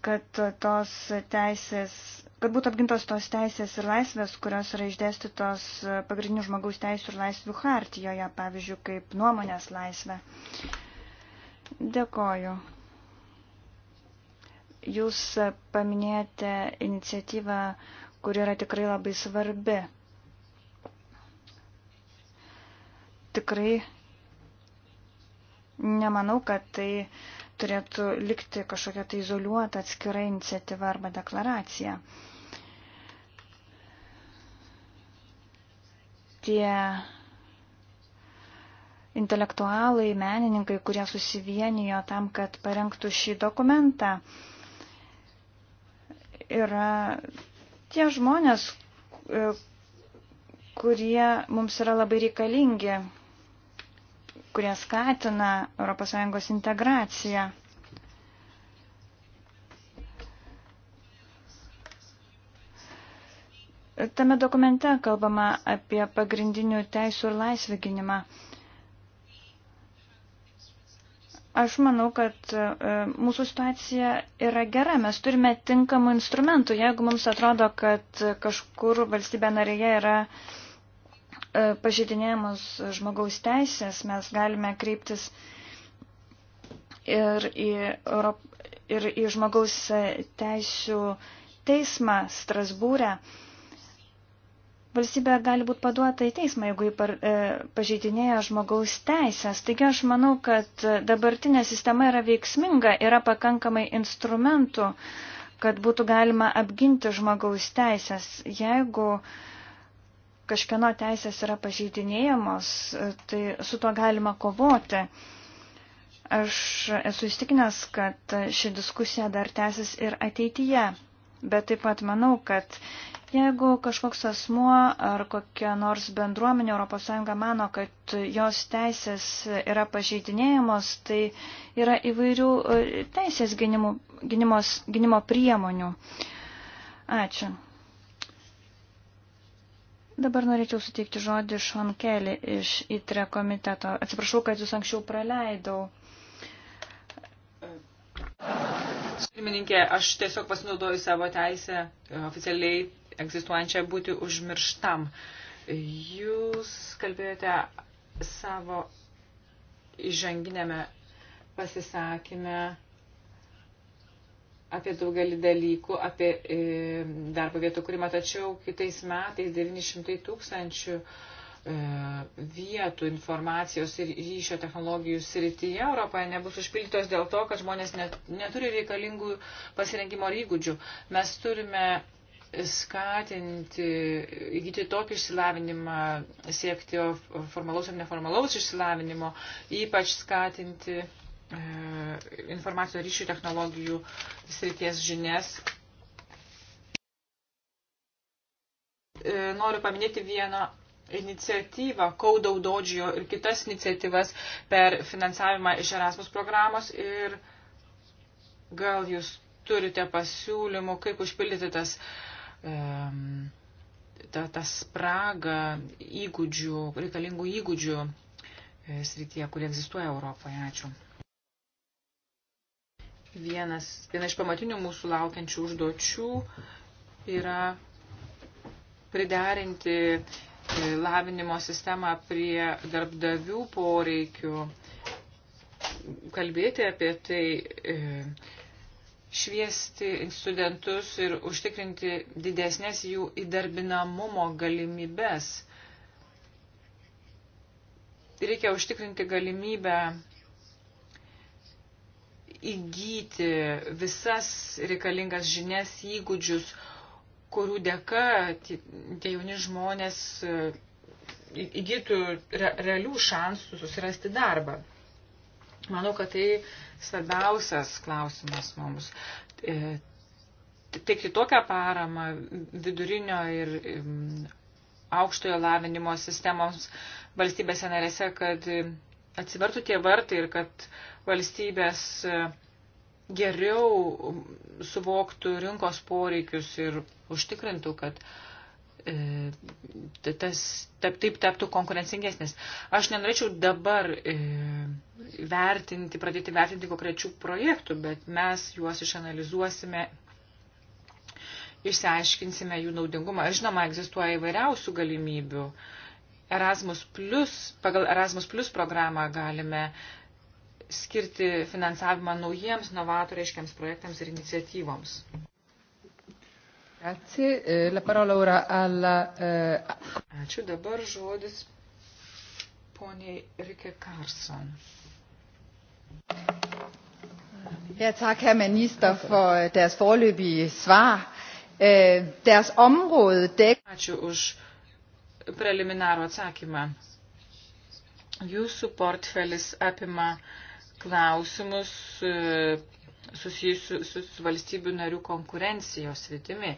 kad tos teisės kad būtų apgintos tos teisės ir laisvės, kurios yra išdėstytos e, pagrindinių žmogaus teisų ir laisvių hartijoje, pavyzdžiui, kaip nuomonės laisvė. Dėkoju. Jūs paminėjote iniciatyvą, kuri yra tikrai labai svarbi. Tikrai nemanau, kad tai uh, turėtų likti kažkokia tai izoliuota atskira iniciatyva arba deklaracija. Tie intelektualai, menininkai, kurie susivienijo tam, kad parengtų šį dokumentą, yra tie žmonės, e, kurie mums yra labai reikalingi kurie skatina ES integraciją. Tame dokumente kalbama apie pagrindinių teisų ir laisvę gynimą. Aš manau, kad e, mūsų situacija yra gera. Mes turime tinkamų instrumentų. Jeigu mums atrodo, kad kažkur valstybė narėje yra uh, E, pažeidinėjamos žmogaus teisės, mes galime kreiptis ir į, Europ... ir į žmogaus teisų teismą Strasbūrę. Valstybė gali būti paduota į teismą, jeigu jį par, e, pažeidinėja žmogaus teisės. Taigi aš manau, kad dabartinė sistema yra veiksminga, yra pakankamai instrumentų, kad būtų galima apginti žmogaus teisės. Jeigu e, kažkieno teisės yra pažeidinėjamos, tai su tuo galima kovoti. Aš esu įstikinęs, kad ši diskusija dar tęsis ir ateityje, bet taip pat manau, kad jeigu kažkoks asmuo ar kokia nors bendruomenė ES mano, kad jos teisės yra pažeidinėjamos, tai yra įvairių e, teisės gynimo, gynimos, gynimo priemonių. Ačiū. Dabar norėčiau suteikti žodį Šonkelį iš ITRE komiteto. Atsiprašau, kad jūs anksčiau praleidau. Pirmininkė, aš tiesiog pasinaudoju savo teisę e, oficialiai egzistuojančią būti užmirštam. Jūs kalbėjote savo įžanginėme pasisakymę apie daugelį dalykų, apie e, darbo vietų kūrimą, tačiau kitais metais 900 tūkstančių e, vietų informacijos ir ryšio technologijų srityje Europoje nebus užpildytos dėl to, kad žmonės net, neturi reikalingų pasirengimo ir įgūdžių. Mes turime skatinti, įgyti tokį išsilavinimą, siekti formalaus ir neformalaus išsilavinimo, ypač skatinti E, informacijų ryšių technologijų srities žinias. E, noriu paminėti vieną iniciatyvą, Kaudau Dodžio ir kitas iniciatyvas per finansavimą iš Erasmus programos ir gal jūs turite pasiūlymų, kaip užpildyti tas, um, ta, tą spragą įgūdžių, reikalingų įgūdžių e, srityje, kurie egzistuoja Europoje. Ačiū. Vienas, viena iš pamatinių mūsų laukiančių užduočių yra priderinti e, lavinimo sistemą prie darbdavių poreikių, kalbėti apie tai, e, šviesti studentus ir užtikrinti didesnės jų įdarbinamumo galimybės. Reikia užtikrinti galimybę įgyti visas reikalingas žinias, įgūdžius, kurių dėka tie jauni žmonės e, įgytų realių šansų susirasti darbą. Manau, kad tai svarbiausias klausimas mums. E, teikti tokią paramą vidurinio ir aukštojo lavinimo sistemoms valstybėse narėse, kad e, atsivertų tie vartai ir kad uh, valstybės e, geriau suvoktų rinkos poreikius ir užtikrintų, kad e, tas taip, taip taptų konkurencingesnis. Aš nenorėčiau dabar e, vertinti, pradėti vertinti konkrečių projektų, bet mes juos išanalizuosime, išsiaiškinsime jų naudingumą. Žinoma, egzistuoja įvairiausių galimybių. Erasmus Plus, pagal Erasmus Plus programą galime skirti finansavimą naujiems novatoriškiams projektams ir iniciatyvoms. E, e, Ačiū. Dabar žodis poniai Rike Karson. Ja, tak, herr minister, for øh, deres forløbige svar. Øh, deres område dækker... Ačiū už preliminarų atsakymą. Jūsų portfelis apima uh, klausimus e, susijusius su, su valstybių narių konkurencijos rytimi,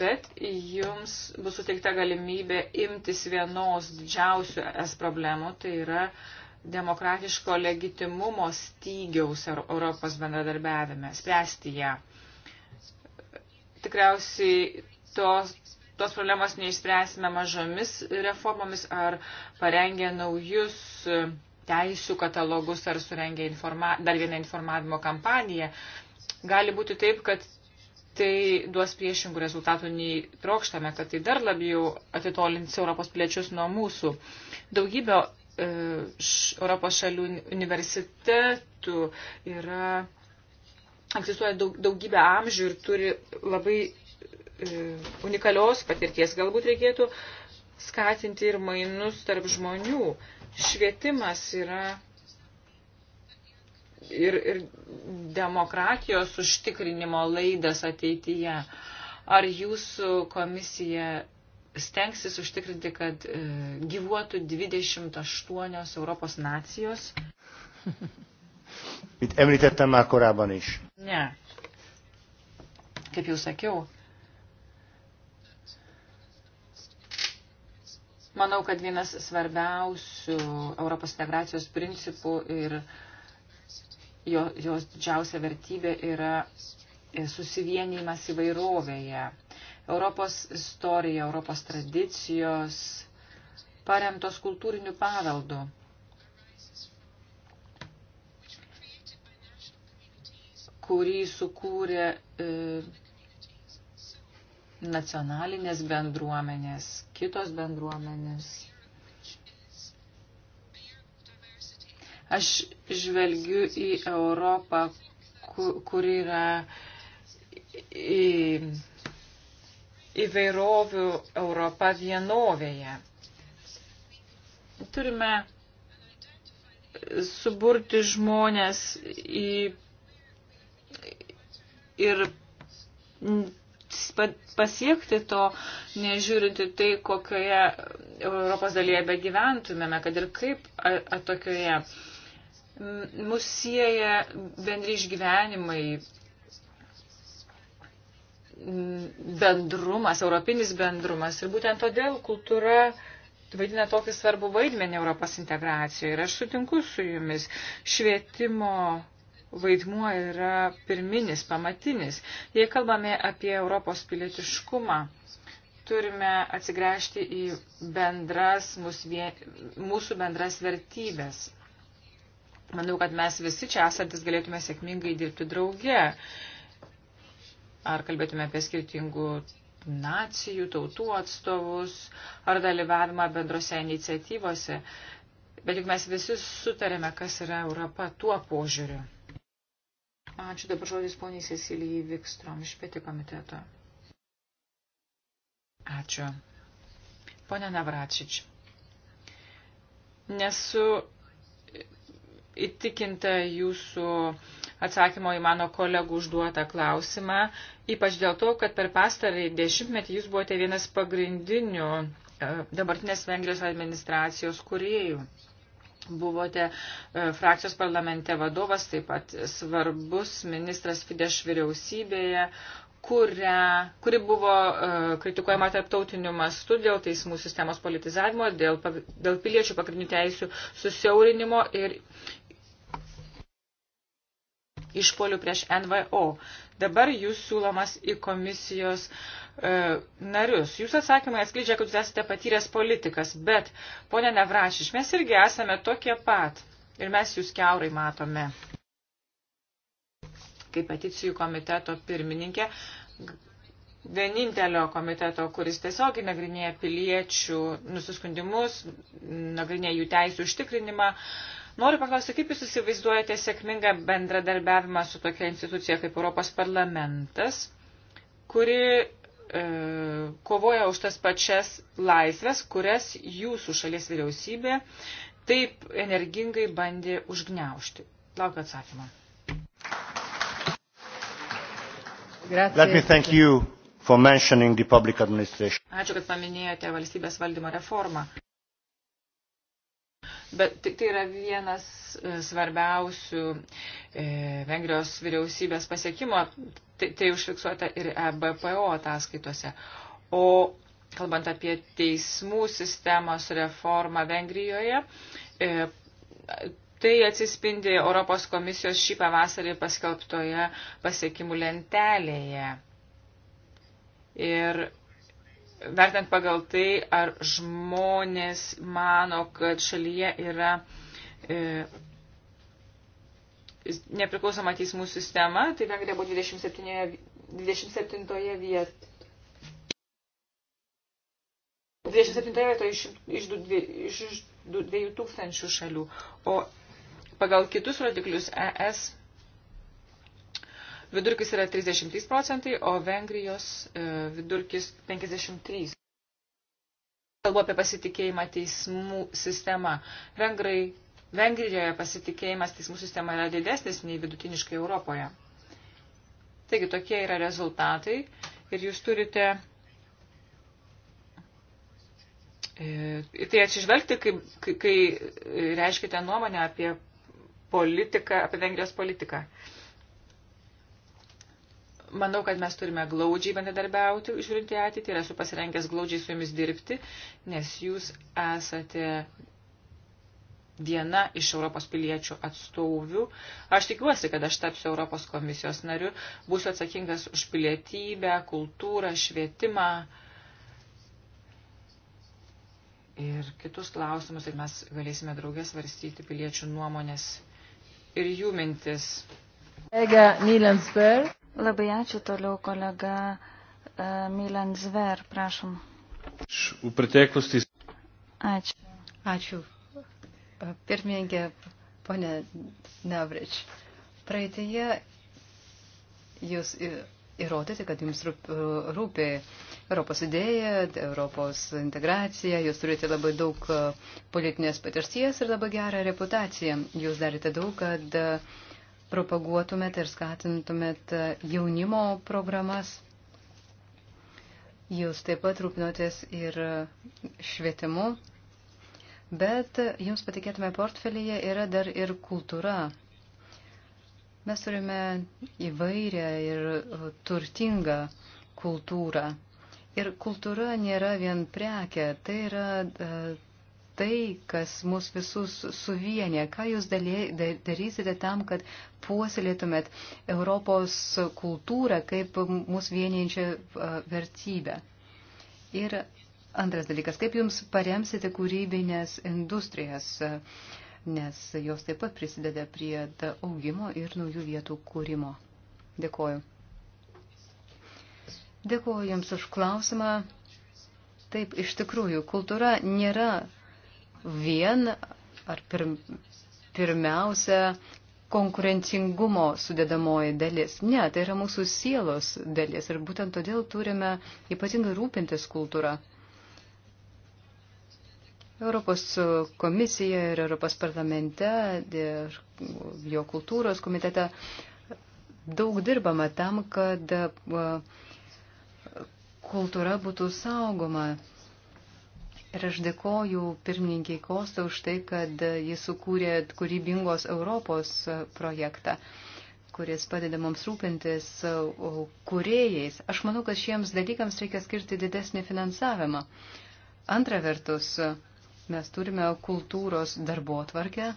bet jums bus suteikta galimybė imtis vienos didžiausių es problemų, tai yra demokratiško legitimumo stygiaus Europos bendradarbiavime, spręsti ją. Tikriausiai tos, tos problemos neišspręsime mažomis reformomis ar parengę naujus teisų katalogus ar surengia informa dar vieną informavimo kampaniją. Gali būti taip, kad tai duos priešingų rezultatų nei trokštame, kad tai dar labiau atitolins Europos piliečius nuo mūsų. Daugybė e, š, Europos šalių universitetų yra, egzistuoja daug, daugybė amžių ir turi labai e, unikalios patirties. Galbūt reikėtų skatinti ir mainus tarp žmonių švietimas yra ir, ir demokratijos užtikrinimo laidas ateityje. Ar jūsų komisija stengsis užtikrinti, kad e, gyvuotų 28 Europos nacijos? Itt említettem már korábban is. Ne. Kaip jau sakiau, Manau, kad vienas svarbiausių Europos integracijos principų ir jo, jos didžiausia vertybė yra e, susivienimas įvairovėje. Europos istorija, Europos tradicijos paremtos kultūriniu paveldu. kurį sukūrė e, nacionalinės bendruomenės, kitos bendruomenės. Aš žvelgiu į Europą, kur, kur yra į, įvairovių Europa vienovėje. Turime suburti žmonės į, ir pasiekti to, nežiūrinti tai, kokioje e, Europos dalyje begyventumėme, kad ir kaip atokioje. Mus sieja bendri išgyvenimai, bendrumas, europinis bendrumas. Ir būtent todėl kultūra vaidina tokį svarbų vaidmenį Europos integracijoje. Ir aš sutinku su jumis. Švietimo vaidmuo yra pirminis, pamatinis. Jei kalbame apie Europos pilietiškumą, turime atsigręžti į bendras, mūsų bendras vertybės. Manau, kad mes visi čia esantis galėtume sėkmingai dirbti drauge. Ar kalbėtume apie skirtingų nacijų, tautų atstovus, ar dalyvavimą bendrose iniciatyvose. Bet juk mes visi sutarėme, kas yra Europa tuo požiūriu. Ačiū dabar žodis poniai Cecilijai Vikstrom iš pėti komiteto. Ačiū. Pone Navračič, nesu įtikinta jūsų atsakymo į mano kolegų užduotą klausimą, ypač dėl to, kad per pastarąjį dešimtmetį jūs buvote vienas pagrindinių e, dabartinės Vengrijos administracijos kuriejų buvote e, frakcijos parlamente vadovas, taip pat svarbus ministras Fidesz vyriausybėje, kuria, kuri buvo e, kritikuojama tarptautiniu mastu dėl teismų sistemos politizavimo, dėl, dėl piliečių pagrindinių teisių susiaurinimo ir išpolių prieš NVO. Dabar jūs siūlomas į komisijos e, narius. Jūsų atsakymai atskleidžia, kad jūs esate patyręs politikas, bet, ponė Nevrašiš, mes irgi esame tokie pat ir mes jūs keurai matome. Kaip peticijų komiteto pirmininkė, vienintelio komiteto, kuris tiesiogiai nagrinėja piliečių nusiskundimus, nagrinėja jų teisų užtikrinimą, Noriu paklausti, kaip Jūs įsivaizduojate sėkmingą bendradarbiavimą su tokia institucija kaip Europos parlamentas, kuri e, kovoja už tas pačias laisvės, kurias Jūsų šalies vyriausybė taip energingai bandė užgneušti. Laukiu atsakymą. Ačiū, kad paminėjote valstybės valdymo reformą. Bet tai, tai yra vienas e, svarbiausių e, Vengrijos vyriausybės pasiekimo, tai, tai užfiksuota ir EBPO ataskaitose. O kalbant apie teismų sistemos reformą Vengrijoje, e, tai atsispindi Europos komisijos šį pavasarį paskelbtoje pasiekimų lentelėje. Ir vertinant pagal tai, ar žmonės mano, kad šalyje yra e, nepriklausoma teismų sistema, tai vengrija buvo 27, 27 vietoje. 27 vietoje iš, iš, iš 2000 šalių, o pagal kitus rodiklius ES vidurkis yra 33 procentai, o Vengrijos e, vidurkis 53. Kalbu apie pasitikėjimą teismų sistema. Vengrai, Vengrijoje pasitikėjimas teismų sistema yra didesnis nei vidutiniškai Europoje. Taigi tokie yra rezultatai ir jūs turite e, tai atsižvelgti, kai, kai, kai reiškite nuomonę apie politiką, apie Vengrijos politiką. Uh, Manau, kad mes turime glaudžiai bendradarbiauti, žiūrinti ateitį ir esu pasirengęs glaudžiai su jumis dirbti, nes jūs esate viena iš Europos piliečių atstovių. Aš tikiuosi, kad aš tapsiu Europos komisijos nariu, būsiu atsakingas už pilietybę, kultūrą, švietimą ir kitus klausimus ir mes galėsime draugės varstyti piliečių nuomonės ir jų mintis. Ega Nilensberg. Labai ačiū toliau kolega e, Milan Zver, prašom. Ačiū. Ačiū. Pirmininkė, ponė Navrič, praeitėje jūs įrodėte, kad jums rūpė Europos idėja, Europos integracija, jūs turite labai daug e, politinės patirties ir labai gerą reputaciją. Jūs darėte daug, kad uh, propaguotumėt ir skatintumėt e, jaunimo programas. Jūs taip pat rūpinotės ir e, švietimu, bet e, jums patikėtume portfelyje yra dar ir kultūra. Mes turime įvairią ir turtingą kultūrą. Ir kultūra nėra vien prekė, tai yra uh, tai, kas mus visus suvienė, ką jūs darysite tam, kad puoselėtumėt Europos kultūrą kaip mūsų vienijančią vertybę. Ir antras dalykas, kaip jums paremsite kūrybinės industrijas, nes jos taip pat prisideda prie augimo ir naujų vietų kūrimo. Dėkoju. Dėkoju Jums už klausimą. Taip, iš tikrųjų, kultūra nėra vien ar pirm, pirmiausia konkurencingumo sudėdamoji dalis. Ne, tai yra mūsų sielos dalis ir būtent todėl turime ypatingai rūpintis kultūrą. Europos komisija ir Europos parlamente ir jo kultūros komitete daug dirbama tam, kad uh, kultūra būtų saugoma Ir aš dėkoju pirmininkiai Kosta už tai, kad jis sukūrė kūrybingos Europos projektą, kuris padeda mums rūpintis e, kūrėjais. Aš manau, kad šiems dalykams reikia skirti didesnį finansavimą. Antra vertus, mes turime kultūros darbo tvarkę.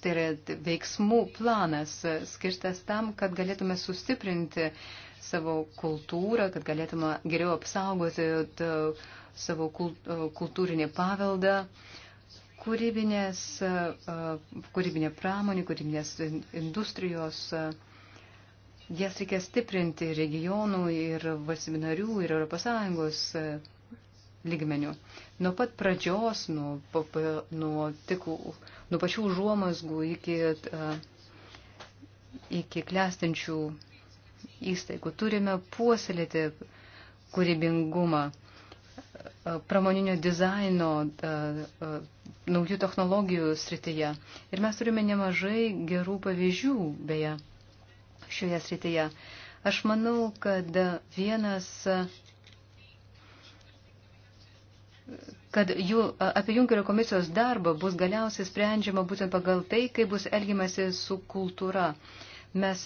Tai yra veiksmų planas skirtas tam, kad galėtume sustiprinti uh, savo kultūrą, kad galėtume geriau apsaugoti savo kultūrinį paveldą, kūrybinės, kūrybinė pramonė, kūrybinės industrijos. Jas reikia stiprinti regionų ir valstybinarių ir ES lygmenių. Nuo pat pradžios, nuo, nuo, tikų, nuo pačių užuomasgų iki, iki klestinčių įstaigų. Turime puoselėti kūrybingumą, pramoninio dizaino, naujų technologijų srityje. Ir mes turime nemažai gerų pavyzdžių, beje, šioje srityje. Aš manau, kad vienas kad jų, apie Junkerio komisijos darbą bus galiausiai sprendžiama būtent pagal tai, kaip bus elgiamasi su kultūra. Mes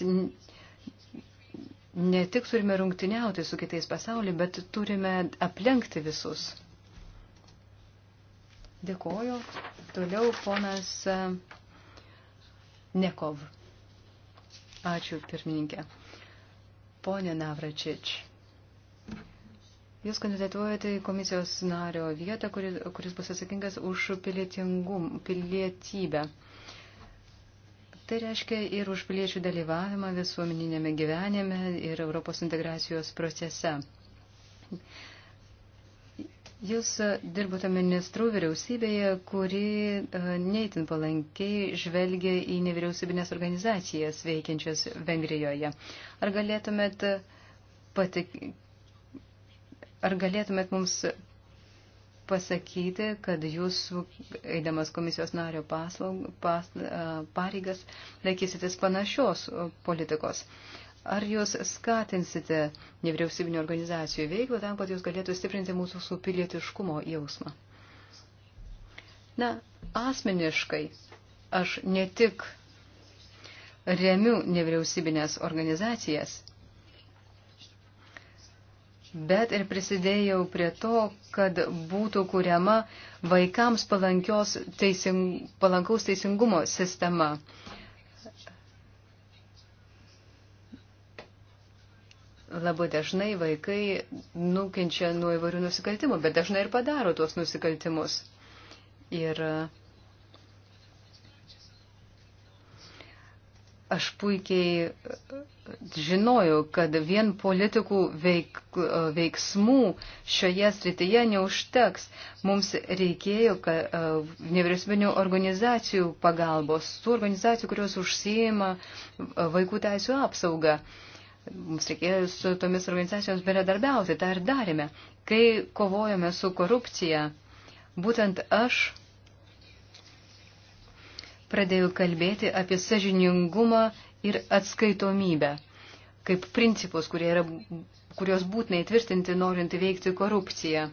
ne tik turime rungtiniauti su kitais pasaulį, bet turime aplenkti visus. Dėkoju. Toliau ponas e, Nekov. Ačiū, pirmininkė. Pone Navračič. Jūs kandidatuojate į komisijos nario vietą, kuris, kuris bus atsakingas už pilietingum, pilietybę. Tai reiškia ir už piliečių dalyvavimą visuomeninėme gyvenime ir Europos integracijos procese. Jūs dirbote ministrų vyriausybėje, kuri e, neįtin palankiai žvelgia į nevyriausybinės organizacijas veikiančias Vengrijoje. Ar galėtumėt, patik... Ar galėtumėt mums pasakyti, kad jūs, eidamas komisijos nario paslaug, pas, pareigas, laikysitės panašios politikos. Ar jūs skatinsite nevyriausybinio organizacijų veiklą tam, kad jūs galėtų stiprinti mūsų supilietiškumo jausmą? Na, asmeniškai aš ne tik remiu nevyriausybinės organizacijas, bet ir prisidėjau prie to, kad būtų kuriama vaikams teising, palankaus teisingumo sistema. Labai dažnai vaikai nukenčia nuo įvairių nusikaltimų, bet dažnai ir padaro tuos nusikaltimus. Ir uh, Aš puikiai e, žinojau, kad vien politikų veik, e, veiksmų šioje srityje neužteks. Mums reikėjo e, nevyriausybinių organizacijų pagalbos, tų organizacijų, kurios užsieima vaikų teisų apsaugą. Mums reikėjo su tomis organizacijoms bendradarbiauti, tą ir darėme. Kai kovojame su korupcija, būtent aš pradėjau kalbėti apie sažiningumą ir atskaitomybę kaip principus, kurie yra, kurios būtina įtvirtinti, norint įveikti korupciją.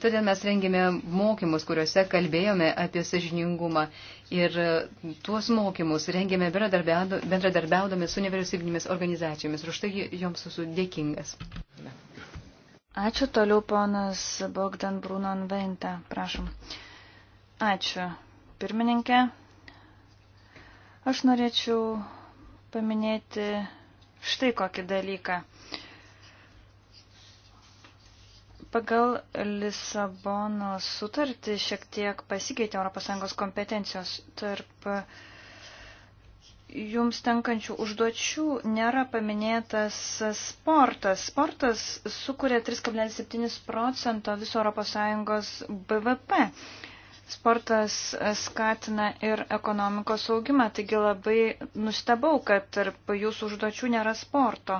Todėl mes rengėme mokymus, kuriuose kalbėjome apie sažiningumą ir tuos mokymus rengėme bendradarbiaudami su nevyriausybinėmis organizacijomis. Ir už tai joms esu dėkingas. Ačiū toliau, ponas Bogdan Brunon Venta. Prašom. Ačiū, pirmininkė. Aš norėčiau paminėti štai kokį dalyką. Pagal Lisabono sutartį šiek tiek pasikeitė ES kompetencijos tarp jums tenkančių užduočių nėra paminėtas sportas. Sportas sukuria 3,7 procento viso ES BVP. Sportas e, skatina ir ekonomikos augimą, taigi labai nustebau, kad tarp jūsų užduočių nėra sporto.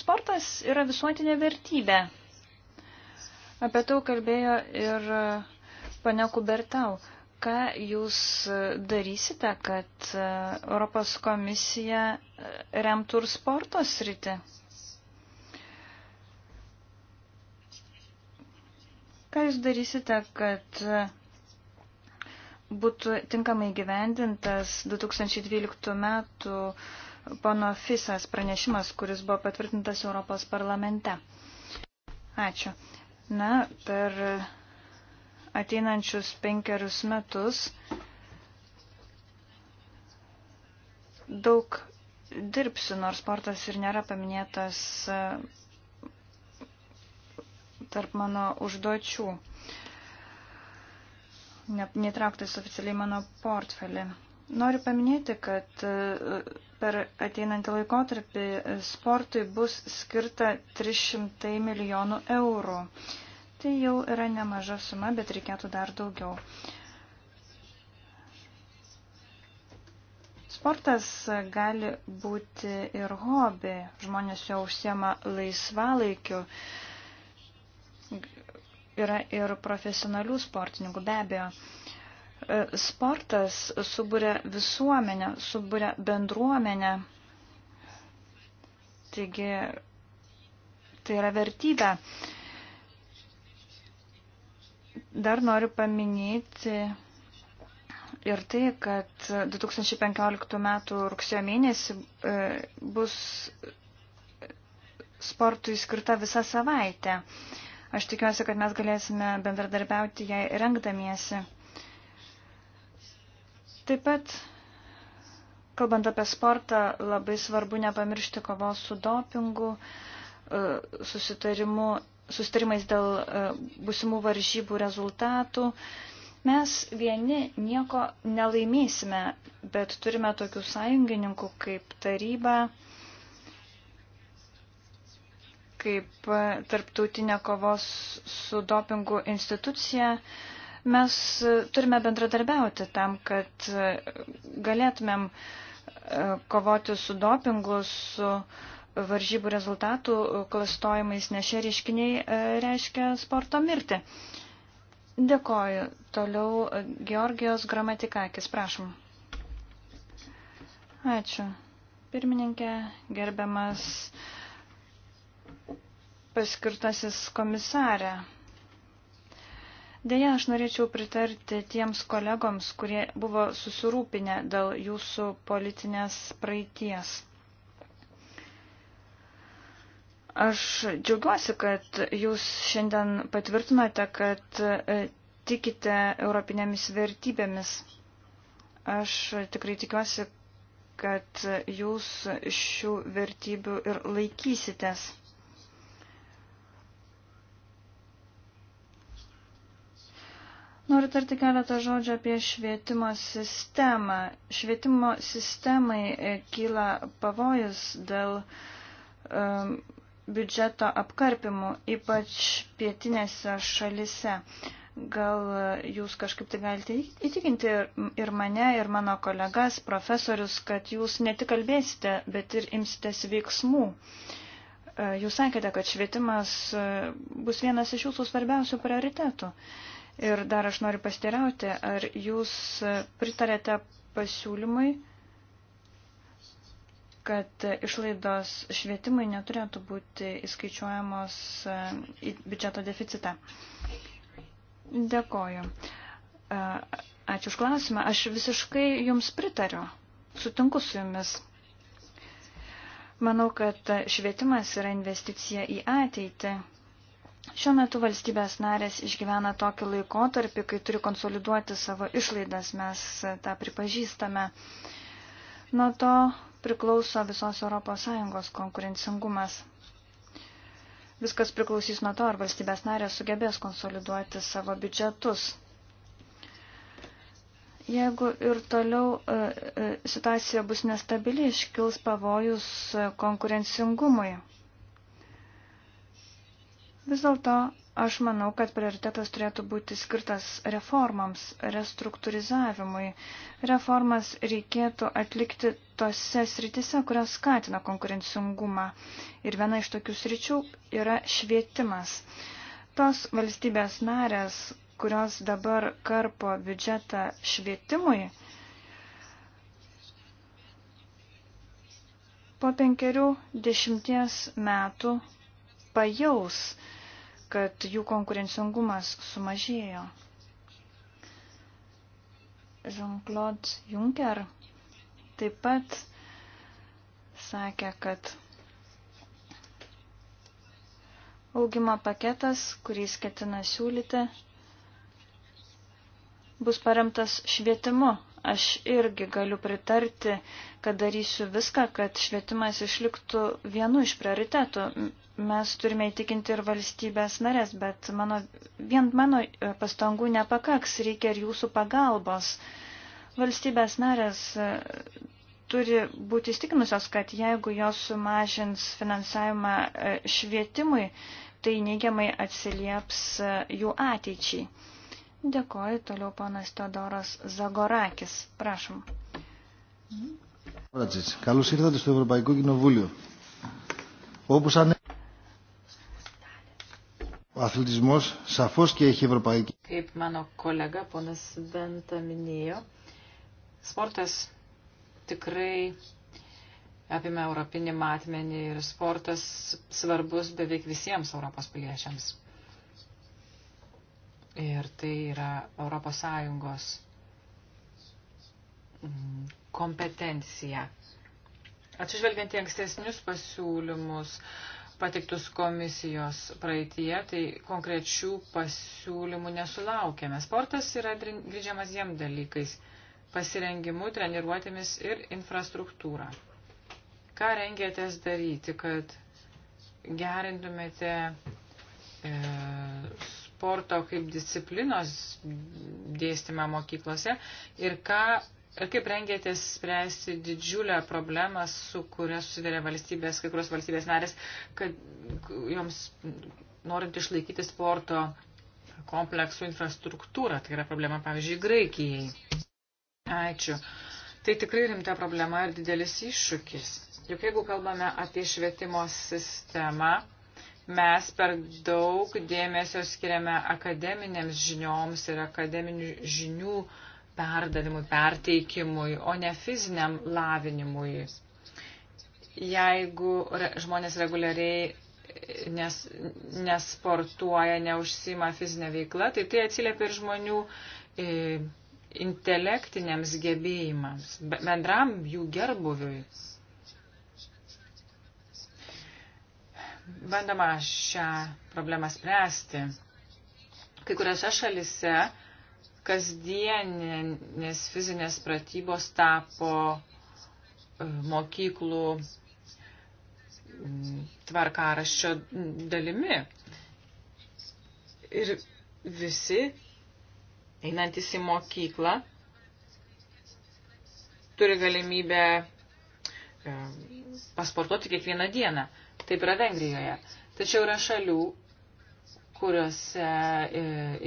Sportas yra visuotinė vertybė. Apie tai kalbėjo ir pane Kubertau. Ką jūs darysite, kad e, Europos komisija e, remtų ir sporto sritį? Ką jūs darysite, kad būtų tinkamai gyvendintas 2012 metų pono Fisas pranešimas, kuris buvo patvirtintas Europos parlamente? Ačiū. Na, per ateinančius penkerius metus daug dirbsiu, nors sportas ir nėra paminėtas tarp mano užduočių. Netrauktas oficialiai mano portfelį. Noriu paminėti, kad e, per ateinantį laikotarpį sportui bus skirta 300 milijonų eurų. Tai jau yra nemaža suma, bet reikėtų dar daugiau. Sportas gali būti ir hobi. Žmonės jo užsiema laisvalaikiu. laikiu yra ir profesionalių sportininkų, be abejo. E, sportas suburia visuomenę, suburia bendruomenę. Taigi tai yra vertybė. Dar noriu paminėti ir tai, kad 2015 m. rugsėjo mėnesį e, bus sportui skirta visa savaitė. Aš tikiuosi, kad mes galėsime bendradarbiauti jai rengdamiesi. Taip pat, kalbant apie sportą, labai svarbu nepamiršti kovos su dopingu, e, susitarimu, susitarimais dėl e, būsimų varžybų rezultatų. Mes vieni nieko nelaimėsime, bet turime tokių sąjungininkų kaip taryba, kaip tarptautinė kovos su dopingu institucija, mes turime bendradarbiauti tam, kad galėtumėm e, kovoti su dopingu, su varžybų rezultatų klastojimais, nes šie reiškiniai e, reiškia sporto mirtį. Dėkoju. Toliau e, Georgijos gramatikakis, prašom. Ačiū. Pirmininkė, gerbiamas uh, paskirtasis komisarė. Deja, aš norėčiau pritarti tiems kolegoms, kurie buvo susirūpinę dėl jūsų politinės praeities. Aš džiaugiuosi, kad jūs šiandien patvirtinote, kad e, tikite europinėmis vertybėmis. Aš tikrai tikiuosi, kad jūs šių vertybių ir laikysitės. Noriu tarti keletą žodžių apie švietimo sistemą. Švietimo sistemai e, kyla pavojus dėl um, biudžeto apkarpimų, ypač pietinėse šalise. Gal e, jūs kažkaip tai galite įtikinti ir mane, ir mano kolegas, profesorius, kad jūs ne tik kalbėsite, bet ir imsitės veiksmų. E, jūs sakėte, kad švietimas bus vienas iš jūsų svarbiausių prioritetų. Uh, Ir dar aš noriu pastirauti, ar jūs pritarėte pasiūlymui, kad išlaidos švietimai neturėtų būti įskaičiuojamos e, į biudžeto deficitą. Dėkoju. E, ačiū už klausimą. Aš visiškai jums pritariu. Sutinku su jumis. Manau, kad švietimas yra investicija į ateitį Šiuo metu valstybės narės išgyvena tokį laikotarpį, kai turi konsoliduoti savo išlaidas, mes tą pripažįstame. Nuo to priklauso visos ES konkurencingumas. Viskas priklausys nuo to, ar valstybės narės sugebės konsoliduoti savo biudžetus. Jeigu ir toliau e, e, situacija bus nestabili, iškils pavojus konkurencingumui. Vis dėlto aš manau, kad prioritetas turėtų būti skirtas reformams, restruktūrizavimui. Reformas reikėtų atlikti tose sritise, kurios skatina konkurencingumą. Ir viena iš tokių sričių yra švietimas. Tos valstybės narės, kurios dabar karpo biudžetą švietimui, po penkerių dešimties metų pajaus, kad jų konkurencingumas sumažėjo. Jean-Claude Juncker taip pat sakė, kad augimo paketas, kurį ketina siūlyti, bus paremtas švietimu. Aš irgi galiu pritarti, kad darysiu viską, kad švietimas išliktų vienu iš prioritetų mes turime įtikinti ir valstybės narės, bet mano, vien mano e, pastangų nepakaks, reikia ir jūsų pagalbos. Valstybės narės e, turi būti įstikinusios, kad jeigu jos sumažins finansavimą e, švietimui, tai neigiamai atsilieps jų ateičiai. Dėkoju, toliau ponas Teodoras Zagorakis. Prašom. Καλώς ήρθατε στο Ευρωπαϊκό Κοινοβούλιο. Όπως αν Ο αθλητισμός σαφώς και έχει ευρωπαϊκή. Kaip mano kolega ponas Benta minėjo, sportas tikrai apima europinį matmenį ir sportas svarbus beveik visiems Europos piliečiams. Ir tai yra Europos Sąjungos mm, kompetencija. Atsižvelgiant į ankstesnius pasiūlymus, uh, patiktus komisijos praeitie, tai konkrečių pasiūlymų nesulaukėme. Sportas yra grįžiamas jiem dalykais - pasirengimu, treniruotėmis ir infrastruktūra. Ką rengėtės daryti, kad gerintumėte e, sporto kaip disciplinos dėstymą mokyklose ir ką Kaip rengėtės spręsti didžiulę problemą, su kuria susidarė valstybės, kai kurios valstybės narės, kad joms norint išlaikyti sporto kompleksų infrastruktūrą, tai yra problema, pavyzdžiui, Graikijai. Ačiū. Tai tikrai rimta problema ir didelis iššūkis. Juk jeigu kalbame apie švietimo sistemą, mes per daug dėmesio skiriame akademinėms žinioms ir akademinių žinių uh, perdavimui, perteikimui, o ne fiziniam lavinimui. Jeigu re, žmonės reguliariai nes, nesportuoja, neužsima fizinę veiklą, tai tai atsiliepia ir žmonių e, intelektiniams gebėjimams, bendram jų gerbuviui. Bandama šią problemą spręsti. Kai kuriuose šalise kasdienės fizinės pratybos tapo e, mokyklų tvarkaraščio dalimi. Ir visi, einantis į mokyklą, turi galimybę e, pasportuoti kiekvieną dieną. Taip yra Vengrijoje. Tačiau yra šalių, kuriuose e,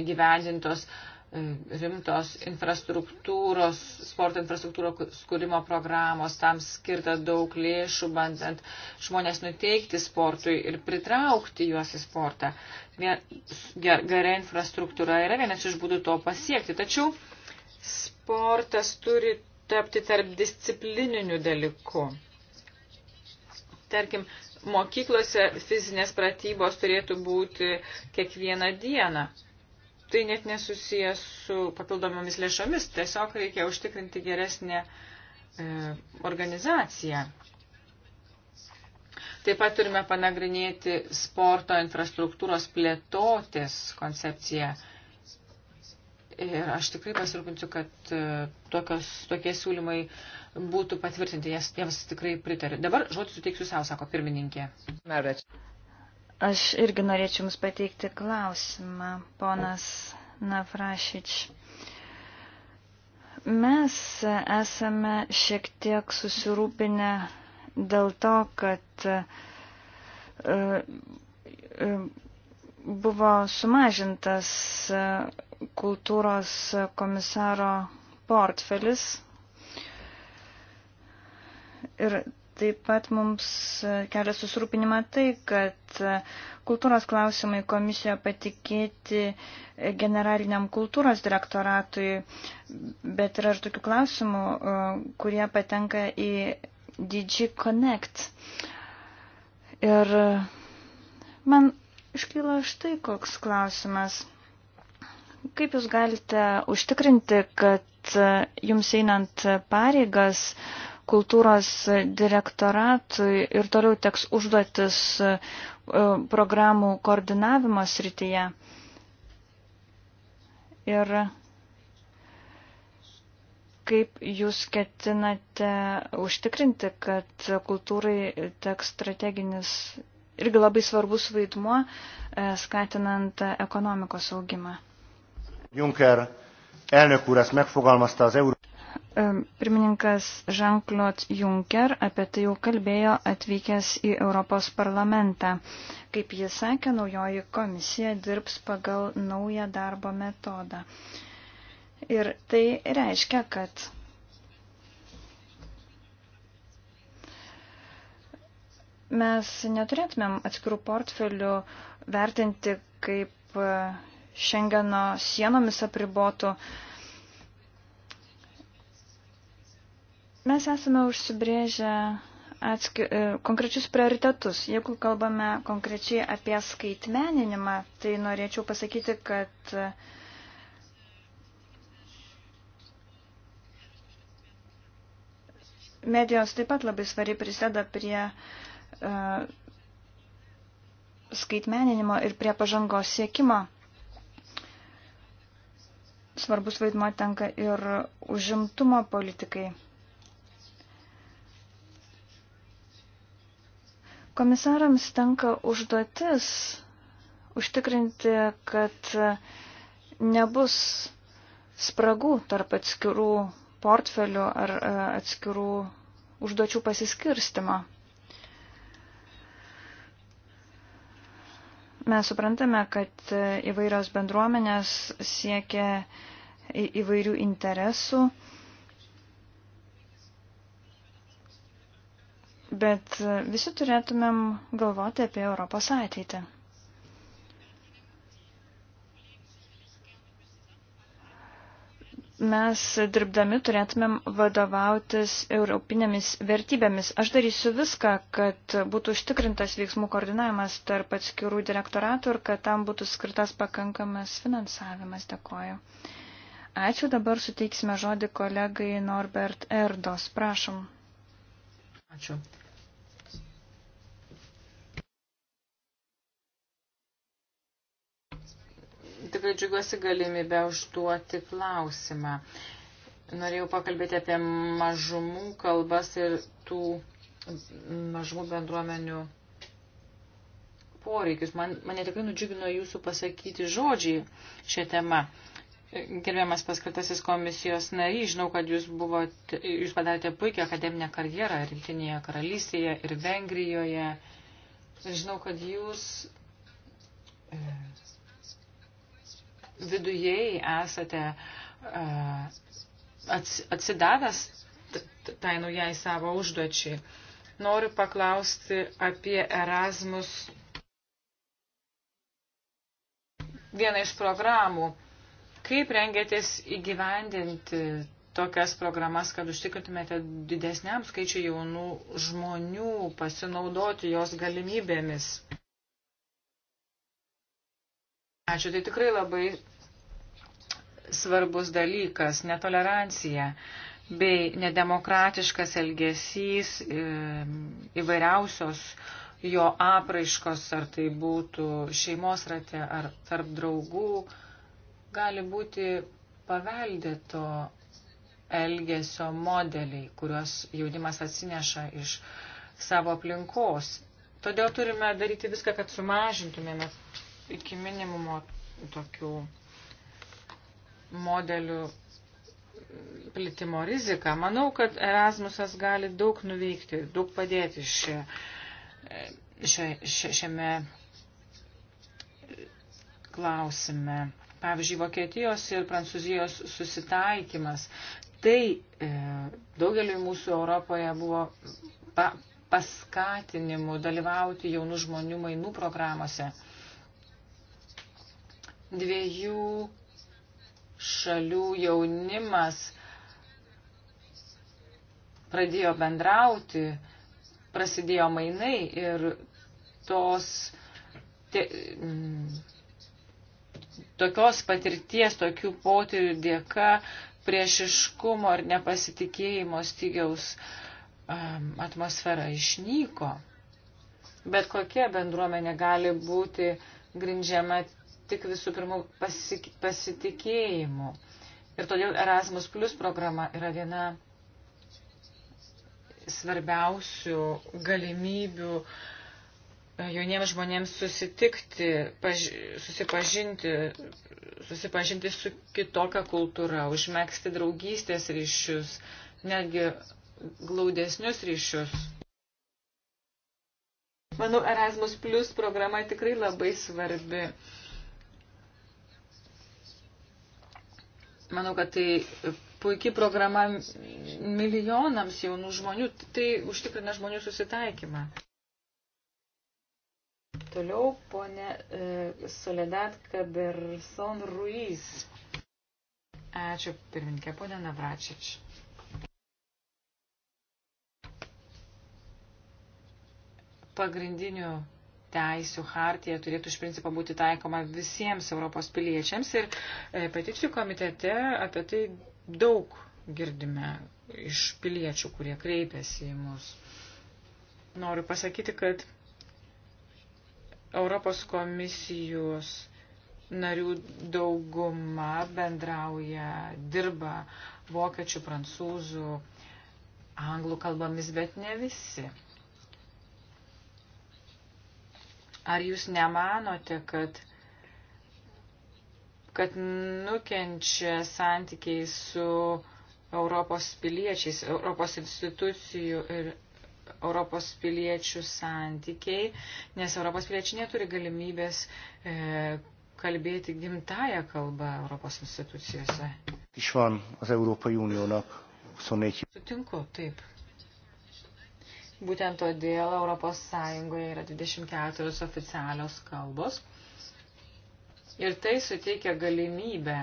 įgyvendintos e, E, rimtos infrastruktūros, sporto infrastruktūros skūrimo programos, tam skirta daug lėšų, bandant žmonės nuteikti sportui ir pritraukti juos į sportą. Gera infrastruktūra yra vienas iš būdų to pasiekti, tačiau sportas turi tapti tarp disciplininių dalykų. Tarkim, mokyklose fizinės pratybos turėtų būti kiekvieną dieną tai net nesusijęs su papildomomis lėšomis, tiesiog reikia užtikrinti geresnę e, organizaciją. Taip pat turime panagrinėti sporto infrastruktūros plėtotės koncepciją. Ir aš tikrai pasirūpinsiu, kad e, tokios, tokie siūlymai būtų patvirtinti, jas, jiems tikrai pritariu. Dabar žodį suteiksiu savo, sako pirmininkė. Marriage. Aš irgi norėčiau Jums pateikti klausimą, ponas Navrašič. Mes esame šiek tiek susirūpinę dėl to, kad e, e, buvo sumažintas e, kultūros komisaro portfelis ir Taip pat mums kelia susirūpinimą tai, kad kultūros klausimai komisijoje patikėti generaliniam kultūros direktoratui, bet yra ir tokių klausimų, e, kurie patenka į DG Connect. Ir man iškyla štai koks klausimas. Kaip Jūs galite užtikrinti, kad jums einant pareigas, uh, kultūros direktoratui ir toliau teks užduotis e, programų koordinavimo srityje. Ir kaip jūs ketinate užtikrinti, kad kultūrai teks strateginis irgi labai svarbus vaidmuo e, skatinant ekonomikos augimą. Juncker elnök úr ezt megfogalmazta az Euró... Pirmininkas Jean-Claude Juncker apie tai jau kalbėjo atvykęs į Europos parlamentą. Kaip jis sakė, naujoji komisija dirbs pagal naują darbo metodą. Ir tai reiškia, kad mes neturėtumėm atskirų portfelių vertinti kaip Šengeno e, sienomis apribotų uh, Mes esame užsibrėžę atski, e, konkrečius prioritetus. Jeigu kalbame konkrečiai apie skaitmeninimą, tai norėčiau pasakyti, kad e, medijos taip pat labai svariai prisėda prie uh, skaitmeninimo ir prie pažangos siekimo. Svarbus vaidmo tenka ir užimtumo politikai. Komisarams tenka užduotis užtikrinti, kad nebus spragų tarp atskirų portfelių ar e, atskirų užduočių pasiskirstimo. Mes suprantame, kad e, įvairios bendruomenės siekia įvairių interesų Bet visi turėtumėm galvoti apie Europos ateitį. mes dirbdami turėtumėm vadovautis europinėmis vertybėmis. Aš darysiu viską, kad būtų užtikrintas veiksmų koordinavimas tarp atskirų direktoratų ir kad tam būtų skirtas pakankamas finansavimas. Dėkoju. Ačiū, dabar suteiksime žodį kolegai Norbert Erdos. Prašom. Ačiū. tikrai džiugiuosi galimybę užduoti klausimą. Norėjau pakalbėti apie mažumų kalbas ir tų mažumų bendruomenių poreikius. Man, mane tikrai nudžiugino jūsų pasakyti žodžiai šią temą. Gerbiamas paskirtasis komisijos narys, žinau, kad jūs, buvot, jūs padarėte puikią akademinę karjerą Rinktinėje karalystėje ir Vengrijoje. Žinau, kad jūs vidujei esate atsidavęs tai naujai savo užduočiai. Noriu paklausti apie Erasmus vieną iš programų. Kaip rengėtės įgyvendinti tokias programas, kad užtikrintumėte didesniam skaičiu jaunų žmonių pasinaudoti jos galimybėmis? Ačiū, tai tikrai labai svarbus dalykas - netolerancija bei nedemokratiškas elgesys įvairiausios jo apraiškos, ar tai būtų šeimos rate, ar tarp draugų, gali būti paveldėto elgesio modeliai, kuriuos jaunimas atsineša iš savo aplinkos. Todėl turime daryti viską, kad sumažintumėme iki minimumo tokių modelių e, plitimo riziką. Manau, kad Erasmusas gali daug nuveikti, daug padėti šia, e, šia, šia, šiame e, klausime. Pavyzdžiui, Vokietijos ir Prancūzijos susitaikymas. Tai e, daugeliu mūsų Europoje buvo pa, paskatinimu dalyvauti jaunų žmonių mainų programuose dviejų šalių jaunimas pradėjo bendrauti, prasidėjo mainai ir tos te, m, mm, tokios patirties, tokių potyrių dėka priešiškumo ir nepasitikėjimo stygiaus um, atmosfera išnyko. Bet kokia bendruomenė gali būti grindžiama tik visų pirma pasitikėjimu. Ir todėl Erasmus Plus programa yra viena svarbiausių galimybių e, jauniems žmonėms susitikti, paž, susipažinti, susipažinti su kitokia kultūra, užmėgsti draugystės ryšius, netgi glaudesnius ryšius. Manau, Erasmus Plus programa tikrai labai svarbi Manau, kad tai puikiai programa milijonams jaunų žmonių. Tai užtikrina žmonių susitaikymą. Toliau ponė e, Soledad Kaberson Ruiz. Ačiū pirmininkė, ponė Navračič. Pagrindinių teisų hartija turėtų iš principo būti taikoma visiems Europos piliečiams ir e, peticijų komitete apie tai daug girdime iš piliečių, kurie kreipiasi į mus. Noriu pasakyti, kad Europos komisijos narių dauguma bendrauja, dirba vokiečių, prancūzų, anglų kalbomis, bet ne visi. Ar jūs nemanote, kad, kad nukenčia santykiai su Europos piliečiais, Europos institucijų ir Europos piliečių santykiai, nes Europos piliečiai neturi galimybės e, kalbėti gimtają kalbą Europos institucijose? Iš van, az Európai Uniónak 24. Sutinku, taip. Būtent todėl Europos Sąjungoje yra 24 oficialios kalbos. Ir tai suteikia galimybę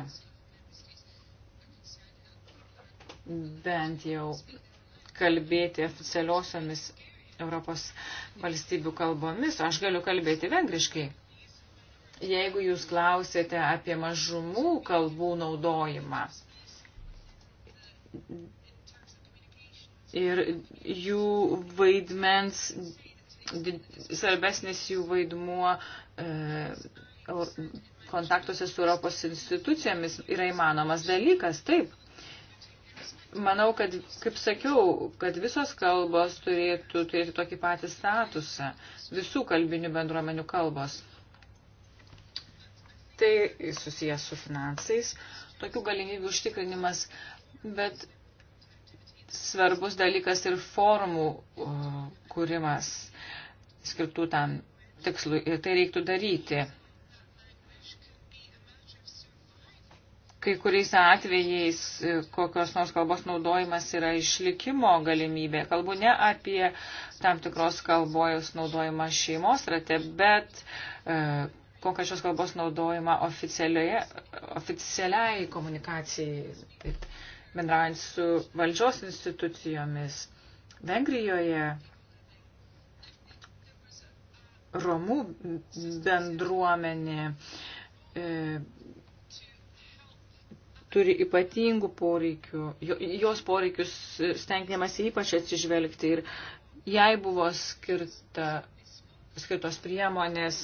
bent jau kalbėti oficialiosiomis Europos valstybių kalbomis. Aš galiu kalbėti vengriškai. Jeigu jūs klausėte apie mažumų kalbų naudojimą, ir jų vaidmens, svarbesnis jų vaidmuo e, kontaktuose su Europos institucijomis yra įmanomas dalykas, taip. Manau, kad, kaip sakiau, kad visos kalbos turėtų turėti tokį patį statusą, visų kalbinių bendruomenių kalbos. Tai susijęs su finansais, tokių galimybių užtikrinimas, bet svarbus dalykas ir formų kūrimas skirtų tam tikslui ir tai reiktų daryti. Kai kuriais atvejais e, kokios nors kalbos naudojimas yra išlikimo galimybė. Kalbu ne apie tam tikros kalbojos naudojimą šeimos rate, bet e, kokios kalbos naudojimą oficialiai komunikacijai. Taip bendraujant su valdžios institucijomis. Vengrijoje Romų bendruomenė e, turi ypatingų poreikių, jos poreikius stengiamasi ypač atsižvelgti ir jai buvo skirta, skirtos priemonės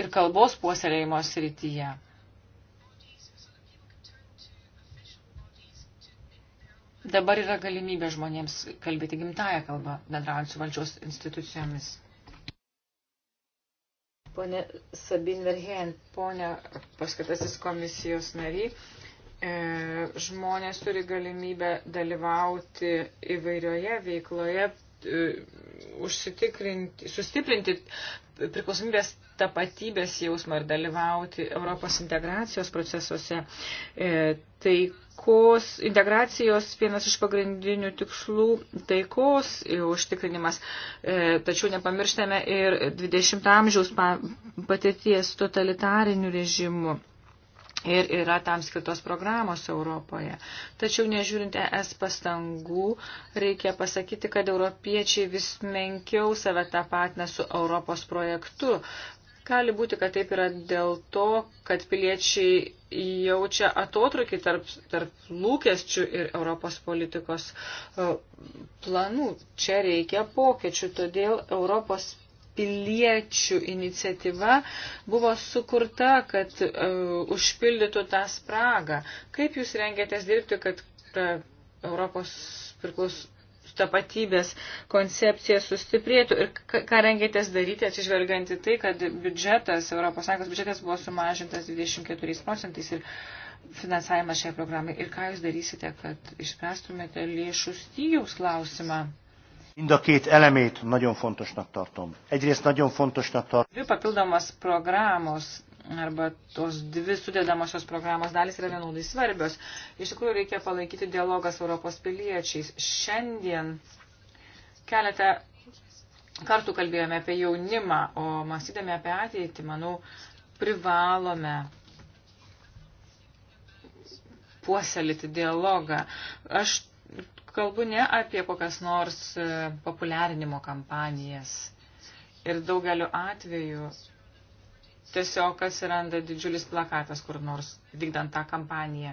ir kalbos puoselėjimo srityje. dabar yra galimybė žmonėms kalbėti gimtają kalbą, bendraujant su valdžios institucijomis. Pone Sabin Verheyen, pone paskatasis komisijos nariai, e, žmonės turi galimybę dalyvauti įvairioje veikloje, e, užsitikrinti, sustiprinti priklausomybės tapatybės jausmą ir dalyvauti Europos integracijos procesuose. E, tai taikos, integracijos vienas iš pagrindinių tikslų taikos užtikrinimas. E, tačiau nepamirštame ir 20 amžiaus patirties totalitarinių režimų. Ir yra tam skirtos programos Europoje. Tačiau nežiūrint ES pastangų, reikia pasakyti, kad europiečiai vis menkiau save tapatina su Europos projektu. Gali būti, kad taip yra dėl to, kad piliečiai jaučia atotrukį tarp, tarp lūkesčių ir Europos politikos e, planų. Čia reikia pokyčių, todėl Europos piliečių iniciatyva buvo sukurta, kad uh, užpildytų tą spragą. Kaip jūs rengiatės dirbti, kad uh, Europos priklaus, tapatybės koncepcija sustiprėtų ir ką rengėtės daryti atsižvelgiant į tai, kad biudžetas, ES biudžetas buvo sumažintas 24 procentais ir finansavimas šiai programai. Ir ką jūs darysite, kad išspręstumėte lėšų stygiaus klausimą? Mind a két elemét nagyon fontosnak tartom. Egyrészt nagyon fontosnak tartom. Dvi papildomos programos arba tos dvi sudėdamosios programos dalis yra vienodai svarbios. Iš tikrųjų reikia palaikyti dialogą su Europos piliečiais. Šiandien keletą kartų kalbėjome apie jaunimą, o mąstydami apie ateitį, manau, privalome puoselėti dialogą. Aš kalbu ne apie kokias nors e, populiarinimo kampanijas. Ir daugeliu atveju tiesiog atsiranda didžiulis plakatas kur nors vykdant tą kampaniją.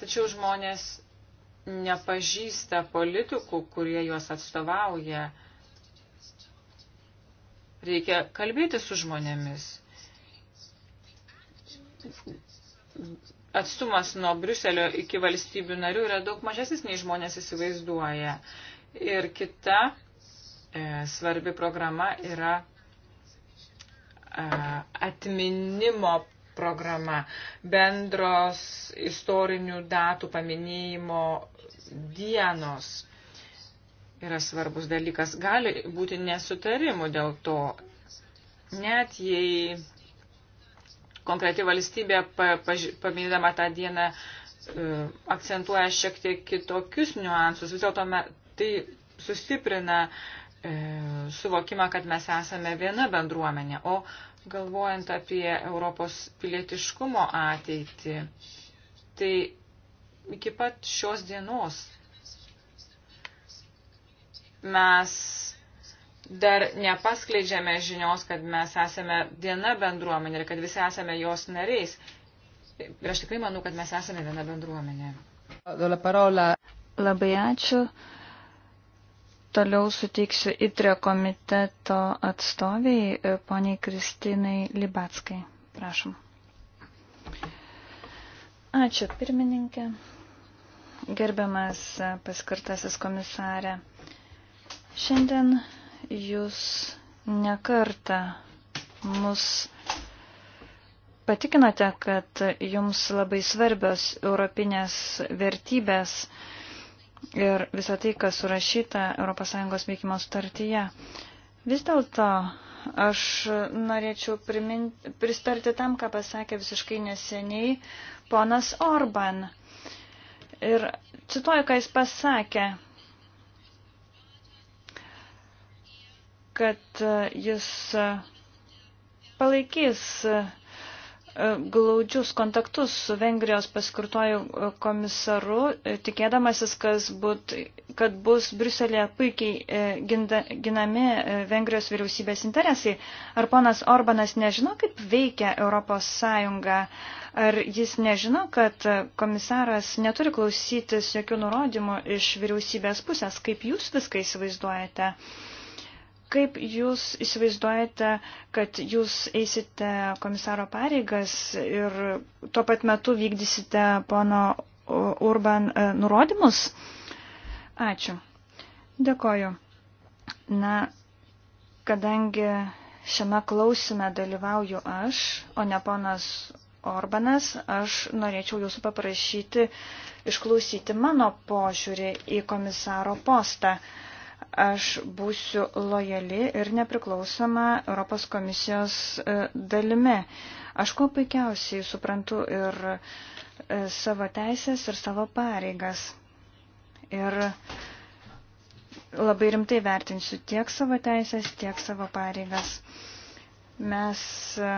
Tačiau žmonės nepažįsta politikų, kurie juos atstovauja. Reikia kalbėti su žmonėmis. Atstumas nuo Briuselio iki valstybių narių yra daug mažesnis, nei žmonės įsivaizduoja. Ir kita e, svarbi programa yra atminimo programa, bendros istorinių datų paminėjimo dienos yra svarbus dalykas. Gali būti nesutarimų dėl to, net jei konkreti valstybė paminėdama tą dieną e, akcentuoja šiek tiek kitokius niuansus, vis dėlto tai sustiprina uh, E, suvokimą, kad mes esame viena bendruomenė. O galvojant apie Europos pilietiškumo ateitį, tai iki pat šios dienos mes dar nepaskleidžiame žinios, kad mes esame viena bendruomenė ir kad visi esame jos nariais. Ir aš tikrai manau, kad mes esame viena bendruomenė. Labai ačiū. Toliau suteiksiu ITRE komiteto atstoviai, e, poniai Kristinai Libackai. Prašom. Ačiū, pirmininkė. Gerbiamas e, paskirtasis komisarė. Šiandien jūs nekarta mus patikinote, kad jums labai svarbios europinės vertybės ir visą tai, kas surašyta ES veikimo sutartyje. Vis dėlto aš norėčiau priminti, pristarti tam, ką pasakė visiškai neseniai ponas Orban. Ir cituoju, ką jis pasakė, kad jis palaikys E, glaudžius kontaktus su Vengrijos paskirtoju e, komisaru, e, tikėdamasis, but, kad bus Bruselėje puikiai ginda, ginami Vengrijos vyriausybės interesai. Ar ponas Orbanas nežino, kaip veikia Europos Sąjunga? Ar jis nežino, kad komisaras neturi klausytis jokių nurodymų iš vyriausybės pusės, kaip jūs viską įsivaizduojate? Uh, Kaip jūs įsivaizduojate, kad jūs eisite komisaro pareigas ir tuo pat metu vykdysite pono Urban e, nurodymus? Ačiū. Dėkoju. Na, kadangi šiame klausime dalyvauju aš, o ne ponas Orbanas, aš norėčiau jūsų paprašyti išklausyti mano požiūrį į komisaro postą. Uh, Aš būsiu lojali ir nepriklausoma Europos komisijos e, dalimi. Aš kuo puikiausiai suprantu ir e, savo teisės, ir savo pareigas. Ir labai rimtai vertinsiu tiek savo teisės, tiek savo pareigas. Mes e,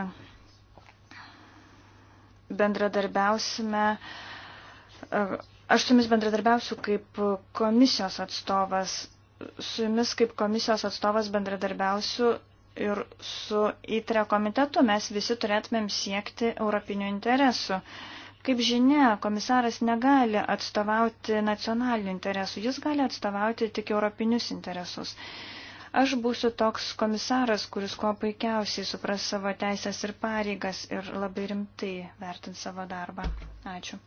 bendradarbiausime, aš su jumis bendradarbiausiu kaip komisijos atstovas, su jumis kaip komisijos atstovas bendradarbiausiu ir su įtre komitetu mes visi turėtumėm siekti europinių interesų. Kaip žinia, komisaras negali atstovauti nacionalinių interesų, jis gali atstovauti tik europinius interesus. Aš būsiu toks komisaras, kuris kuo puikiausiai supras savo teisės ir pareigas ir labai rimtai vertins savo darbą. Ačiū.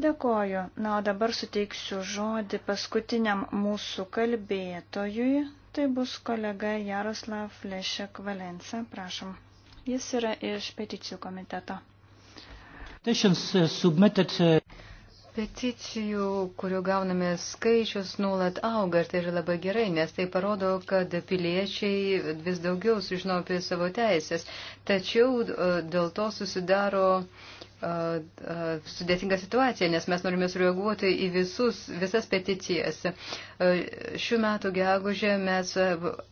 Dėkoju. Na, o dabar suteiksiu žodį paskutiniam mūsų kalbėtojui. Tai bus kolega Jaroslav Lešek Valensa. Prašom. Jis yra iš peticijų komiteto. Petitions uh, submitted uh, Peticijų, kurių gauname skaičius, nuolat auga ir tai yra labai gerai, nes tai parodo, kad piliečiai vis daugiau sužino apie savo teisės. Tačiau e, dėl to susidaro e, e, sudėtinga situacija, nes mes norime sureaguoti į visus, visas peticijas. Šių metų gegužė mes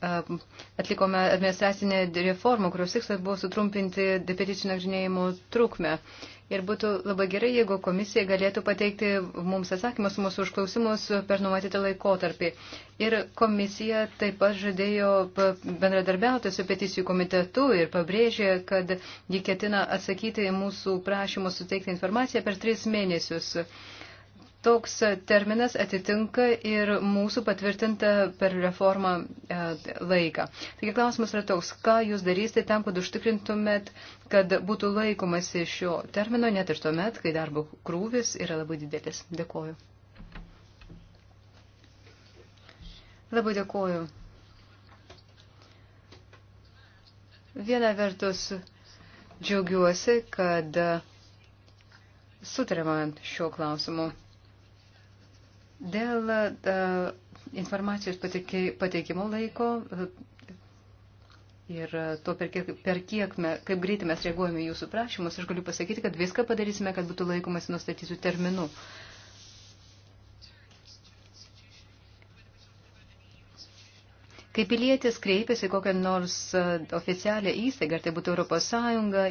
atlikome administracinę reformą, kurios tikslas buvo sutrumpinti peticijų nagrinėjimo trukmę. Ir būtų labai gerai, jeigu komisija galėtų pateikti mums atsakymus mūsų užklausimus per numatytą laikotarpį. Ir komisija taip pat žadėjo bendradarbiauti su peticijų komitetu ir pabrėžė, kad ji ketina atsakyti mūsų prašymus suteikti informaciją per tris mėnesius. Toks terminas atitinka ir mūsų patvirtintą per reformą e, laiką. Taigi klausimas yra toks, ką jūs darysite tam, kad užtikrintumėt, kad būtų laikomasi šio termino net ir tuomet, kai darbo krūvis yra labai didelis. Dėkoju. Labai dėkoju. Viena vertus džiaugiuosi, kad e, sutarėme šiuo klausimu. Dėl e, informacijos pateikimo laiko e, ir to, per kiek, per kiek me, kaip greitai mes reaguojame jūsų prašymus, aš galiu pasakyti, kad viską padarysime, kad būtų laikomas nustatytų terminų. Kai pilietis kreipiasi kokią nors e, oficialią įstaigą, ar tai būtų Europos Sąjunga,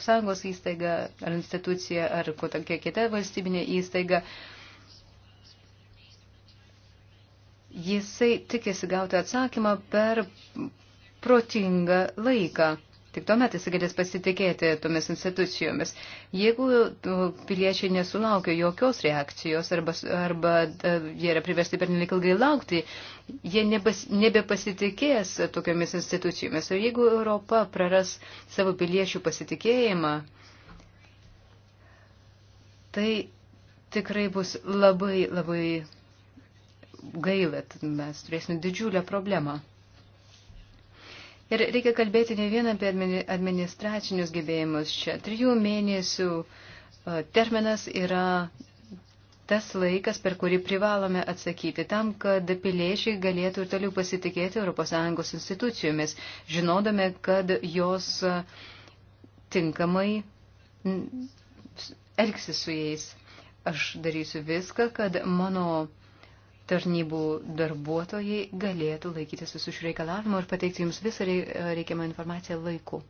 Sąjungos įstaiga, ar institucija, ar kokia kita valstybinė įstaiga, uh, Jisai tikėsi gauti atsakymą per protingą laiką. Tik tuomet jis galės pasitikėti tomis institucijomis. Jeigu nu, piliečiai nesulaukia jokios reakcijos arba, arba e, jie yra priversti per nelik ilgai laukti, jie nebas, nebepasitikės tokiamis institucijomis. O jeigu Europa praras savo piliečių pasitikėjimą, tai tikrai bus labai, labai gaila, mes turėsime didžiulę problemą. Ir reikia kalbėti ne vien apie administracinius gebėjimus. Čia trijų mėnesių terminas yra tas laikas, per kurį privalome atsakyti tam, kad piliečiai galėtų ir toliau pasitikėti ES institucijomis, žinodami, kad jos tinkamai elgsis su jais. Aš darysiu viską, kad mano tarnybų darbuotojai galėtų laikytis visų šių reikalavimų ir pateikti jums visą reikiamą informaciją laiku.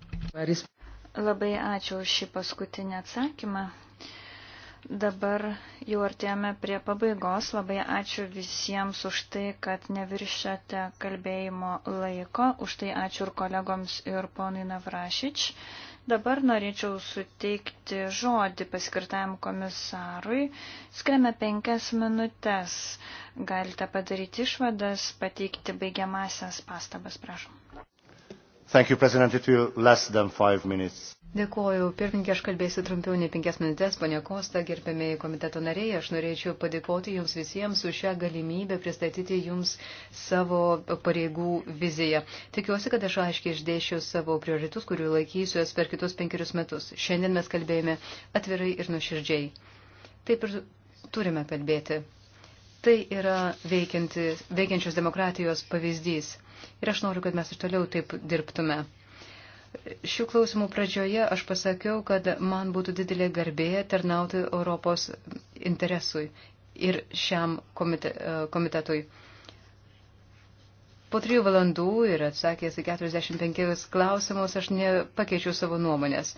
Labai ačiū už šį paskutinį atsakymą. Dabar jau artėjame prie pabaigos. Labai ačiū visiems už tai, kad neviršėte kalbėjimo laiko. Už tai ačiū ir kolegoms ir ponui Navrašič. Dabar norėčiau suteikti žodį paskirtam komisarui. Skiriame penkias minutės. Galite padaryti išvadas, pateikti baigiamasias pastabas, prašom. Thank you, President. It will less than five minutes. Dėkuoju. Pirmininkė, aš kalbėsiu trumpiau nei penkias minutės, ponia Kosta, gerbėmiai komiteto nariai, aš norėčiau padėkoti jums visiems už šią galimybę pristatyti jums savo pareigų viziją. Tikiuosi, kad aš aiškiai išdėšiau savo prioritus, kurių laikysiuos per kitus penkerius metus. Šiandien mes kalbėjome atvirai ir nuoširdžiai. Taip ir turime kalbėti. Tai yra veikiančios demokratijos pavyzdys. Ir aš noriu, kad mes ir toliau taip dirbtume. Šių klausimų pradžioje aš pasakiau, kad man būtų didelė garbė tarnauti Europos interesui ir šiam komite, e, komitetui. Po trijų valandų ir atsakęs į 45 klausimus, aš nepakeičiau savo nuomonės.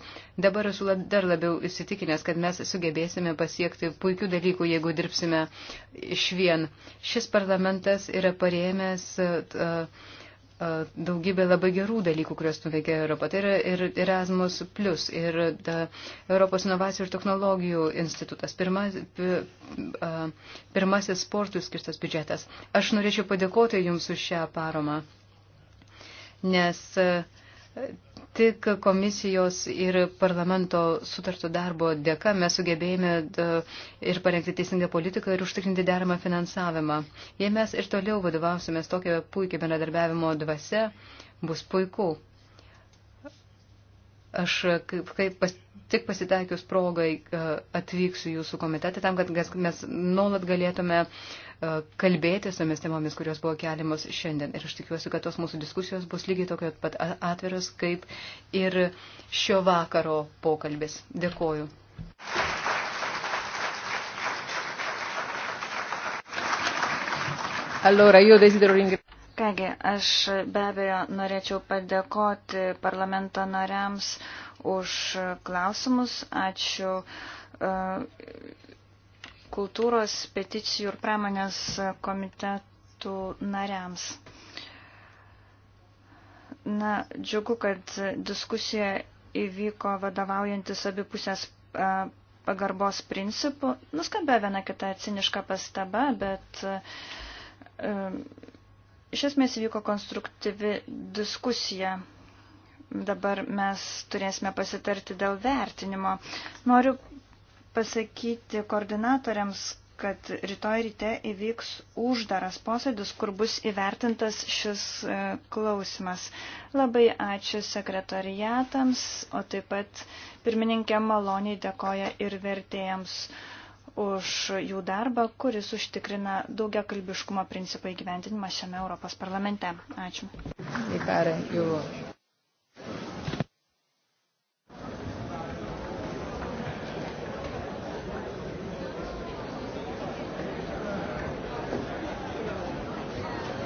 Dabar esu dar labiau įsitikinęs, kad mes sugebėsime pasiekti puikių dalykų, jeigu dirbsime iš vien. Šis parlamentas yra parėmęs. Uh, daugybė labai gerų dalykų, kurios nuveikė Europą. Tai yra ir Erasmus, plus, ir da, Europos inovacijų ir technologijų institutas, pirma, p, a, pirmasis sportui skirtas biudžetas. Aš norėčiau padėkoti Jums už šią paromą, nes a, Tik komisijos ir parlamento sutarto darbo dėka mes sugebėjome e, ir parengti teisingą politiką ir užtikrinti deramą finansavimą. Jei mes ir toliau vadovausimės tokia puikia bendradarbiavimo dvasia, bus puiku. Aš kaip, kaip pas, tik pasitaikius progai e, atvyksiu jūsų komitetą tam, kad mes nuolat galėtume uh, E, kalbėti su tomis temomis, kurios buvo keliamos šiandien. Ir aš tikiuosi, kad tos mūsų diskusijos bus lygiai tokios pat atviros, kaip ir šio vakaro pokalbis. Dėkoju. Allora, io desidero ringraziare. Kągi, aš be abejo norėčiau padėkoti parlamento nariams už klausimus. Ačiū e, kultūros, peticijų ir pramonės komitetų nariams. Na, džiugu, kad diskusija įvyko vadovaujantis abipusės pagarbos principų. Nuskambėjo viena kita ciniška pastaba, bet iš esmės įvyko konstruktyvi diskusija dabar mes turėsime pasitarti dėl vertinimo. Noriu pasakyti koordinatoriams, kad rytoj ryte įvyks uždaras posėdis, kur bus įvertintas šis e, klausimas. Labai ačiū sekretariatams, o taip pat pirmininkė maloniai dėkoja ir vertėjams už jų darbą, kuris užtikrina daugia kalbiškumo principą įgyventinimą šiame Europos parlamente. Ačiū.